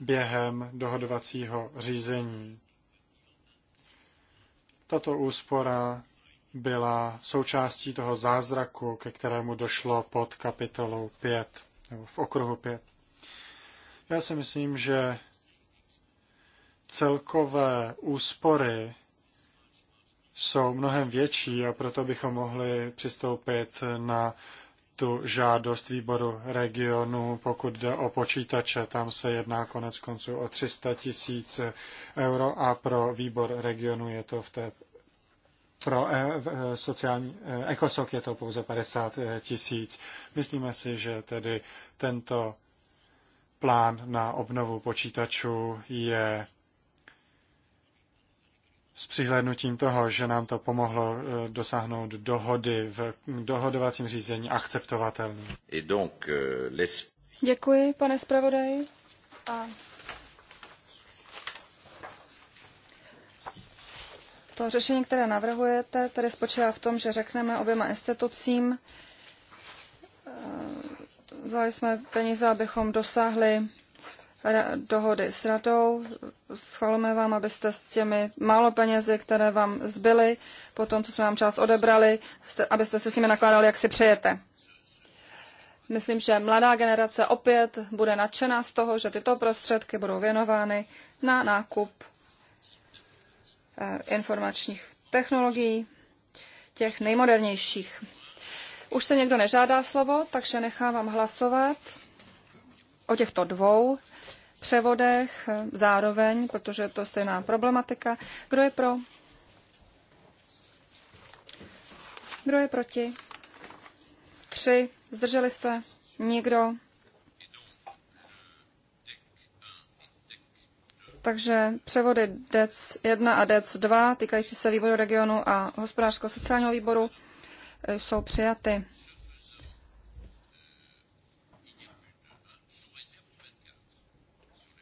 během dohodovacího řízení tato úspora byla součástí toho zázraku, ke kterému došlo pod kapitolou 5, nebo v okruhu 5. Já si myslím, že celkové úspory jsou mnohem větší a proto bychom mohli přistoupit na tu žádost výboru regionu, pokud jde o počítače, tam se jedná konec konců o 300 tisíc euro a pro výbor regionu je to v té pro eh, eh, sociální ekosok eh, je to pouze 50 tisíc. Myslíme si, že tedy tento plán na obnovu počítačů je s přihlédnutím toho, že nám to pomohlo eh, dosáhnout dohody v dohodovacím řízení akceptovatelný. Euh, Děkuji, pane zpravodaji. A to řešení, které navrhujete, tedy spočívá v tom, že řekneme oběma institucím, eh, vzali jsme peníze, abychom dosáhli dohody s radou. Schvalujeme vám, abyste s těmi málo penězi, které vám zbyly, potom, co jsme vám část odebrali, abyste se s nimi nakládali, jak si přejete. Myslím, že mladá generace opět bude nadšená z toho, že tyto prostředky budou věnovány na nákup eh, informačních technologií, těch nejmodernějších. Už se někdo nežádá slovo, takže nechávám hlasovat o těchto dvou převodech zároveň, protože je to stejná problematika. Kdo je pro? Kdo je proti? Tři. Zdrželi se? Nikdo. Takže převody DEC 1 a DEC 2 týkající se výboru regionu a hospodářsko-sociálního výboru e, jsou přijaty.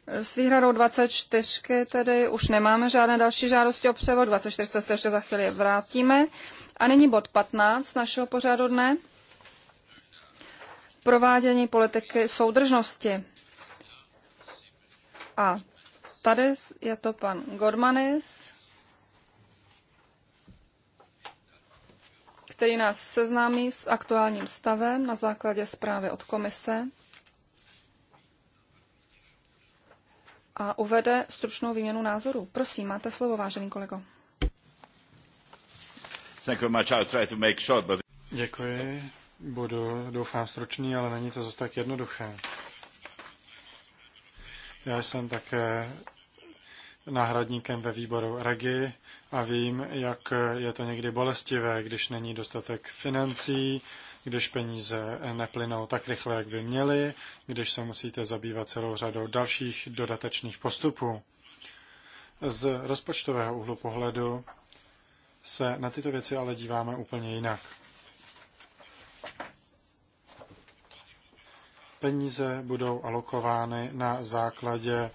S výhradou 24 tedy už nemáme žádné další žádosti o převod, 24 se ještě za chvíli vrátíme. A nyní bod 15 našeho pořadu dne. Provádění politiky soudržnosti. A tady je to pan Gormanis, který nás seznámí s aktuálním stavem na základě zprávy od komise. a uvede stručnou výměnu názorů. Prosím, máte slovo, vážený kolego. Děkuji. Budu, doufám, stručný, ale není to zase tak jednoduché. Já jsem také náhradníkem ve výboru Regi a vím, jak je to někdy bolestivé, když není dostatek financí, když peníze neplynou tak rychle, jak by měly, když se musíte zabývat celou řadou dalších dodatečných postupů. Z rozpočtového úhlu pohledu se na tyto věci ale díváme úplně jinak. Peníze budou alokovány na základě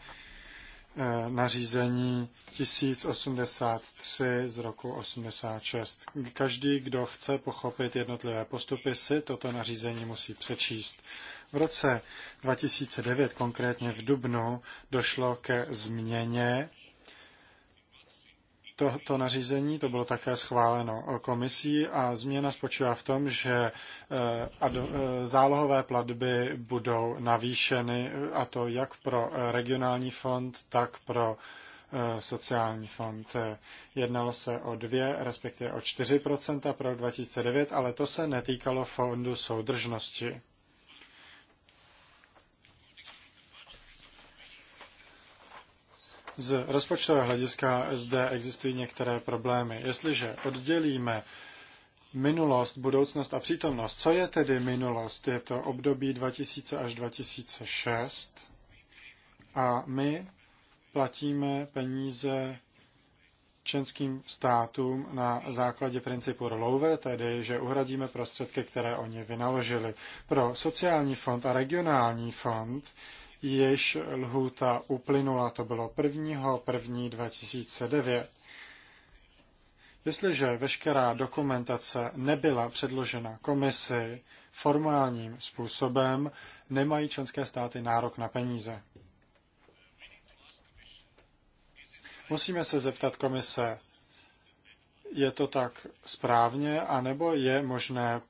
Eh, nařízení 1083 z roku 86. Každý, kdo chce pochopit jednotlivé postupy, si toto nařízení musí přečíst. V roce 2009, konkrétně v Dubnu, došlo ke změně to nařízení, to bylo také schváleno komisí a změna spočívá v tom, že eh, eh, zálohové platby budou navýšeny a to jak pro regionální fond, tak pro eh, sociální fond. Jednalo se o 2, respektive o 4 pro 2009, ale to se netýkalo fondu soudržnosti. Z rozpočtového hlediska zde existují některé problémy. Jestliže oddělíme minulost, budoucnost a přítomnost, co je tedy minulost? Je to období 2000 až 2006 a my platíme peníze členským státům na základě principu rollover, tedy že uhradíme prostředky, které oni vynaložili. Pro sociální fond a regionální fond jež lhůta uplynula, to bylo 1.1.2009. 2009. Jestliže veškerá dokumentace nebyla předložena komisi formálním způsobem, nemají členské státy nárok na peníze. Musíme se zeptat komise, je to tak správně, anebo je možné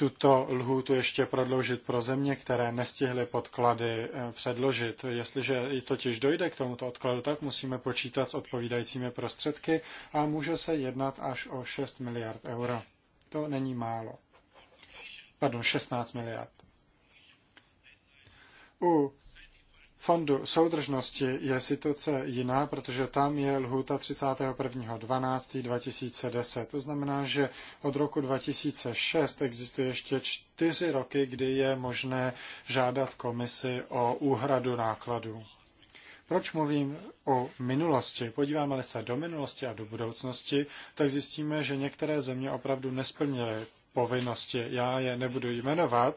tuto lhůtu ještě prodloužit pro země, které nestihly podklady eh, předložit. Jestliže totiž dojde k tomuto odkladu, tak musíme počítat s odpovídajícími prostředky a může se jednat až o 6 miliard euro. To není málo. Pardon, 16 miliard. U fondu soudržnosti je situace jiná, protože tam je lhůta 31.12.2010. To znamená, že od roku 2006 existuje ještě čtyři roky, kdy je možné žádat komisi o úhradu nákladů. Proč mluvím o minulosti? Podíváme-li se do minulosti a do budoucnosti, tak zjistíme, že některé země opravdu nesplnily povinnosti. Já je nebudu jmenovat,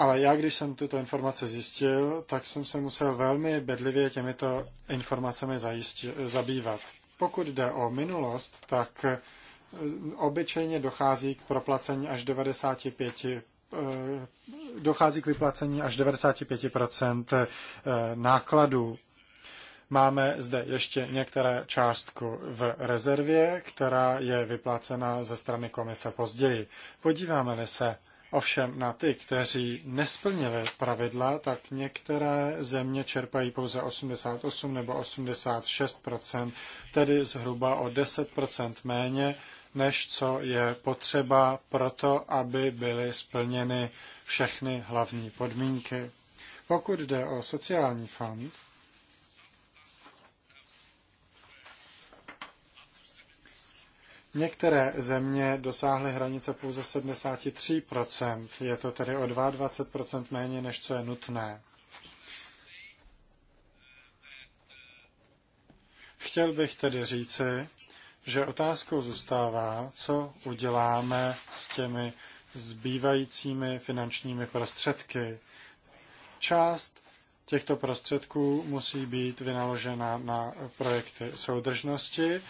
Ale já, když jsem tuto informace zjistil, tak jsem se musel velmi bedlivě těmito informacemi zajistil, zabývat. Pokud jde o minulost, tak eh, obyčejně dochází k proplacení až 95 eh, dochází k vyplacení až 95 eh, nákladů. Máme zde ještě některé částku v rezervě, která je vyplacena ze strany komise později. Podíváme-li se Ovšem na ty, kteří nesplnili pravidla, tak některé země čerpají pouze 88 nebo 86 tedy zhruba o 10 méně, než co je potřeba proto, aby byly splněny všechny hlavní podmínky. Pokud jde o sociální fond, Některé země dosáhly hranice pouze 73%, je to tedy o 22% méně, než co je nutné. Chtěl bych tedy říci, že otázkou zůstává, co uděláme s těmi zbývajícími finančními prostředky. Část těchto prostředků musí být vynaložena na projekty soudržnosti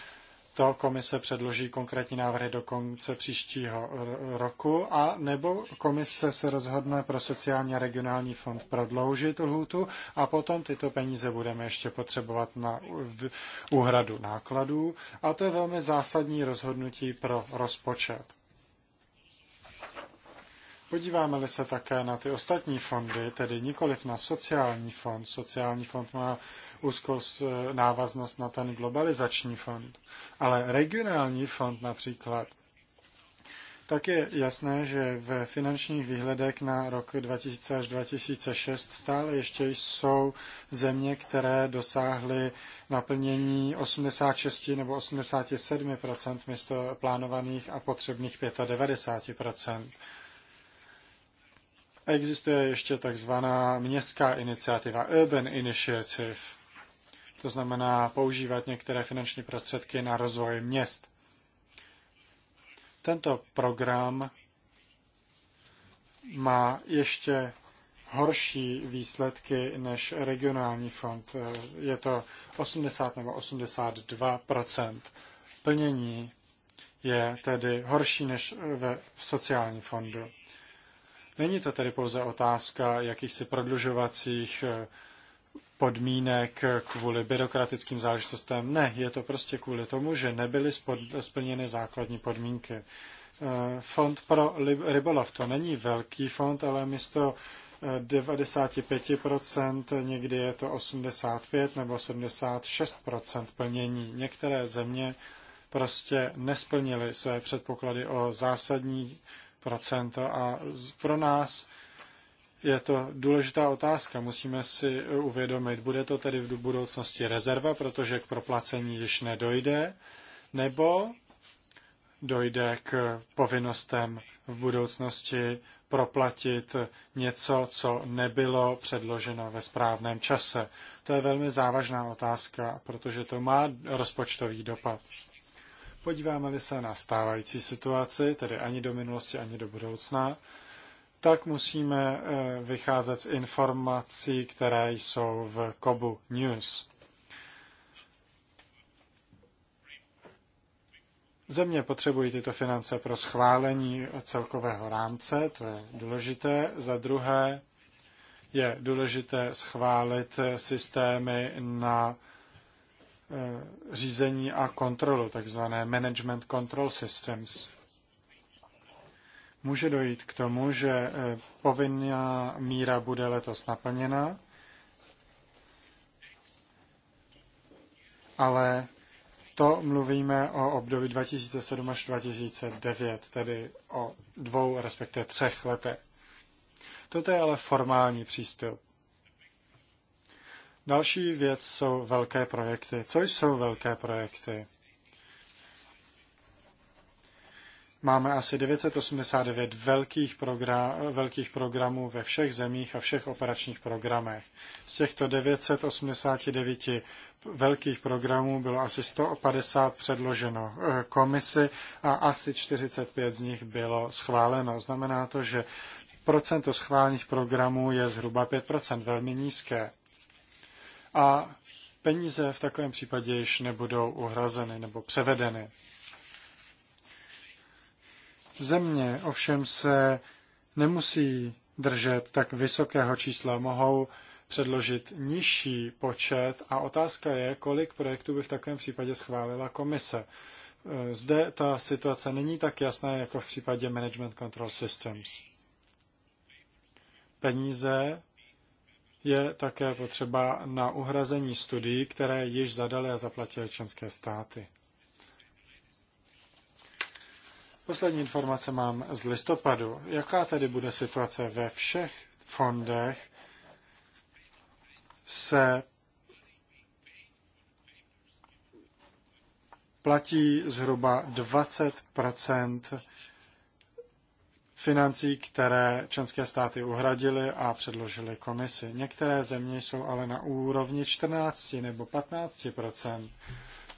to komise předloží konkrétní návrhy do konce příštího eh, roku a nebo komise se rozhodne pro sociální a regionální fond prodloužit lhůtu a potom tyto peníze budeme ještě potřebovat na úhradu nákladů a to je velmi zásadní rozhodnutí pro rozpočet. Podíváme-li se také na ty ostatní fondy, tedy nikoliv na sociální fond. Sociální fond má úzkou eh, návaznost na ten globalizační fond. Ale regionální fond například, tak je jasné, že ve finančních výhledech na rok 2000 až 2006 stále ještě jsou země, které dosáhly naplnění 86 nebo 87 místo plánovaných a potřebných 95 Existuje ještě takzvaná městská iniciativa, Urban Initiative, to znamená používat některé finanční prostředky na rozvoj měst. Tento program má ještě horší výsledky než regionální fond. Je to 80 nebo 82 Plnění je tedy horší než ve sociální fondu. Není to tedy pouze otázka jakýchsi prodlužovacích podmínek kvůli byrokratickým záležitostem. Ne, je to prostě kvůli tomu, že nebyly splněny základní podmínky. Eh, fond pro rybolov to není velký fond, ale místo 95%, eh, někdy je to 85 nebo 76% plnění. Některé země prostě nesplnily své předpoklady o zásadní procento a pro nás je to důležitá otázka, musíme si uvědomit, bude to tedy v budoucnosti rezerva, protože k proplacení již nedojde, nebo dojde k povinnostem v budoucnosti proplatit něco, co nebylo předloženo ve správném čase. To je velmi závažná otázka, protože to má rozpočtový dopad. Podíváme-li se na stávající situaci, tedy ani do minulosti, ani do budoucna, tak musíme eh, vycházet z informací, které jsou v Kobu News. Země potřebují tyto finance pro schválení celkového rámce, to je důležité. Za druhé je důležité schválit eh, systémy na eh, řízení a kontrolu, takzvané management control systems může dojít k tomu, že eh, povinná míra bude letos naplněna, ale to mluvíme o období 2007 až 2009, tedy o dvou, respektive třech letech. Toto je ale formální přístup. Další věc jsou velké projekty. Co jsou velké projekty? Máme asi 989 velkých, progra- velkých programů ve všech zemích a všech operačních programech. Z těchto 989 velkých programů bylo asi 150 předloženo eh, komisi a asi 45 z nich bylo schváleno. Znamená to, že procento schválených programů je zhruba 5%, velmi nízké. A peníze v takovém případě již nebudou uhrazeny nebo převedeny. Země ovšem se nemusí držet tak vysokého čísla, mohou předložit nižší počet a otázka je, kolik projektů by v takovém případě schválila komise. E, zde ta situace není tak jasná jako v případě Management Control Systems. Peníze je také potřeba na uhrazení studií, které již zadaly a zaplatili členské státy. Poslední informace mám z listopadu. Jaká tedy bude situace ve všech fondech? Se platí zhruba 20 financí, které členské státy uhradily a předložily komisi. Některé země jsou ale na úrovni 14 nebo 15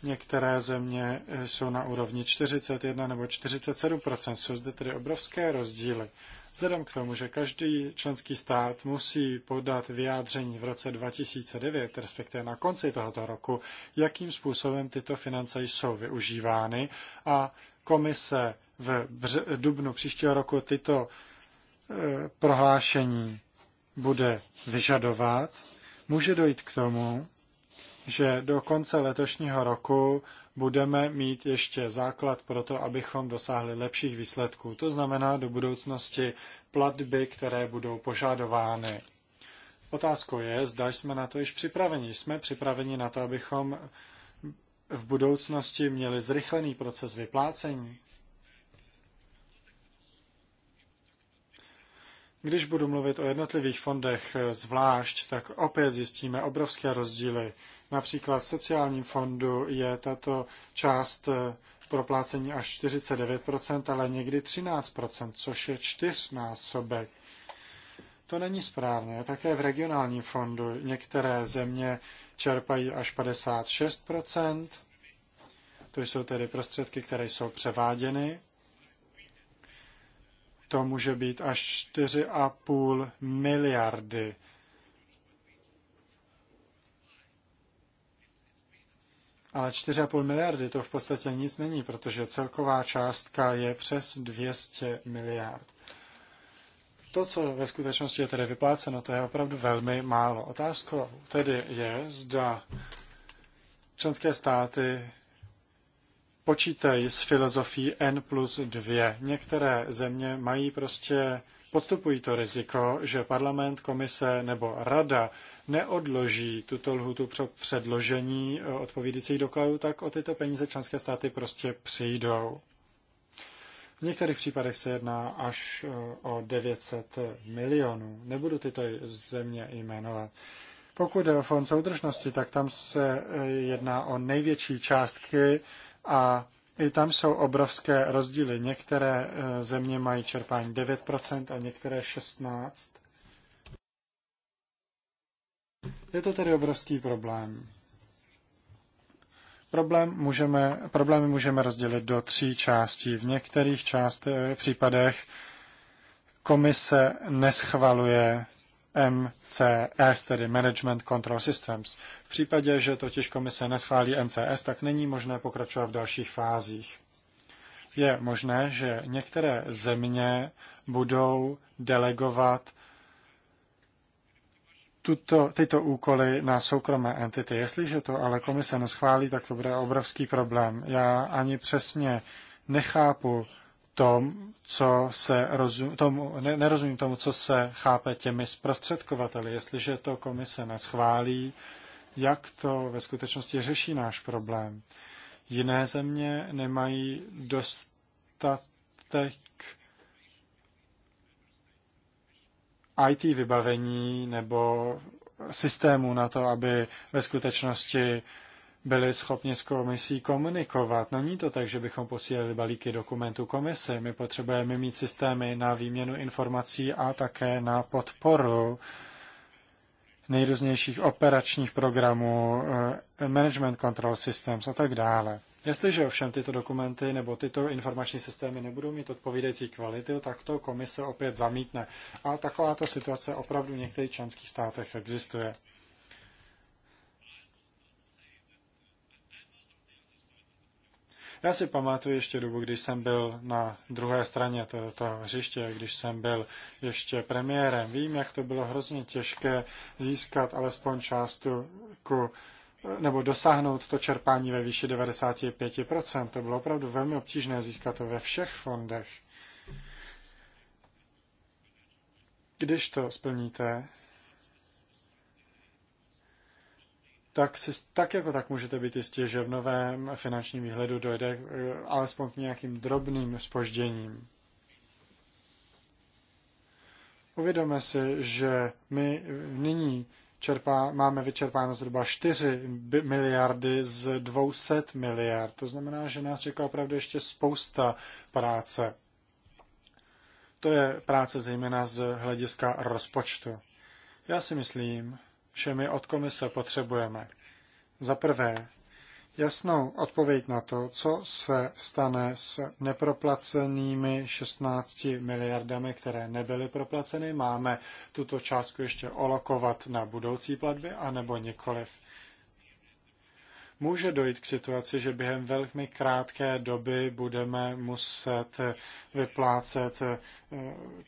Některé země eh, jsou na úrovni 41 nebo 47 Jsou zde tedy obrovské rozdíly. Vzhledem k tomu, že každý členský stát musí podat vyjádření v roce 2009, respektive na konci tohoto roku, jakým způsobem tyto finance jsou využívány a komise v dubnu příštího roku tyto eh, prohlášení bude vyžadovat, může dojít k tomu, že do konce letošního roku budeme mít ještě základ pro to, abychom dosáhli lepších výsledků. To znamená do budoucnosti platby, které budou požadovány. Otázkou je, zda jsme na to již připraveni. Jsme připraveni na to, abychom v budoucnosti měli zrychlený proces vyplácení. Když budu mluvit o jednotlivých fondech zvlášť, tak opět zjistíme obrovské rozdíly Například v sociálním fondu je tato část eh, proplácení až 49%, ale někdy 13%, což je čtyřnásobek. To není správně. Také v regionálním fondu některé země čerpají až 56%. To jsou tedy prostředky, které jsou převáděny. To může být až 4,5 miliardy Ale 4,5 miliardy to v podstatě nic není, protože celková částka je přes 200 miliard. To, co ve skutečnosti je tedy vypláceno, to je opravdu velmi málo. Otázkou tedy je, zda členské státy počítají s filozofií N plus 2. Některé země mají prostě podstupují to riziko, že parlament, komise nebo rada neodloží tuto lhutu pro předložení eh, odpovídajících dokladů, tak o tyto peníze členské státy prostě přijdou. V některých případech se jedná až eh, o 900 milionů. Nebudu tyto země jmenovat. Pokud je o fond soudržnosti, tak tam se eh, jedná o největší částky a i tam jsou obrovské rozdíly. Některé e, země mají čerpání 9% a některé 16%. Je to tedy obrovský problém. Problém můžeme, problémy můžeme rozdělit do tří částí. V některých část, e, případech komise neschvaluje MCS, tedy Management Control Systems. V případě, že totiž komise neschválí MCS, tak není možné pokračovat v dalších fázích. Je možné, že některé země budou delegovat tuto, tyto úkoly na soukromé entity. Jestliže to ale komise neschválí, tak to bude obrovský problém. Já ani přesně nechápu, tom, co se rozum, tomu, ne, nerozumím tomu, co se chápe těmi zprostředkovateli. Jestliže to komise neschválí, jak to ve skutečnosti řeší náš problém. Jiné země nemají dostatek IT vybavení nebo systému na to, aby ve skutečnosti byli schopni s komisí komunikovat. Není to tak, že bychom posílali balíky dokumentů komisi. My potřebujeme mít systémy na výměnu informací a také na podporu nejrůznějších operačních programů, eh, management control systems a tak dále. Jestliže ovšem tyto dokumenty nebo tyto informační systémy nebudou mít odpovídající kvalitu, tak to komise opět zamítne. A takováto situace opravdu v některých členských státech existuje. Já si pamatuju ještě dobu, když jsem byl na druhé straně toho, toho hřiště, když jsem byl ještě premiérem. Vím, jak to bylo hrozně těžké získat alespoň částu ku nebo dosáhnout to čerpání ve výši 95%. To bylo opravdu velmi obtížné získat to ve všech fondech. Když to splníte, tak, si, tak jako tak můžete být jistě, že v novém finančním výhledu dojde eh, alespoň k nějakým drobným spožděním. Uvědomme si, že my nyní čerpá, máme vyčerpáno zhruba 4 miliardy z 200 miliard. To znamená, že nás čeká opravdu ještě spousta práce. To je práce zejména z hlediska rozpočtu. Já si myslím, že my od komise potřebujeme. Za prvé, jasnou odpověď na to, co se stane s neproplacenými 16 miliardami, které nebyly proplaceny. Máme tuto částku ještě olokovat na budoucí platby, anebo nikoliv může dojít k situaci, že během velmi krátké doby budeme muset vyplácet eh,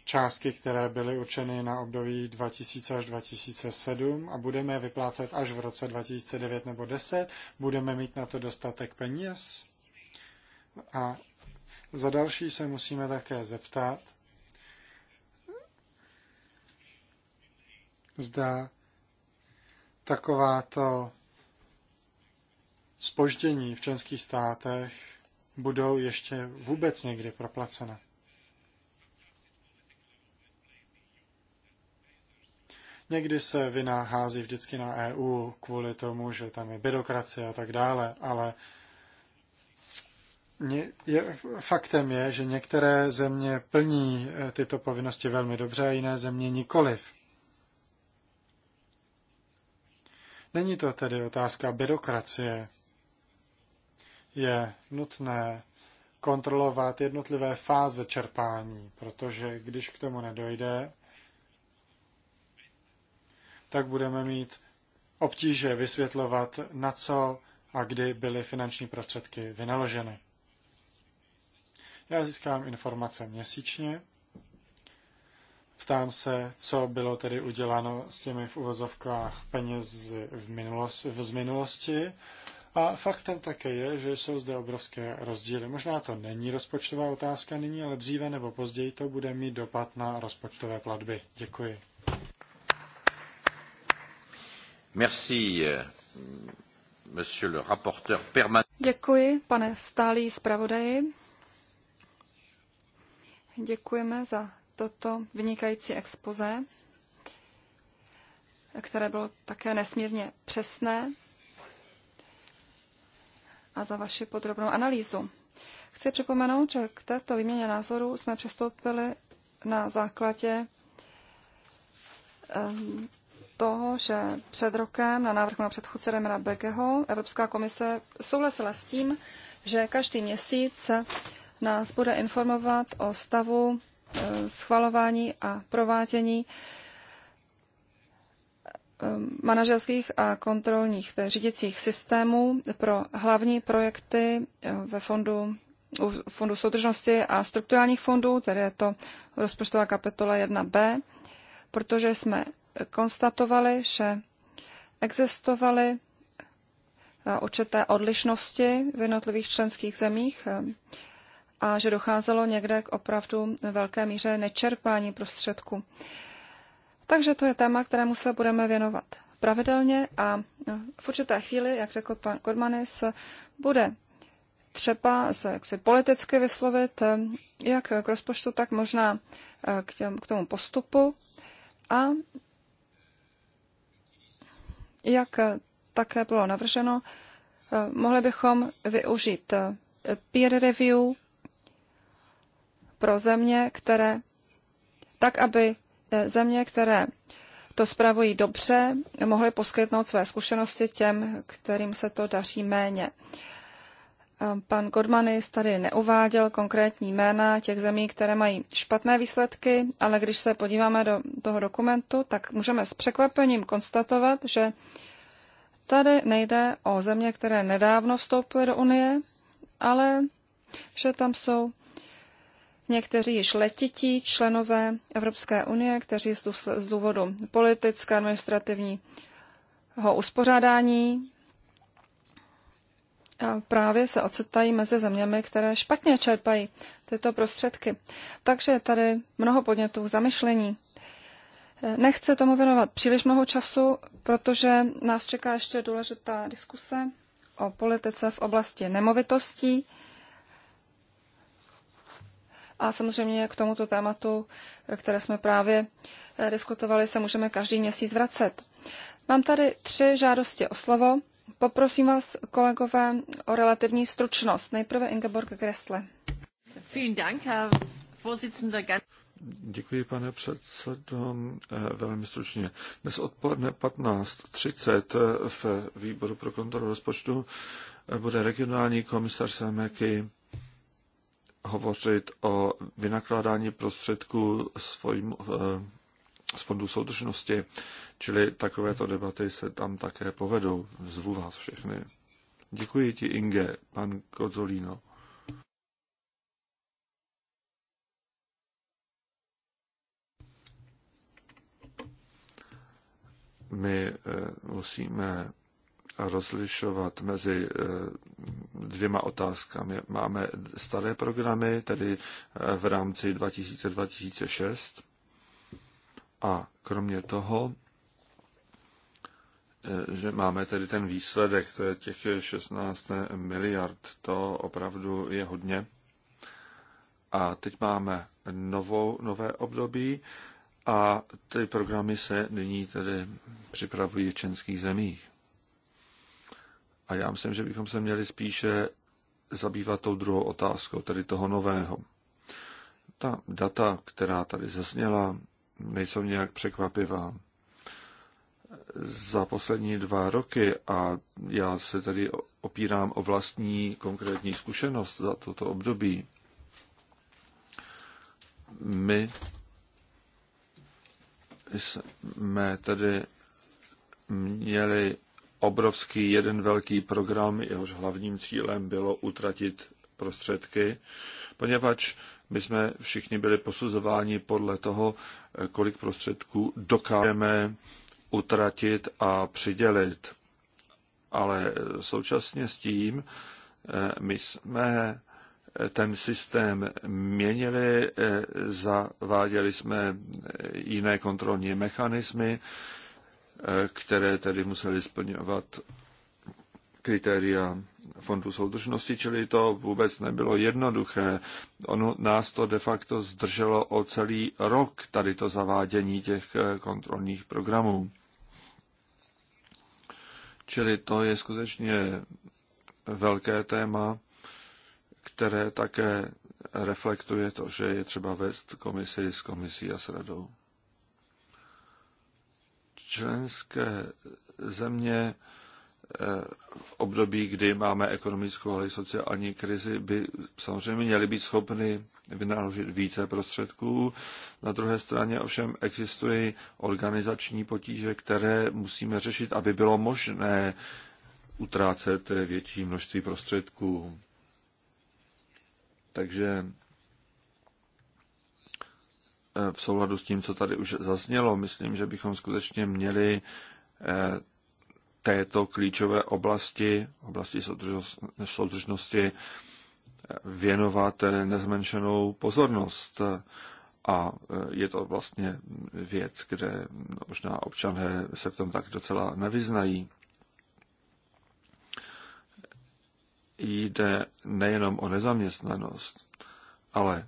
částky, které byly určeny na období 2000 až 2007 a budeme je vyplácet až v roce 2009 nebo 10. Budeme mít na to dostatek peněz? A za další se musíme také zeptat, zda takováto spoždění v členských státech budou ještě vůbec někdy proplacena. Někdy se vina hází vždycky na EU kvůli tomu, že tam je byrokracie a tak dále, ale je, faktem je, že některé země plní eh, tyto povinnosti velmi dobře a jiné země nikoliv. Není to tedy otázka byrokracie je nutné kontrolovat jednotlivé fáze čerpání, protože když k tomu nedojde, tak budeme mít obtíže vysvětlovat, na co a kdy byly finanční prostředky vynaloženy. Já získám informace měsíčně, ptám se, co bylo tedy uděláno s těmi v uvozovkách peněz v minulosti, z minulosti a faktem také je, že jsou zde obrovské rozdíly. Možná to není rozpočtová otázka nyní, ale dříve nebo později to bude mít dopad na rozpočtové platby. Děkuji. Merci, eh, monsieur le rapporteur permanent. Děkuji, pane stálý zpravodaji. Děkujeme za toto vynikající expoze, které bylo také nesmírně přesné a za vaši podrobnou analýzu. Chci připomenout, že k této výměně názoru jsme přistoupili na základě ehm, toho, že před rokem na návrh mého předchůdce Remera Begeho Evropská komise souhlasila s tím, že každý měsíc nás bude informovat o stavu e, schvalování a provádění Eh, manažerských a kontrolních eh, řídicích systémů pro hlavní projekty eh, ve fondu, fondu soudržnosti a strukturálních fondů, tedy je to rozpočtová kapitola 1b, protože jsme konstatovali, že existovaly určité odlišnosti v jednotlivých členských zemích a že docházelo někde k opravdu velké míře nečerpání prostředků. Takže to je téma, kterému se budeme věnovat pravidelně a eh, v určité chvíli, jak řekl pan Kodmanis, bude třeba se jaksi politicky vyslovit eh, jak k rozpočtu, tak možná eh, k, těm, k tomu postupu a jak také bylo navrženo, mohli bychom využít peer review pro země, které tak, aby Země, které to spravují dobře, mohly poskytnout své zkušenosti těm, kterým se to daří méně. Ehm, pan Godmanis tady neuváděl konkrétní jména těch zemí, které mají špatné výsledky, ale když se podíváme do toho dokumentu, tak můžeme s překvapením konstatovat, že tady nejde o země, které nedávno vstoupily do Unie, ale že tam jsou někteří již letití členové Evropské unie, kteří z důvodu politické, administrativního uspořádání právě se ocitají mezi zeměmi, které špatně čerpají tyto prostředky. Takže je tady mnoho podnětů k zamyšlení. Nechci tomu věnovat příliš mnoho času, protože nás čeká ještě důležitá diskuse o politice v oblasti nemovitostí. A samozřejmě k tomuto tématu, které jsme právě eh, diskutovali, se můžeme každý měsíc vracet. Mám tady tři žádosti o slovo. Poprosím vás, kolegové, o relativní stručnost. Nejprve Ingeborg Gressle. Vielen Dank, Děkuji, pane předsedo. Eh, velmi stručně. Dnes odpoledne 15.30 eh, v výboru pro kontrolu rozpočtu bude regionální komisař Semeky hovořit o vynakládání prostředků svojím, eh, z fondu soudržnosti, čili takovéto debaty se tam také povedou. Zvu vás všechny. Děkuji ti, Inge, pan Kozolino. My eh, musíme rozlišovat mezi eh, dvěma otázkami. Máme staré programy, tedy eh, v rámci 2000-2006 a kromě toho, eh, že máme tedy ten výsledek, to je těch 16 miliard, to opravdu je hodně. A teď máme novou, nové období a ty programy se nyní tedy připravují v českých zemích. A já myslím, že bychom se měli spíše zabývat tou druhou otázkou, tedy toho nového. Ta data, která tady zazněla, nejsou nějak překvapivá. Za poslední dva roky, a já se tady opírám o vlastní konkrétní zkušenost za toto období, my jsme tedy měli obrovský jeden velký program, jehož hlavním cílem bylo utratit prostředky, poněvadž my jsme všichni byli posuzováni podle toho, kolik prostředků dokážeme utratit a přidělit. Ale současně s tím eh, my jsme eh, ten systém měnili, eh, zaváděli jsme jiné kontrolní mechanismy, které tedy museli splňovat kritéria fondu soudržnosti, čili to vůbec nebylo jednoduché. Ono nás to de facto zdrželo o celý rok, tady to zavádění těch eh, kontrolních programů. Čili to je skutečně velké téma, které také reflektuje to, že je třeba vést komisi s komisí a s radou členské země eh, v období, kdy máme ekonomickou, ale i sociální krizi, by samozřejmě měly být schopny vynaložit více prostředků. Na druhé straně ovšem existují organizační potíže, které musíme řešit, aby bylo možné utrácet větší množství prostředků. Takže Eh, v souladu s tím, co tady už zaznělo, myslím, že bychom skutečně měli eh, této klíčové oblasti, oblasti soudržnosti, eh, věnovat nezmenšenou pozornost. A je to vlastně věc, kde možná občané se v tom tak docela nevyznají. Jde nejenom o nezaměstnanost, ale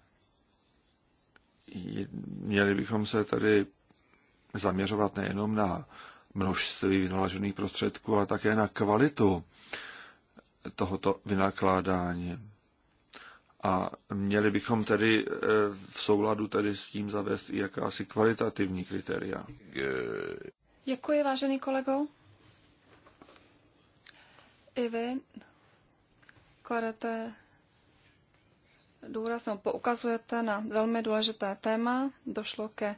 měli bychom se tady zaměřovat nejenom na množství vynaložených prostředků, ale také na kvalitu tohoto vynakládání. A měli bychom tedy eh, v souladu tedy s tím zavést i jakási kvalitativní kritéria. Děkuji, vážený kolego. I vy kladete důraz poukazujete na velmi důležité téma. Došlo ke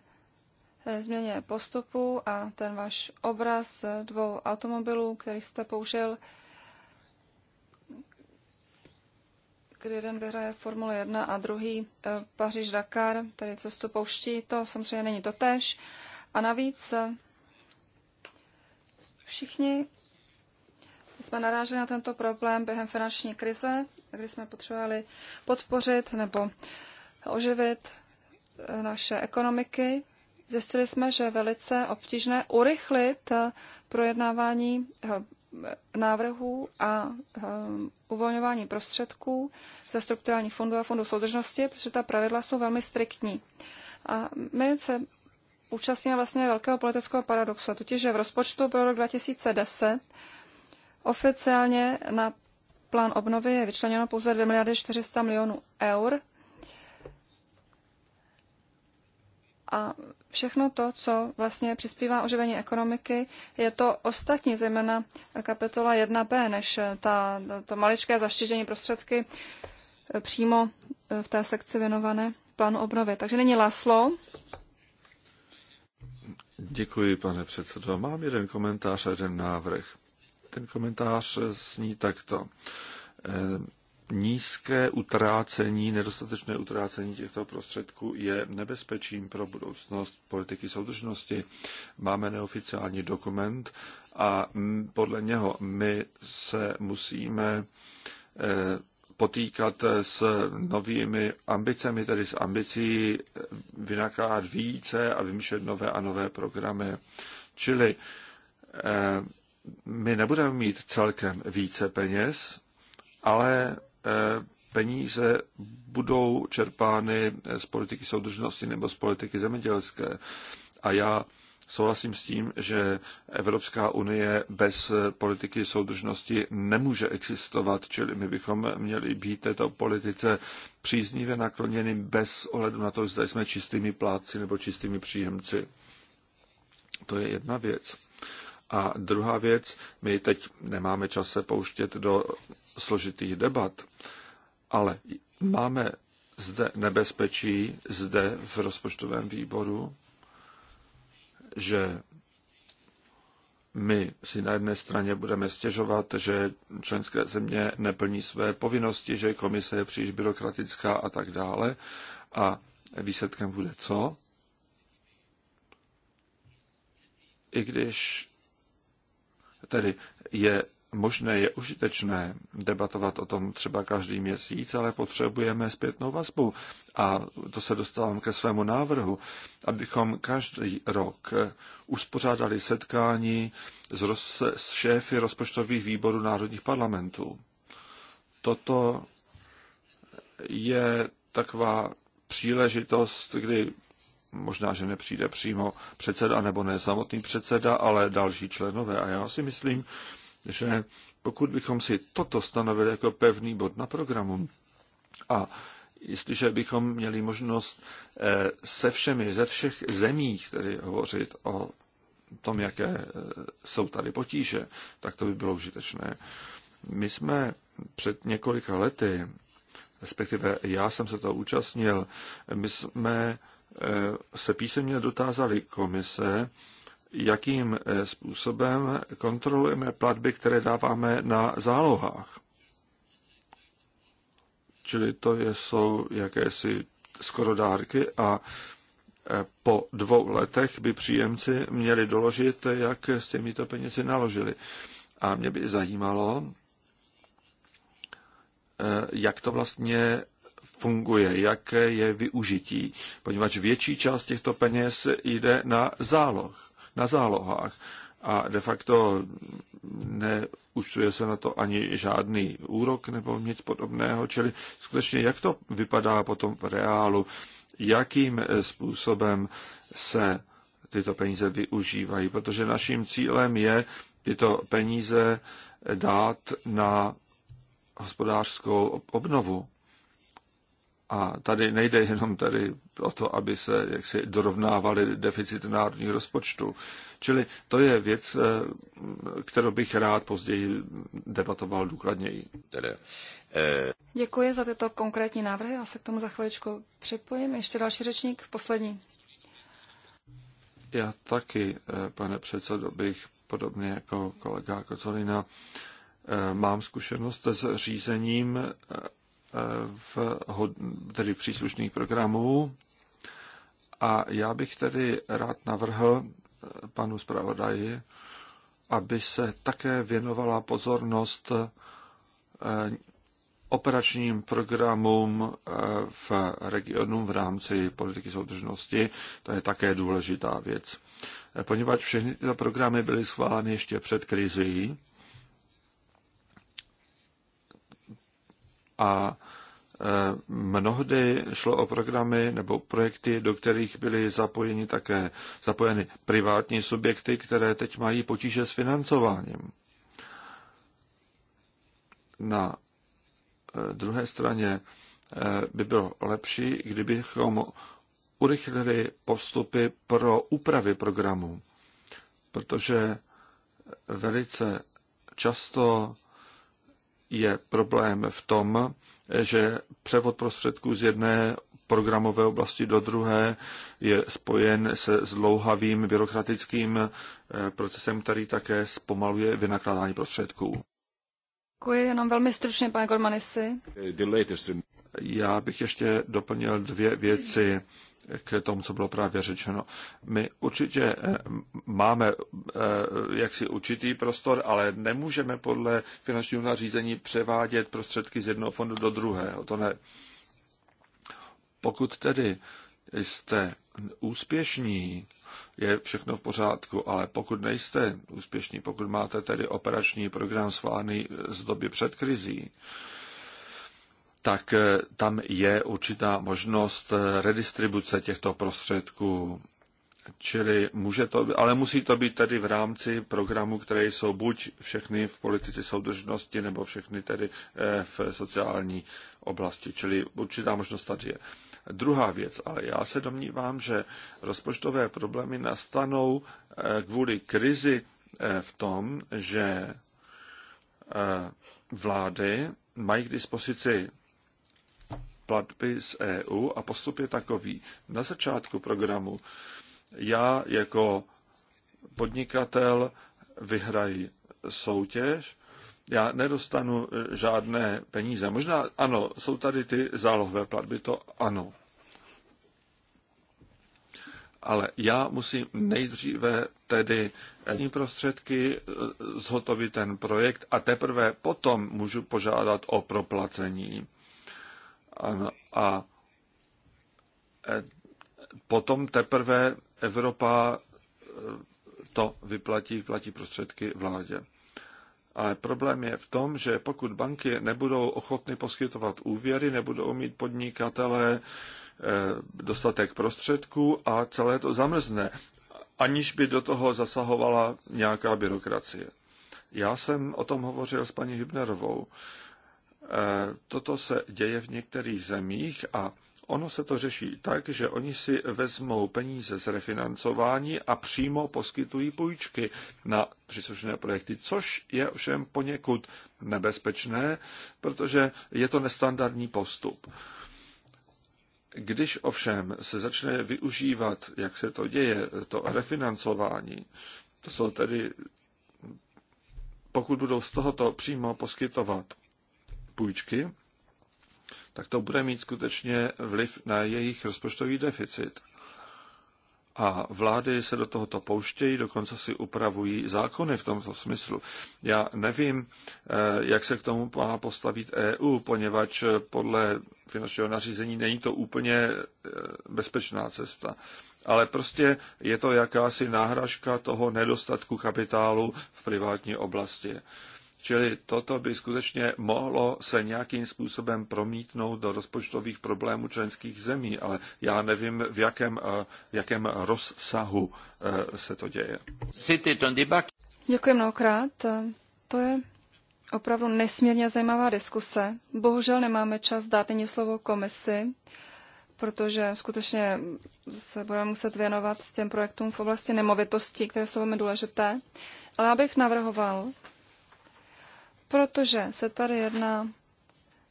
eh, změně postupu a ten váš obraz dvou automobilů, který jste použil, kdy jeden vyhraje Formule 1 a druhý eh, Paříž Dakar, tedy cestu pouští, to samozřejmě není to tež. A navíc eh, všichni jsme naráželi na tento problém během finanční krize kdy jsme potřebovali podpořit nebo oživit eh, naše ekonomiky. Zjistili jsme, že je velice obtížné urychlit eh, projednávání eh, návrhů a uvolňování prostředků ze strukturálních fondů a fondů soudržnosti, protože ta pravidla jsou velmi striktní. A my se účastníme vlastně velkého politického paradoxu, totiž že v rozpočtu pro rok 2010 oficiálně na plán obnovy je vyčleněno pouze 2 miliardy 400 milionů eur. A všechno to, co vlastně přispívá oživení ekonomiky, je to ostatní, zejména kapitola 1b, než ta, to maličké zaštěžení prostředky přímo v té sekci věnované plánu obnovy. Takže není Laslo. Děkuji, pane předsedo. Mám jeden komentář a jeden návrh. Ten komentář zní takto. Eh, nízké utrácení, nedostatečné utrácení těchto prostředků je nebezpečím pro budoucnost politiky soudržnosti. Máme neoficiální dokument a podle něho my se musíme eh, potýkat s novými ambicemi, tedy s ambicí eh, vynakládat více a vymýšlet nové a nové programy. Čili my nebudeme mít celkem více peněz, ale eh, peníze budou čerpány z politiky soudržnosti nebo z politiky zemědělské. A já souhlasím s tím, že Evropská unie bez politiky soudržnosti nemůže existovat, čili my bychom měli být této politice příznivě nakloněny bez ohledu na to, zda jsme čistými plátci nebo čistými příjemci. To je jedna věc. A druhá věc, my teď nemáme čas se pouštět do složitých debat, ale máme zde nebezpečí, zde v rozpočtovém výboru, že my si na jedné straně budeme stěžovat, že členské země neplní své povinnosti, že komise je příliš byrokratická a tak dále. A výsledkem bude co? I když Tedy je možné, je užitečné debatovat o tom třeba každý měsíc, ale potřebujeme zpětnou vazbu. A to se dostávám ke svému návrhu, abychom každý rok uspořádali setkání s, roz, s šéfy rozpočtových výborů národních parlamentů. Toto je taková příležitost, kdy možná, že nepřijde přímo předseda nebo ne samotný předseda, ale další členové. A já si myslím, že pokud bychom si toto stanovili jako pevný bod na programu a jestliže bychom měli možnost eh, se všemi ze všech zemích tedy hovořit o tom, jaké eh, jsou tady potíže, tak to by bylo užitečné. My jsme před několika lety, respektive já jsem se to účastnil, my jsme Eh, se písemně dotázali komise, jakým eh, způsobem kontrolujeme platby, které dáváme na zálohách. Čili to jsou jakési skoro dárky a eh, po dvou letech by příjemci měli doložit, jak s těmito penězi naložili. A mě by zajímalo, jak to vlastně funguje, jaké je využití, poněvadž větší část těchto peněz jde na záloh, na zálohách a de facto neúčtuje se na to ani žádný úrok nebo nic podobného, čili skutečně jak to vypadá potom v reálu, jakým způsobem se tyto peníze využívají, protože naším cílem je tyto peníze dát na hospodářskou obnovu. A tady nejde jenom tady o to, aby se jaksi dorovnávaly deficity národních rozpočtů. Čili to je věc, eh, kterou bych rád později debatoval důkladněji. Eh, Děkuji za tyto konkrétní návrhy. Já se k tomu za chviličku připojím. Ještě další řečník, poslední. Já taky, eh, pane předsedo, bych podobně jako kolega Kocolina, mám zkušenost s řízením v, tedy v příslušných programů. A já bych tedy rád navrhl eh, panu zpravodaji, aby se také věnovala pozornost eh, operačním programům eh, v regionu v rámci politiky soudržnosti. To je také důležitá věc. Poněvadž všechny tyto programy byly schváleny ještě před krizí a e, mnohdy šlo o programy nebo projekty, do kterých byly zapojeni také zapojeny privátní subjekty, které teď mají potíže s financováním. Na e, druhé straně e, by bylo lepší, kdybychom urychlili postupy pro úpravy programů, protože velice často je problém v tom, že převod prostředků z jedné programové oblasti do druhé je spojen se zlouhavým byrokratickým eh, procesem, který také zpomaluje vynakládání prostředků. Děkuji, jenom velmi stručně, pane Gormanisi. Já bych ještě doplnil dvě věci k tomu, co bylo právě řečeno. My určitě eh, máme eh, jaksi určitý prostor, ale nemůžeme podle finančního nařízení převádět prostředky z jednoho fondu do druhého. To ne. Pokud tedy jste úspěšní, je všechno v pořádku, ale pokud nejste úspěšní, pokud máte tedy operační program schválený z doby před krizí, tak eh, tam je určitá možnost eh, redistribuce těchto prostředků. Čili může to, ale musí to být tedy v rámci programů, které jsou buď všechny v politice soudržnosti, nebo všechny tedy eh, v sociální oblasti. Čili určitá možnost tady je. Druhá věc, ale já se domnívám, že rozpočtové problémy nastanou kvůli krizi v tom, že vlády mají k dispozici platby z EU a postup je takový. Na začátku programu já jako podnikatel vyhraji soutěž, já nedostanu e, žádné peníze. Možná ano, jsou tady ty zálohové platby, to ano. Ale já musím nejdříve tedy prostředky e, zhotovit ten projekt a teprve potom můžu požádat o proplacení. A potom teprve Evropa eh, to vyplatí, vyplatí prostředky vládě. Ale problém je v tom, že pokud banky nebudou ochotny poskytovat úvěry, nebudou mít podnikatelé eh, dostatek prostředků a celé to zamrzne, aniž by do toho zasahovala nějaká byrokracie. Já jsem o tom hovořil s paní Hybnerovou. Eh, toto se děje v některých zemích a ono se to řeší tak, že oni si vezmou peníze z refinancování a přímo poskytují půjčky na příslušné projekty, což je všem poněkud nebezpečné, protože je to nestandardní postup. Když ovšem se začne využívat, jak se to děje, to refinancování, to jsou tedy, pokud budou z tohoto přímo poskytovat půjčky, tak to bude mít skutečně vliv na jejich rozpočtový deficit. A vlády se do tohoto pouštějí, dokonce si upravují zákony v tomto smyslu. Já nevím, eh, jak se k tomu má postavit EU, poněvadž podle finančního nařízení není to úplně eh, bezpečná cesta. Ale prostě je to jakási náhražka toho nedostatku kapitálu v privátní oblasti. Čili toto by skutečně mohlo se nějakým způsobem promítnout do rozpočtových problémů členských zemí, ale já nevím, v jakém, eh, v jakém rozsahu eh, se to děje. Děkuji mnohokrát. To je opravdu nesmírně zajímavá diskuse. Bohužel nemáme čas dát ani slovo komisi, protože skutečně se budeme muset věnovat těm projektům v oblasti nemovitostí, které jsou velmi důležité. Ale já bych navrhoval, protože se tady jedná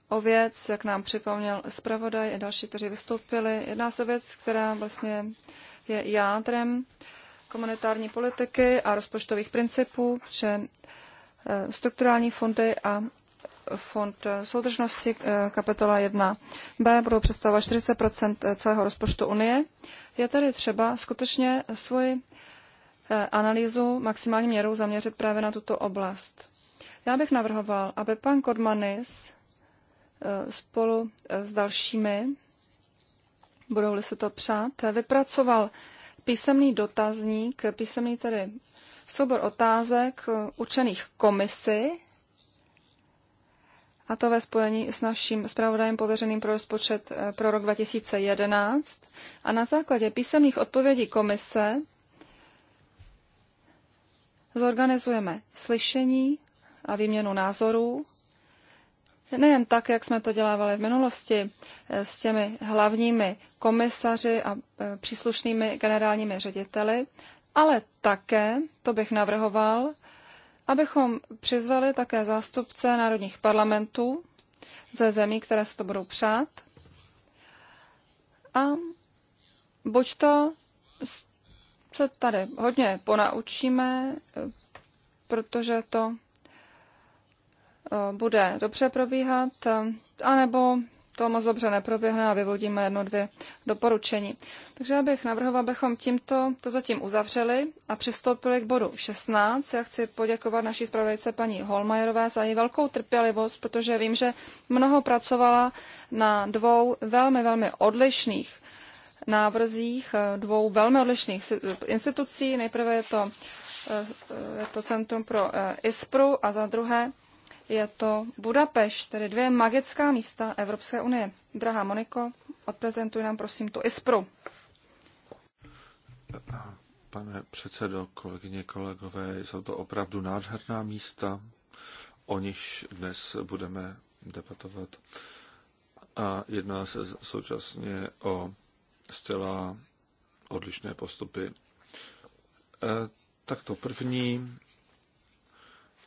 o věc, jak nám připomněl zpravodaj a další, kteří vystoupili. Jedná se o věc, která vlastně je jádrem komunitární politiky a rozpočtových principů, že eh, strukturální fondy a fond soudržnosti eh, kapitola 1b budou představovat 40 celého rozpočtu Unie. Je tedy třeba skutečně svoji eh, analýzu maximální měrou zaměřit právě na tuto oblast. Já bych navrhoval, aby pan Kodmanis eh, spolu eh, s dalšími, budou-li se to přát, vypracoval písemný dotazník, písemný tedy soubor otázek eh, učených komisi, a to ve spojení s naším zpravodajem pověřeným pro rozpočet pro rok 2011. A na základě písemných odpovědí komise zorganizujeme slyšení a výměnu názorů. Nejen tak, jak jsme to dělávali v minulosti eh, s těmi hlavními komisaři a eh, příslušnými generálními řediteli, ale také, to bych navrhoval, abychom přizvali také zástupce národních parlamentů ze zemí, které se to budou přát. A buď to se tady hodně ponaučíme, eh, protože to bude dobře probíhat, anebo to moc dobře neproběhne a vyvodíme jedno, dvě doporučení. Takže já bych navrhoval, abychom tímto to zatím uzavřeli a přistoupili k bodu 16. Já chci poděkovat naší zpravodajce paní Holmajerové za její velkou trpělivost, protože vím, že mnoho pracovala na dvou velmi, velmi odlišných návrzích dvou velmi odlišných institucí. Nejprve je to, eh, eh, je to Centrum pro eh, ISPRu a za druhé je to Budapešť, tedy dvě magická místa Evropské unie. Drahá Moniko, odprezentuj nám prosím tu ISPRu. Pane předsedo, kolegyně, kolegové, jsou to opravdu nádherná místa, o nich dnes budeme debatovat. A jedná se současně o zcela odlišné postupy. E, tak to první,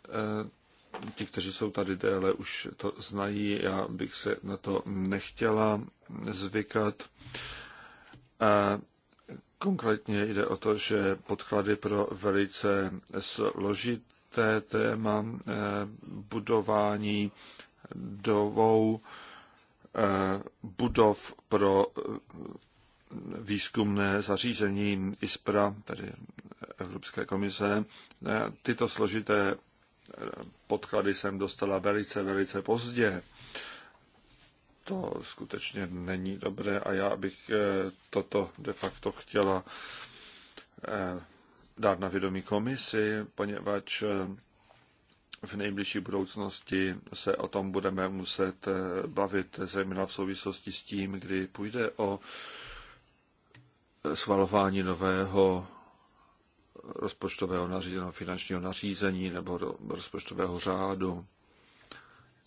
e, ti, kteří jsou tady déle, už to znají, já bych se na to nechtěla zvykat. A konkrétně jde o to, že podklady pro velice složité téma eh, budování dovou eh, budov pro eh, výzkumné zařízení ISPRA, tedy Evropské komise. Tyto složité podklady jsem dostala velice, velice pozdě. To skutečně není dobré a já bych eh, toto de facto chtěla eh, dát na vědomí komisi, poněvadž eh, v nejbližší budoucnosti se o tom budeme muset bavit, zejména v souvislosti s tím, kdy půjde o schvalování nového rozpočtového nařízení, finančního nařízení nebo do rozpočtového řádu.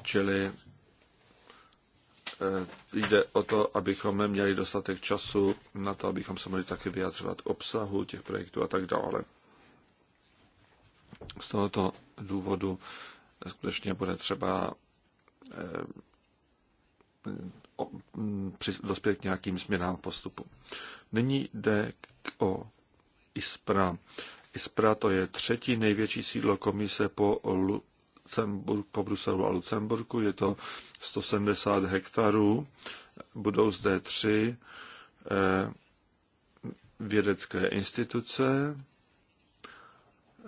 Čili eh, jde o to, abychom měli dostatek času na to, abychom se mohli taky vyjadřovat obsahu těch projektů a tak dále. Z tohoto důvodu skutečně bude třeba eh, dospět k nějakým změnám postupu. Nyní jde o ISPRA. ISPRA to je třetí největší sídlo komise po, Lucemburg, po Bruselu a Lucemburku. Je to 170 hektarů. Budou zde tři eh, vědecké instituce.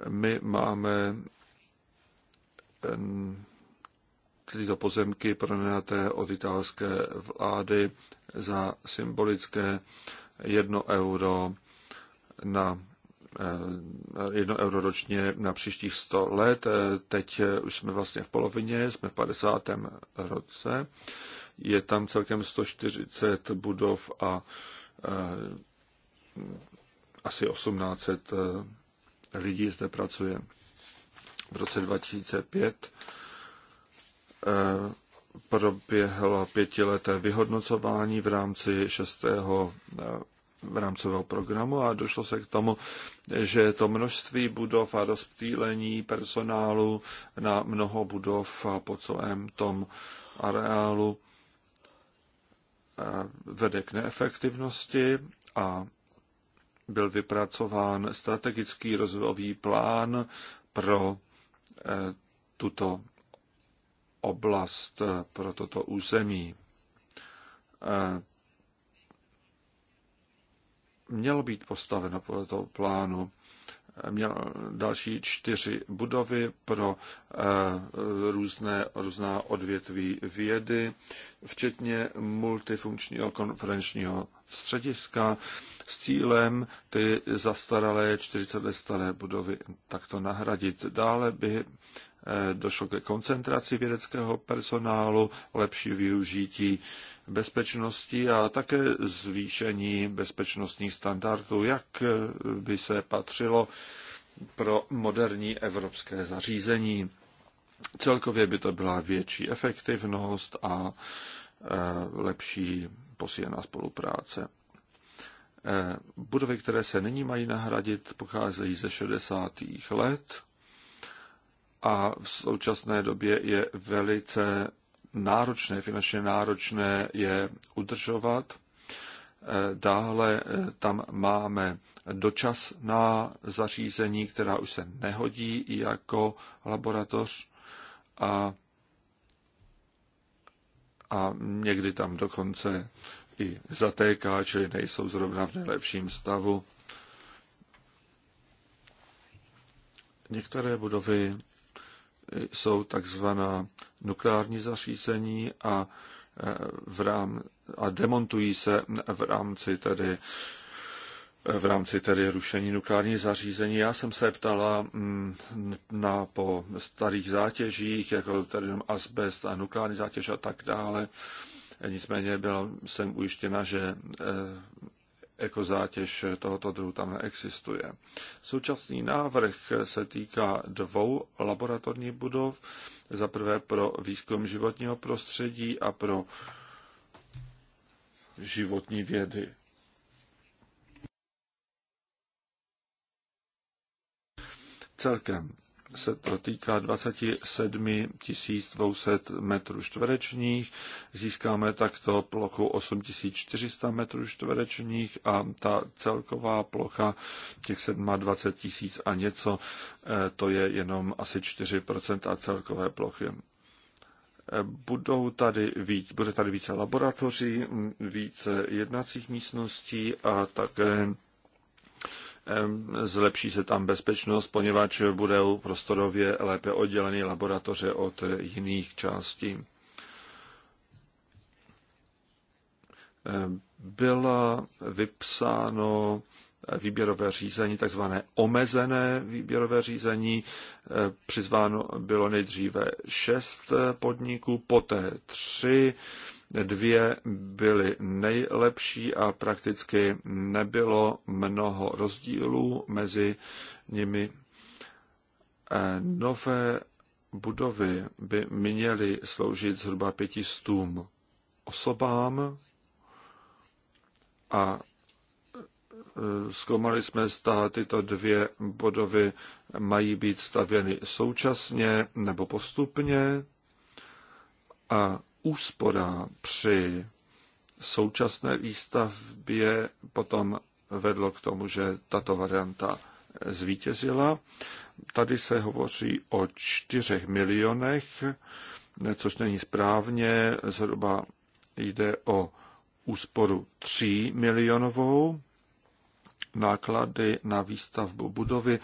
My máme eh, tyto pozemky pronajaté od italské vlády za symbolické jedno euro na eh, jedno euro ročně na příštích 100 let. Eh, teď eh, už jsme vlastně v polovině, jsme v 50. roce. Je tam celkem 140 budov a asi 1800 lidí zde pracuje. V roce 2005 proběhlo pětileté vyhodnocování v rámci šestého v rámcového programu a došlo se k tomu, že to množství budov a rozptýlení personálu na mnoho budov a po celém tom areálu eh, vede k neefektivnosti a byl vypracován strategický rozvojový plán pro eh, tuto oblast, eh, pro toto území mělo být postaveno podle toho plánu měl další čtyři budovy pro eh, různé, různá odvětví vědy, včetně multifunkčního konferenčního střediska s cílem ty zastaralé 40 let staré budovy takto nahradit. Dále by eh, došlo ke koncentraci vědeckého personálu, lepší využití bezpečnosti a také zvýšení bezpečnostních standardů, jak by se patřilo pro moderní evropské zařízení. Celkově by to byla větší efektivnost a e, lepší posílená spolupráce. E, budovy, které se nyní mají nahradit, pocházejí ze 60. let a v současné době je velice náročné, finančně náročné je udržovat. Dále eh, tam máme dočasná zařízení, která už se nehodí jako laboratoř a, a někdy tam dokonce i zatéká, čili nejsou zrovna v nejlepším stavu. Některé budovy jsou takzvaná nukleární zařízení a, e, v rám, a demontují se v rámci tedy v rámci tedy rušení nukleárních zařízení. Já jsem se ptala mm, na po starých zátěžích, jako tedy asbest a nukleární zátěž a tak dále. Nicméně byla jsem ujištěna, že e, ekozátěž tohoto druhu tam neexistuje. Současný návrh se týká dvou laboratorních budov. Za prvé pro výzkum životního prostředí a pro životní vědy. Celkem se to týká 27 200 metrů čtverečních. Získáme takto plochu 8400 metrů čtverečních a ta celková plocha těch 27 tisíc a něco, eh, to je jenom asi 4 a celkové plochy. Eh, budou tady víc, bude tady více laboratoří, více jednacích místností a také Zlepší se tam bezpečnost, poněvadž budou prostorově lépe odděleny laboratoře od jiných částí. Bylo vypsáno výběrové řízení, takzvané omezené výběrové řízení. Přizváno bylo nejdříve šest podniků, poté tři Dvě byly nejlepší a prakticky nebylo mnoho rozdílů mezi nimi. Eh, nové budovy by měly sloužit zhruba pětistům osobám a eh, zkoumali jsme, zda tyto dvě budovy mají být stavěny současně nebo postupně a úspora při současné výstavbě potom vedlo k tomu, že tato varianta zvítězila. Tady se hovoří o čtyřech milionech, což není správně, zhruba jde o úsporu 3 milionovou. Náklady na výstavbu budovy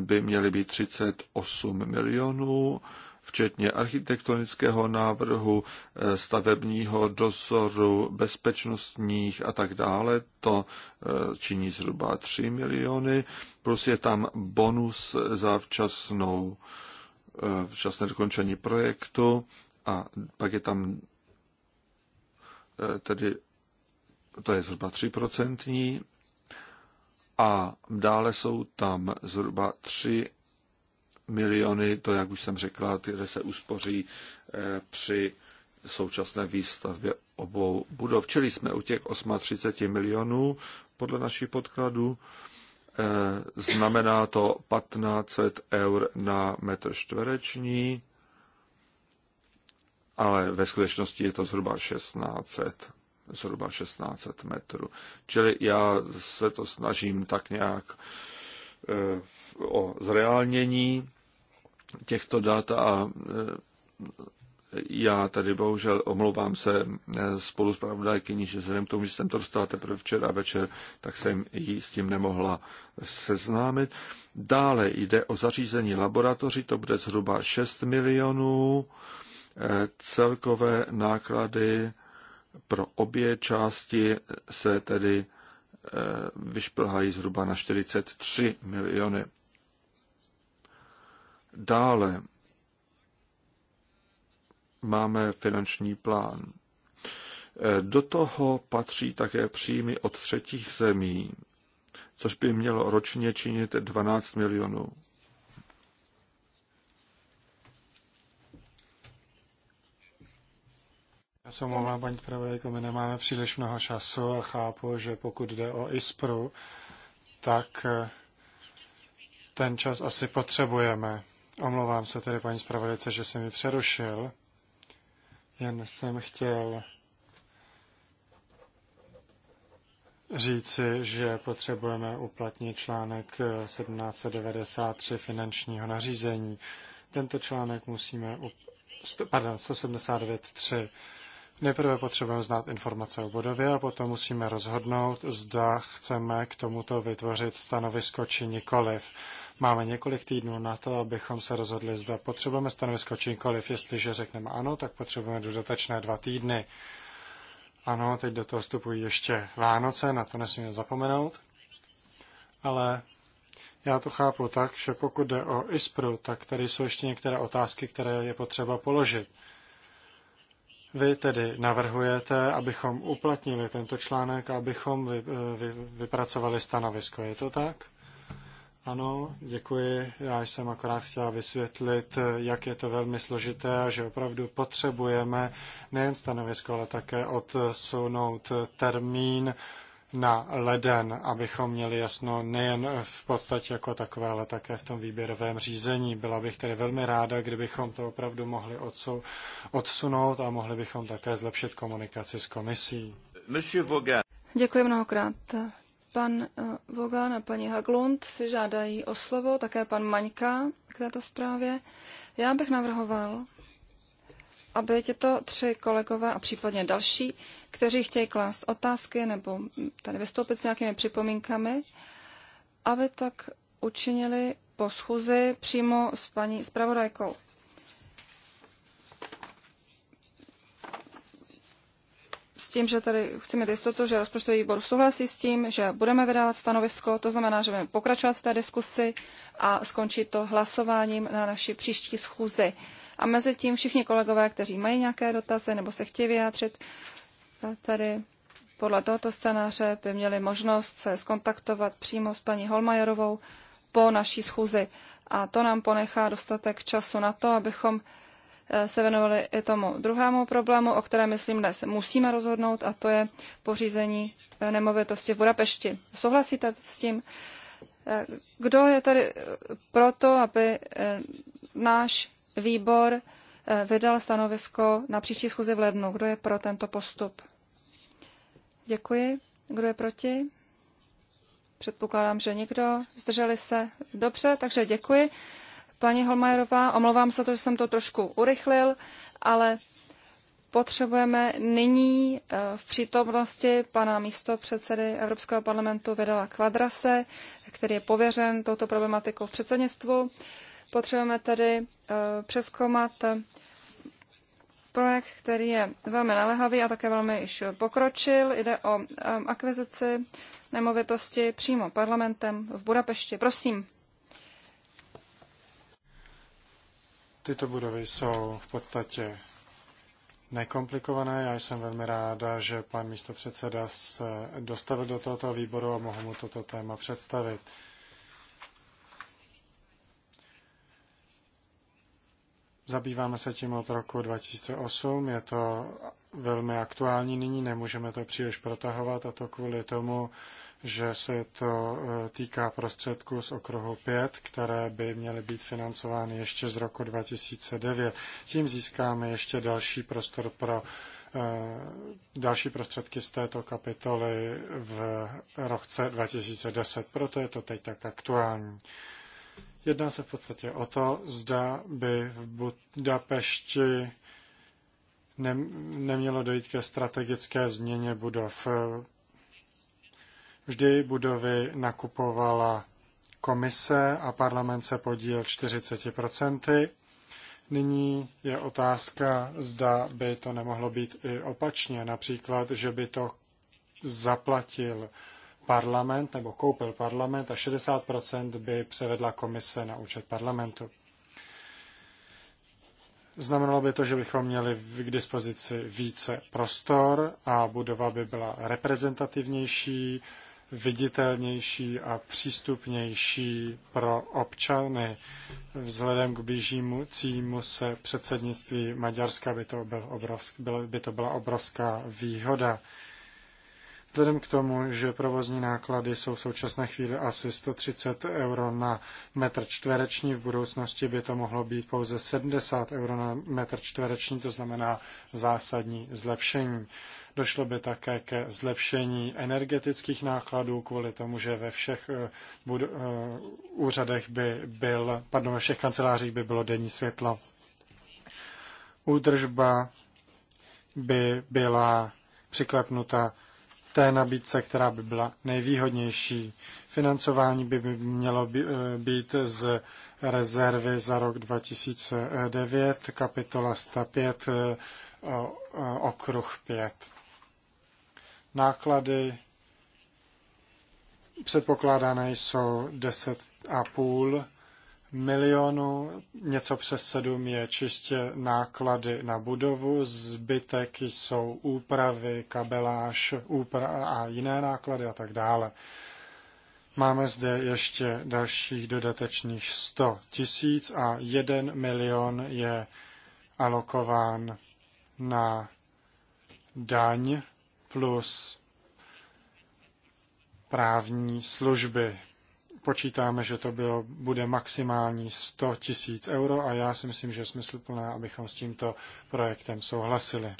by měly být 38 milionů včetně architektonického návrhu, eh, stavebního dozoru, bezpečnostních a tak dále. To eh, činí zhruba 3 miliony, plus je tam bonus za včasnou, eh, včasné dokončení projektu a pak je tam tedy to je zhruba 3% a dále jsou tam zhruba 3 miliony, to, jak už jsem řekla, které se uspoří eh, při současné výstavbě obou budov. Čili jsme u těch 38 milionů podle našich podkladů. Eh, znamená to 1500 eur na metr čtvereční, ale ve skutečnosti je to zhruba 1600 zhruba 1600 metrů. Čili já se to snažím tak nějak eh, o zreálnění těchto dat a e, já tady bohužel omlouvám se e, spolu s pravdajkyní, že vzhledem k tomu, že jsem to dostala teprve včera večer, tak jsem ji s tím nemohla seznámit. Dále jde o zařízení laboratoři, to bude zhruba 6 milionů. E, celkové náklady pro obě části se tedy vyšplhají zhruba na 43 miliony. Dále máme finanční plán. Do toho patří také příjmy od třetích zemí, což by mělo ročně činit 12 milionů. Já se omlouvám, paní zpravodajko, my nemáme příliš mnoho času a chápu, že pokud jde o ISPRu, tak ten čas asi potřebujeme. Omlouvám se tedy paní zpravodajce, že jsem ji přerušil. Jen jsem chtěl říci, že potřebujeme uplatnit článek 1793 finančního nařízení. Tento článek musíme, up... pardon, 179.3. Nejprve potřebujeme znát informace o budově a potom musíme rozhodnout, zda chceme k tomuto vytvořit stanovisko či nikoliv. Máme několik týdnů na to, abychom se rozhodli, zda potřebujeme stanovisko čímkoliv. Jestliže řekneme ano, tak potřebujeme dodatečné dva týdny. Ano, teď do toho vstupují ještě Vánoce, na to nesmíme zapomenout. Ale já to chápu tak, že pokud jde o ISPRu, tak tady jsou ještě některé otázky, které je potřeba položit. Vy tedy navrhujete, abychom uplatnili tento článek a abychom vy, vy, vypracovali stanovisko. Je to tak? Ano, děkuji. Já jsem akorát chtěla vysvětlit, jak je to velmi složité a že opravdu potřebujeme nejen stanovisko, ale také odsunout termín na leden, abychom měli jasno nejen v podstatě jako takové, ale také v tom výběrovém řízení. Byla bych tedy velmi ráda, kdybychom to opravdu mohli odsunout a mohli bychom také zlepšit komunikaci s komisí. Děkuji mnohokrát. Pan eh, Vogan a paní Haglund si žádají o slovo, také pan Maňka k této zprávě. Já bych navrhoval, aby těto tři kolegové a případně další, kteří chtějí klást otázky nebo tady vystoupit s nějakými připomínkami, aby tak učinili po schůzi přímo s paní zpravodajkou. tím, že tady chci mít jistotu, že rozpočtový výbor souhlasí s tím, že budeme vydávat stanovisko, to znamená, že budeme pokračovat v té diskusi a skončí to hlasováním na naší příští schůzi. A mezi tím všichni kolegové, kteří mají nějaké dotazy nebo se chtějí vyjádřit, eh, tady podle tohoto scénáře by měli možnost se skontaktovat přímo s paní Holmajerovou po naší schůzi. A to nám ponechá dostatek času na to, abychom Eh, se věnovali i tomu druhému problému, o kterém, myslím, dnes musíme rozhodnout, a to je pořízení eh, nemovitosti v Budapešti. Souhlasíte s tím? Eh, kdo je tady proto, aby náš výbor vydal stanovisko na příští schůzi v lednu? Kdo je pro tento postup? Děkuji. Kdo je proti? Předpokládám, že nikdo. Zdrželi se? Dobře, takže děkuji paní Holmajerová. Omlouvám se, to, že jsem to trošku urychlil, ale potřebujeme nyní eh, v přítomnosti pana místopředsedy Evropského parlamentu Vedela Kvadrase, který je pověřen touto problematikou v předsednictvu. Potřebujeme tedy eh, přeskoumat eh, projekt, který je velmi naléhavý a také velmi již pokročil. Jde o akvizici nemovitosti přímo parlamentem v Budapešti. Prosím. Tyto budovy jsou v podstatě nekomplikované. Já jsem velmi ráda, že pan místo předseda se dostavil do tohoto výboru a mohu mu toto téma představit. Zabýváme se tím od roku 2008, je to velmi aktuální nyní, nemůžeme to příliš protahovat a to kvůli tomu, že se to eh, týká prostředků z okruhu 5, které by měly být financovány ještě z roku 2009. Tím získáme ještě další prostor pro eh, další prostředky z této kapitoly v roce 2010. Proto je to teď tak aktuální. Jedná se v podstatě o to, zda by v Budapešti nemělo dojít ke strategické změně budov. Vždy budovy nakupovala komise a parlament se podíl 40%. Nyní je otázka, zda by to nemohlo být i opačně, například, že by to zaplatil parlament nebo koupil parlament a 60% by převedla komise na účet parlamentu. Znamenalo by to, že bychom měli k dispozici více prostor a budova by byla reprezentativnější, viditelnější a přístupnější pro občany. Vzhledem k címu se předsednictví Maďarska by to, byl obrovsk, byl, by to byla obrovská výhoda. Vzhledem k tomu, že provozní náklady jsou v současné chvíli asi 130 euro na metr čtvereční, v budoucnosti by to mohlo být pouze 70 euro na metr čtvereční, to znamená zásadní zlepšení. Došlo by také ke zlepšení energetických nákladů kvůli tomu, že ve všech eh, eh, úřadech by byl, pardon, ve všech kancelářích by bylo denní světlo. Údržba by byla přiklepnuta té nabídce, která by byla nejvýhodnější. Financování by mělo eh, být z rezervy za rok 2009, kapitola 105, okruh 5 náklady předpokládané jsou 10,5 milionu, něco přes 7 je čistě náklady na budovu, zbytek jsou úpravy, kabeláž úpra- a jiné náklady a tak dále. Máme zde ještě dalších dodatečných 100 tisíc a 1 milion je alokován na daň plus právní služby. Počítáme, že to bylo, bude maximální 100 tisíc euro a já si myslím, že je smysluplné, abychom s tímto projektem souhlasili.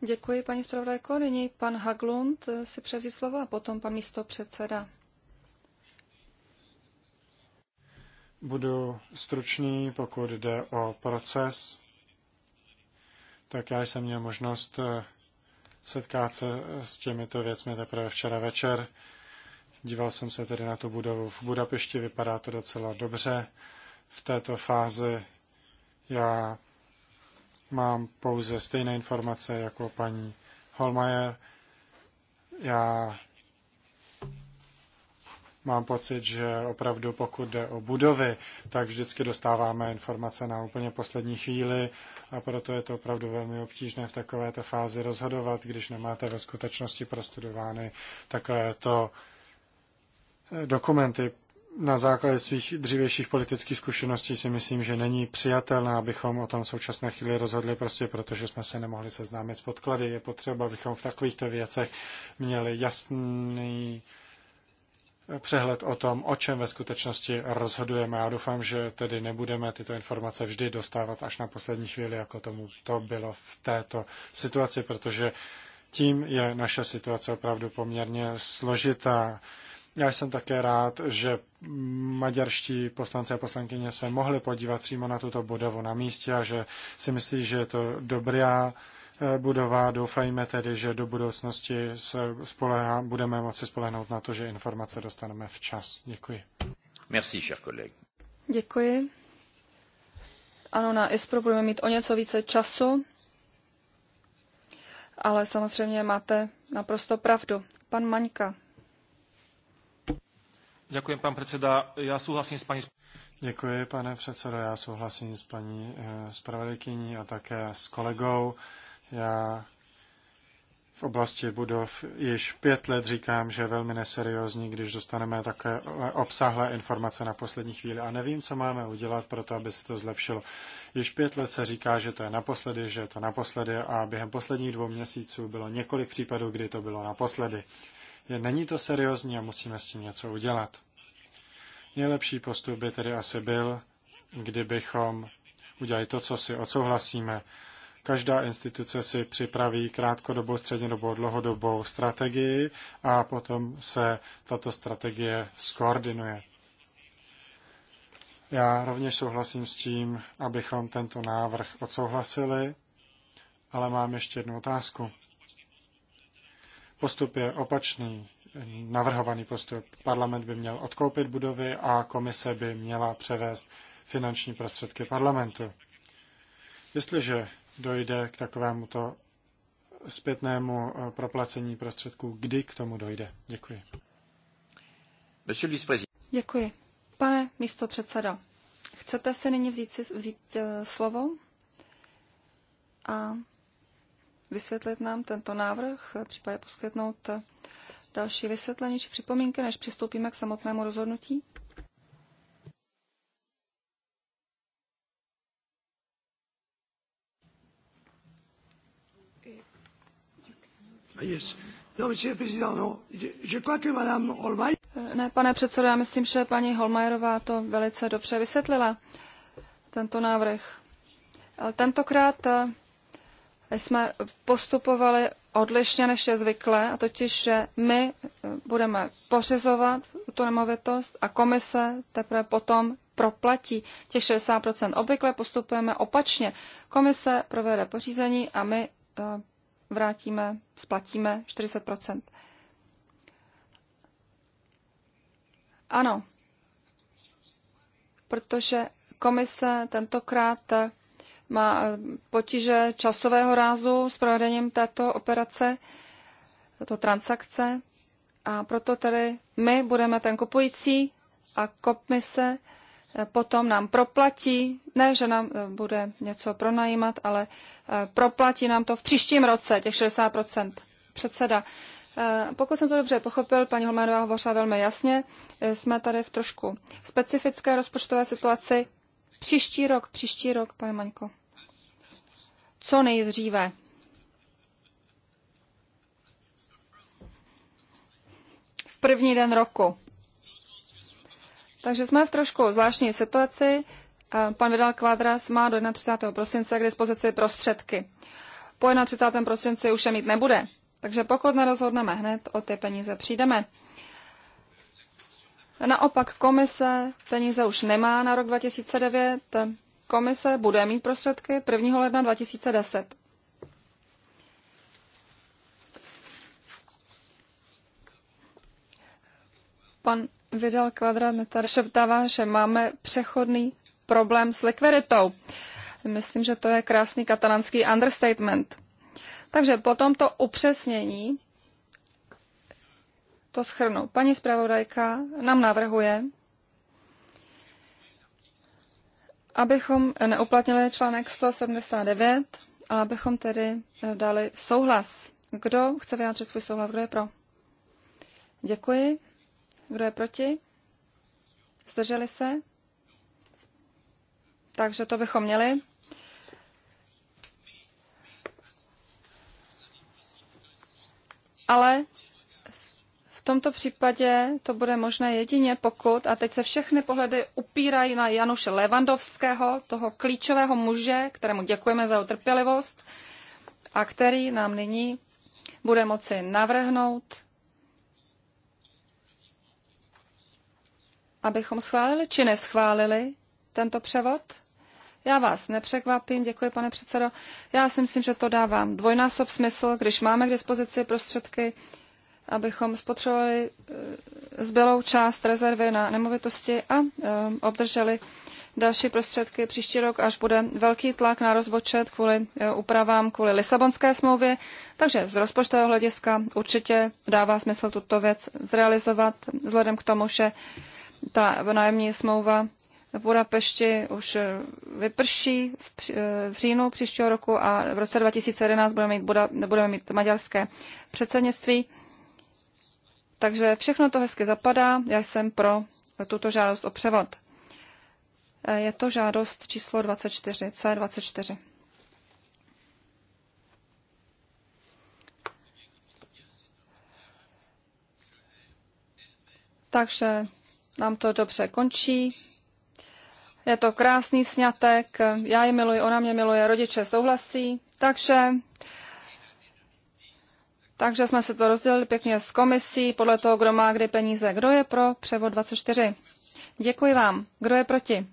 Děkuji, paní zpravodajko. Nyní pan Haglund si převzí slovo a potom pan místo předseda. Budu stručný, pokud jde o proces. Tak já jsem měl možnost eh, setkat se s těmito věcmi teprve včera večer. Díval jsem se tedy na tu budovu v Budapešti, vypadá to docela dobře. V této fázi já mám pouze stejné informace jako paní Holmajer. Já mám pocit, že opravdu pokud jde o budovy, tak vždycky dostáváme informace na úplně poslední chvíli a proto je to opravdu velmi obtížné v takovéto fázi rozhodovat, když nemáte ve skutečnosti prostudovány takovéto eh, dokumenty. Na základě svých dřívějších politických zkušeností si myslím, že není přijatelné, abychom o tom v současné chvíli rozhodli, prostě protože jsme se nemohli seznámit s podklady. Je potřeba, abychom v takovýchto věcech měli jasný přehled o tom, o čem ve skutečnosti rozhodujeme. Já doufám, že tedy nebudeme tyto informace vždy dostávat až na poslední chvíli, jako tomu to bylo v této situaci, protože tím je naše situace opravdu poměrně složitá. Já jsem také rád, že maďarští poslanci a poslankyně se mohli podívat přímo na tuto budovu na místě a že si myslí, že je to dobrá Eh, budova. Doufejme tedy, že do budoucnosti se spolehá, budeme moci spolehnout na to, že informace dostaneme včas. Děkuji. Merci, cher collègue. Děkuji. Ano, na ISPRO budeme mít o něco více času, ale samozřejmě máte naprosto pravdu. Pan Maňka. Děkuji, pan předseda. Já souhlasím s paní... Děkuji, pane předsedo. Já souhlasím s paní eh, zpravodajkyní a také s kolegou. Já v oblasti budov již pět let říkám, že je velmi neseriózní, když dostaneme také obsáhlé informace na poslední chvíli a nevím, co máme udělat pro to, aby se to zlepšilo. Již pět let se říká, že to je naposledy, že je to naposledy a během posledních dvou měsíců bylo několik případů, kdy to bylo naposledy. Je, není to seriózní a musíme s tím něco udělat. Nejlepší postup by tedy asi byl, kdybychom udělali to, co si odsouhlasíme, Každá instituce si připraví krátkodobou, střednědobou, dlouhodobou strategii a potom se tato strategie skoordinuje. Já rovněž souhlasím s tím, abychom tento návrh odsouhlasili, ale mám ještě jednu otázku. Postup je opačný navrhovaný postup. Parlament by měl odkoupit budovy a komise by měla převést finanční prostředky parlamentu. Jestliže dojde k takovému to zpětnému eh, proplacení prostředků, kdy k tomu dojde. Děkuji. Děkuji. Pane místo předseda, chcete se nyní vzít, si, vzít eh, slovo a vysvětlit nám tento návrh, eh, případně poskytnout další vysvětlení či připomínky, než přistoupíme k samotnému rozhodnutí? No, ne, pane předsedo, já myslím, že paní Holmajerová to velice dobře vysvětlila, tento návrh. Ale tentokrát eh, jsme postupovali odlišně, než je zvykle, a totiž, že my eh, budeme pořizovat tu nemovitost a komise teprve potom proplatí těch 60 Obvykle postupujeme opačně. Komise provede pořízení a my eh, vrátíme, splatíme 40 Ano, protože komise tentokrát má potíže časového rázu s provedením této operace, této transakce a proto tedy my budeme ten kupující a komise potom nám proplatí, ne, že nám eh, bude něco pronajímat, ale eh, proplatí nám to v příštím roce, těch 60%. Předseda, eh, pokud jsem to dobře pochopil, paní Holménová hovořila velmi jasně, jsme tady v trošku specifické rozpočtové situaci. Příští rok, příští rok, pane Maňko. Co nejdříve. V první den roku. Takže jsme v trošku zvláštní situaci. Pan Vidal Quadras má do 31. prosince k dispozici prostředky. Po 31. prosinci už je mít nebude. Takže pokud nerozhodneme hned, o ty peníze přijdeme. Naopak komise peníze už nemá na rok 2009. Komise bude mít prostředky 1. ledna 2010. Pan vydal Kvadrat šeptává, že máme přechodný problém s likviditou. Myslím, že to je krásný katalánský understatement. Takže po tomto upřesnění to schrnu. Paní zpravodajka nám navrhuje, abychom neuplatnili článek 179, ale abychom tedy eh, dali souhlas. Kdo chce vyjádřit svůj souhlas? Kdo je pro? Děkuji. Kdo je proti? Zdrželi se? Takže to bychom měli. Ale v tomto případě to bude možné jedině pokud, a teď se všechny pohledy upírají na Januše Levandovského, toho klíčového muže, kterému děkujeme za utrpělivost, a který nám nyní bude moci navrhnout abychom schválili či neschválili tento převod? Já vás nepřekvapím, děkuji pane předsedo. Já si myslím, že to dává dvojnásob smysl, když máme k dispozici prostředky, abychom spotřebovali eh, zbylou část rezervy na nemovitosti a eh, obdrželi další prostředky příští rok, až bude velký tlak na rozpočet kvůli eh, úpravám, kvůli Lisabonské smlouvě. Takže z rozpočtového hlediska určitě dává smysl tuto věc zrealizovat, vzhledem k tomu, že ta nájemní smlouva v Budapešti už eh, vyprší v, eh, v říjnu příštího roku a v roce 2011 budeme mít, Buda, budeme mít maďarské předsednictví. Takže všechno to hezky zapadá. Já jsem pro tuto žádost o převod. Eh, je to žádost číslo 24, C24. Takže nám to dobře končí. Je to krásný sňatek, já ji miluji, ona mě miluje, rodiče souhlasí, takže takže jsme se to rozdělili pěkně s komisí, podle toho, kdo má kdy peníze. Kdo je pro převod 24? Děkuji vám. Kdo je proti?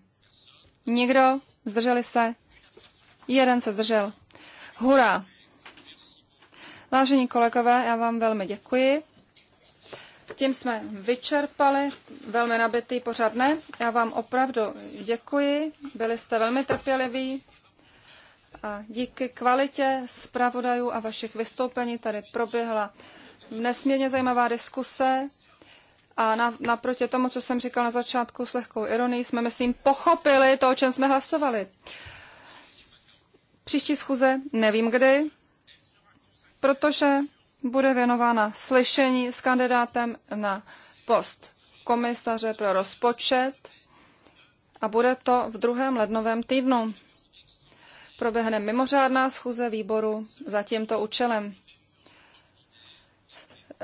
Nikdo? Zdrželi se? Jeden se zdržel. Hurá! Vážení kolegové, já vám velmi děkuji. Tím jsme vyčerpali velmi nabitý pořad ne. Já vám opravdu děkuji, byli jste velmi trpěliví. A díky kvalitě zpravodajů a vašich vystoupení tady proběhla nesmírně zajímavá diskuse. A na, naproti tomu, co jsem říkal na začátku s lehkou ironií, jsme, myslím, pochopili to, o čem jsme hlasovali. Příští schůze nevím kdy, protože bude věnována slyšení s kandidátem na post komisaře pro rozpočet a bude to v druhém lednovém týdnu. Proběhne mimořádná schůze výboru za tímto účelem.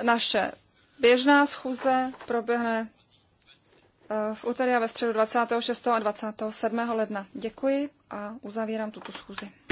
Naše běžná schůze proběhne eh, v úterý a ve středu 26. a 27. ledna. Děkuji a uzavírám tuto schůzi.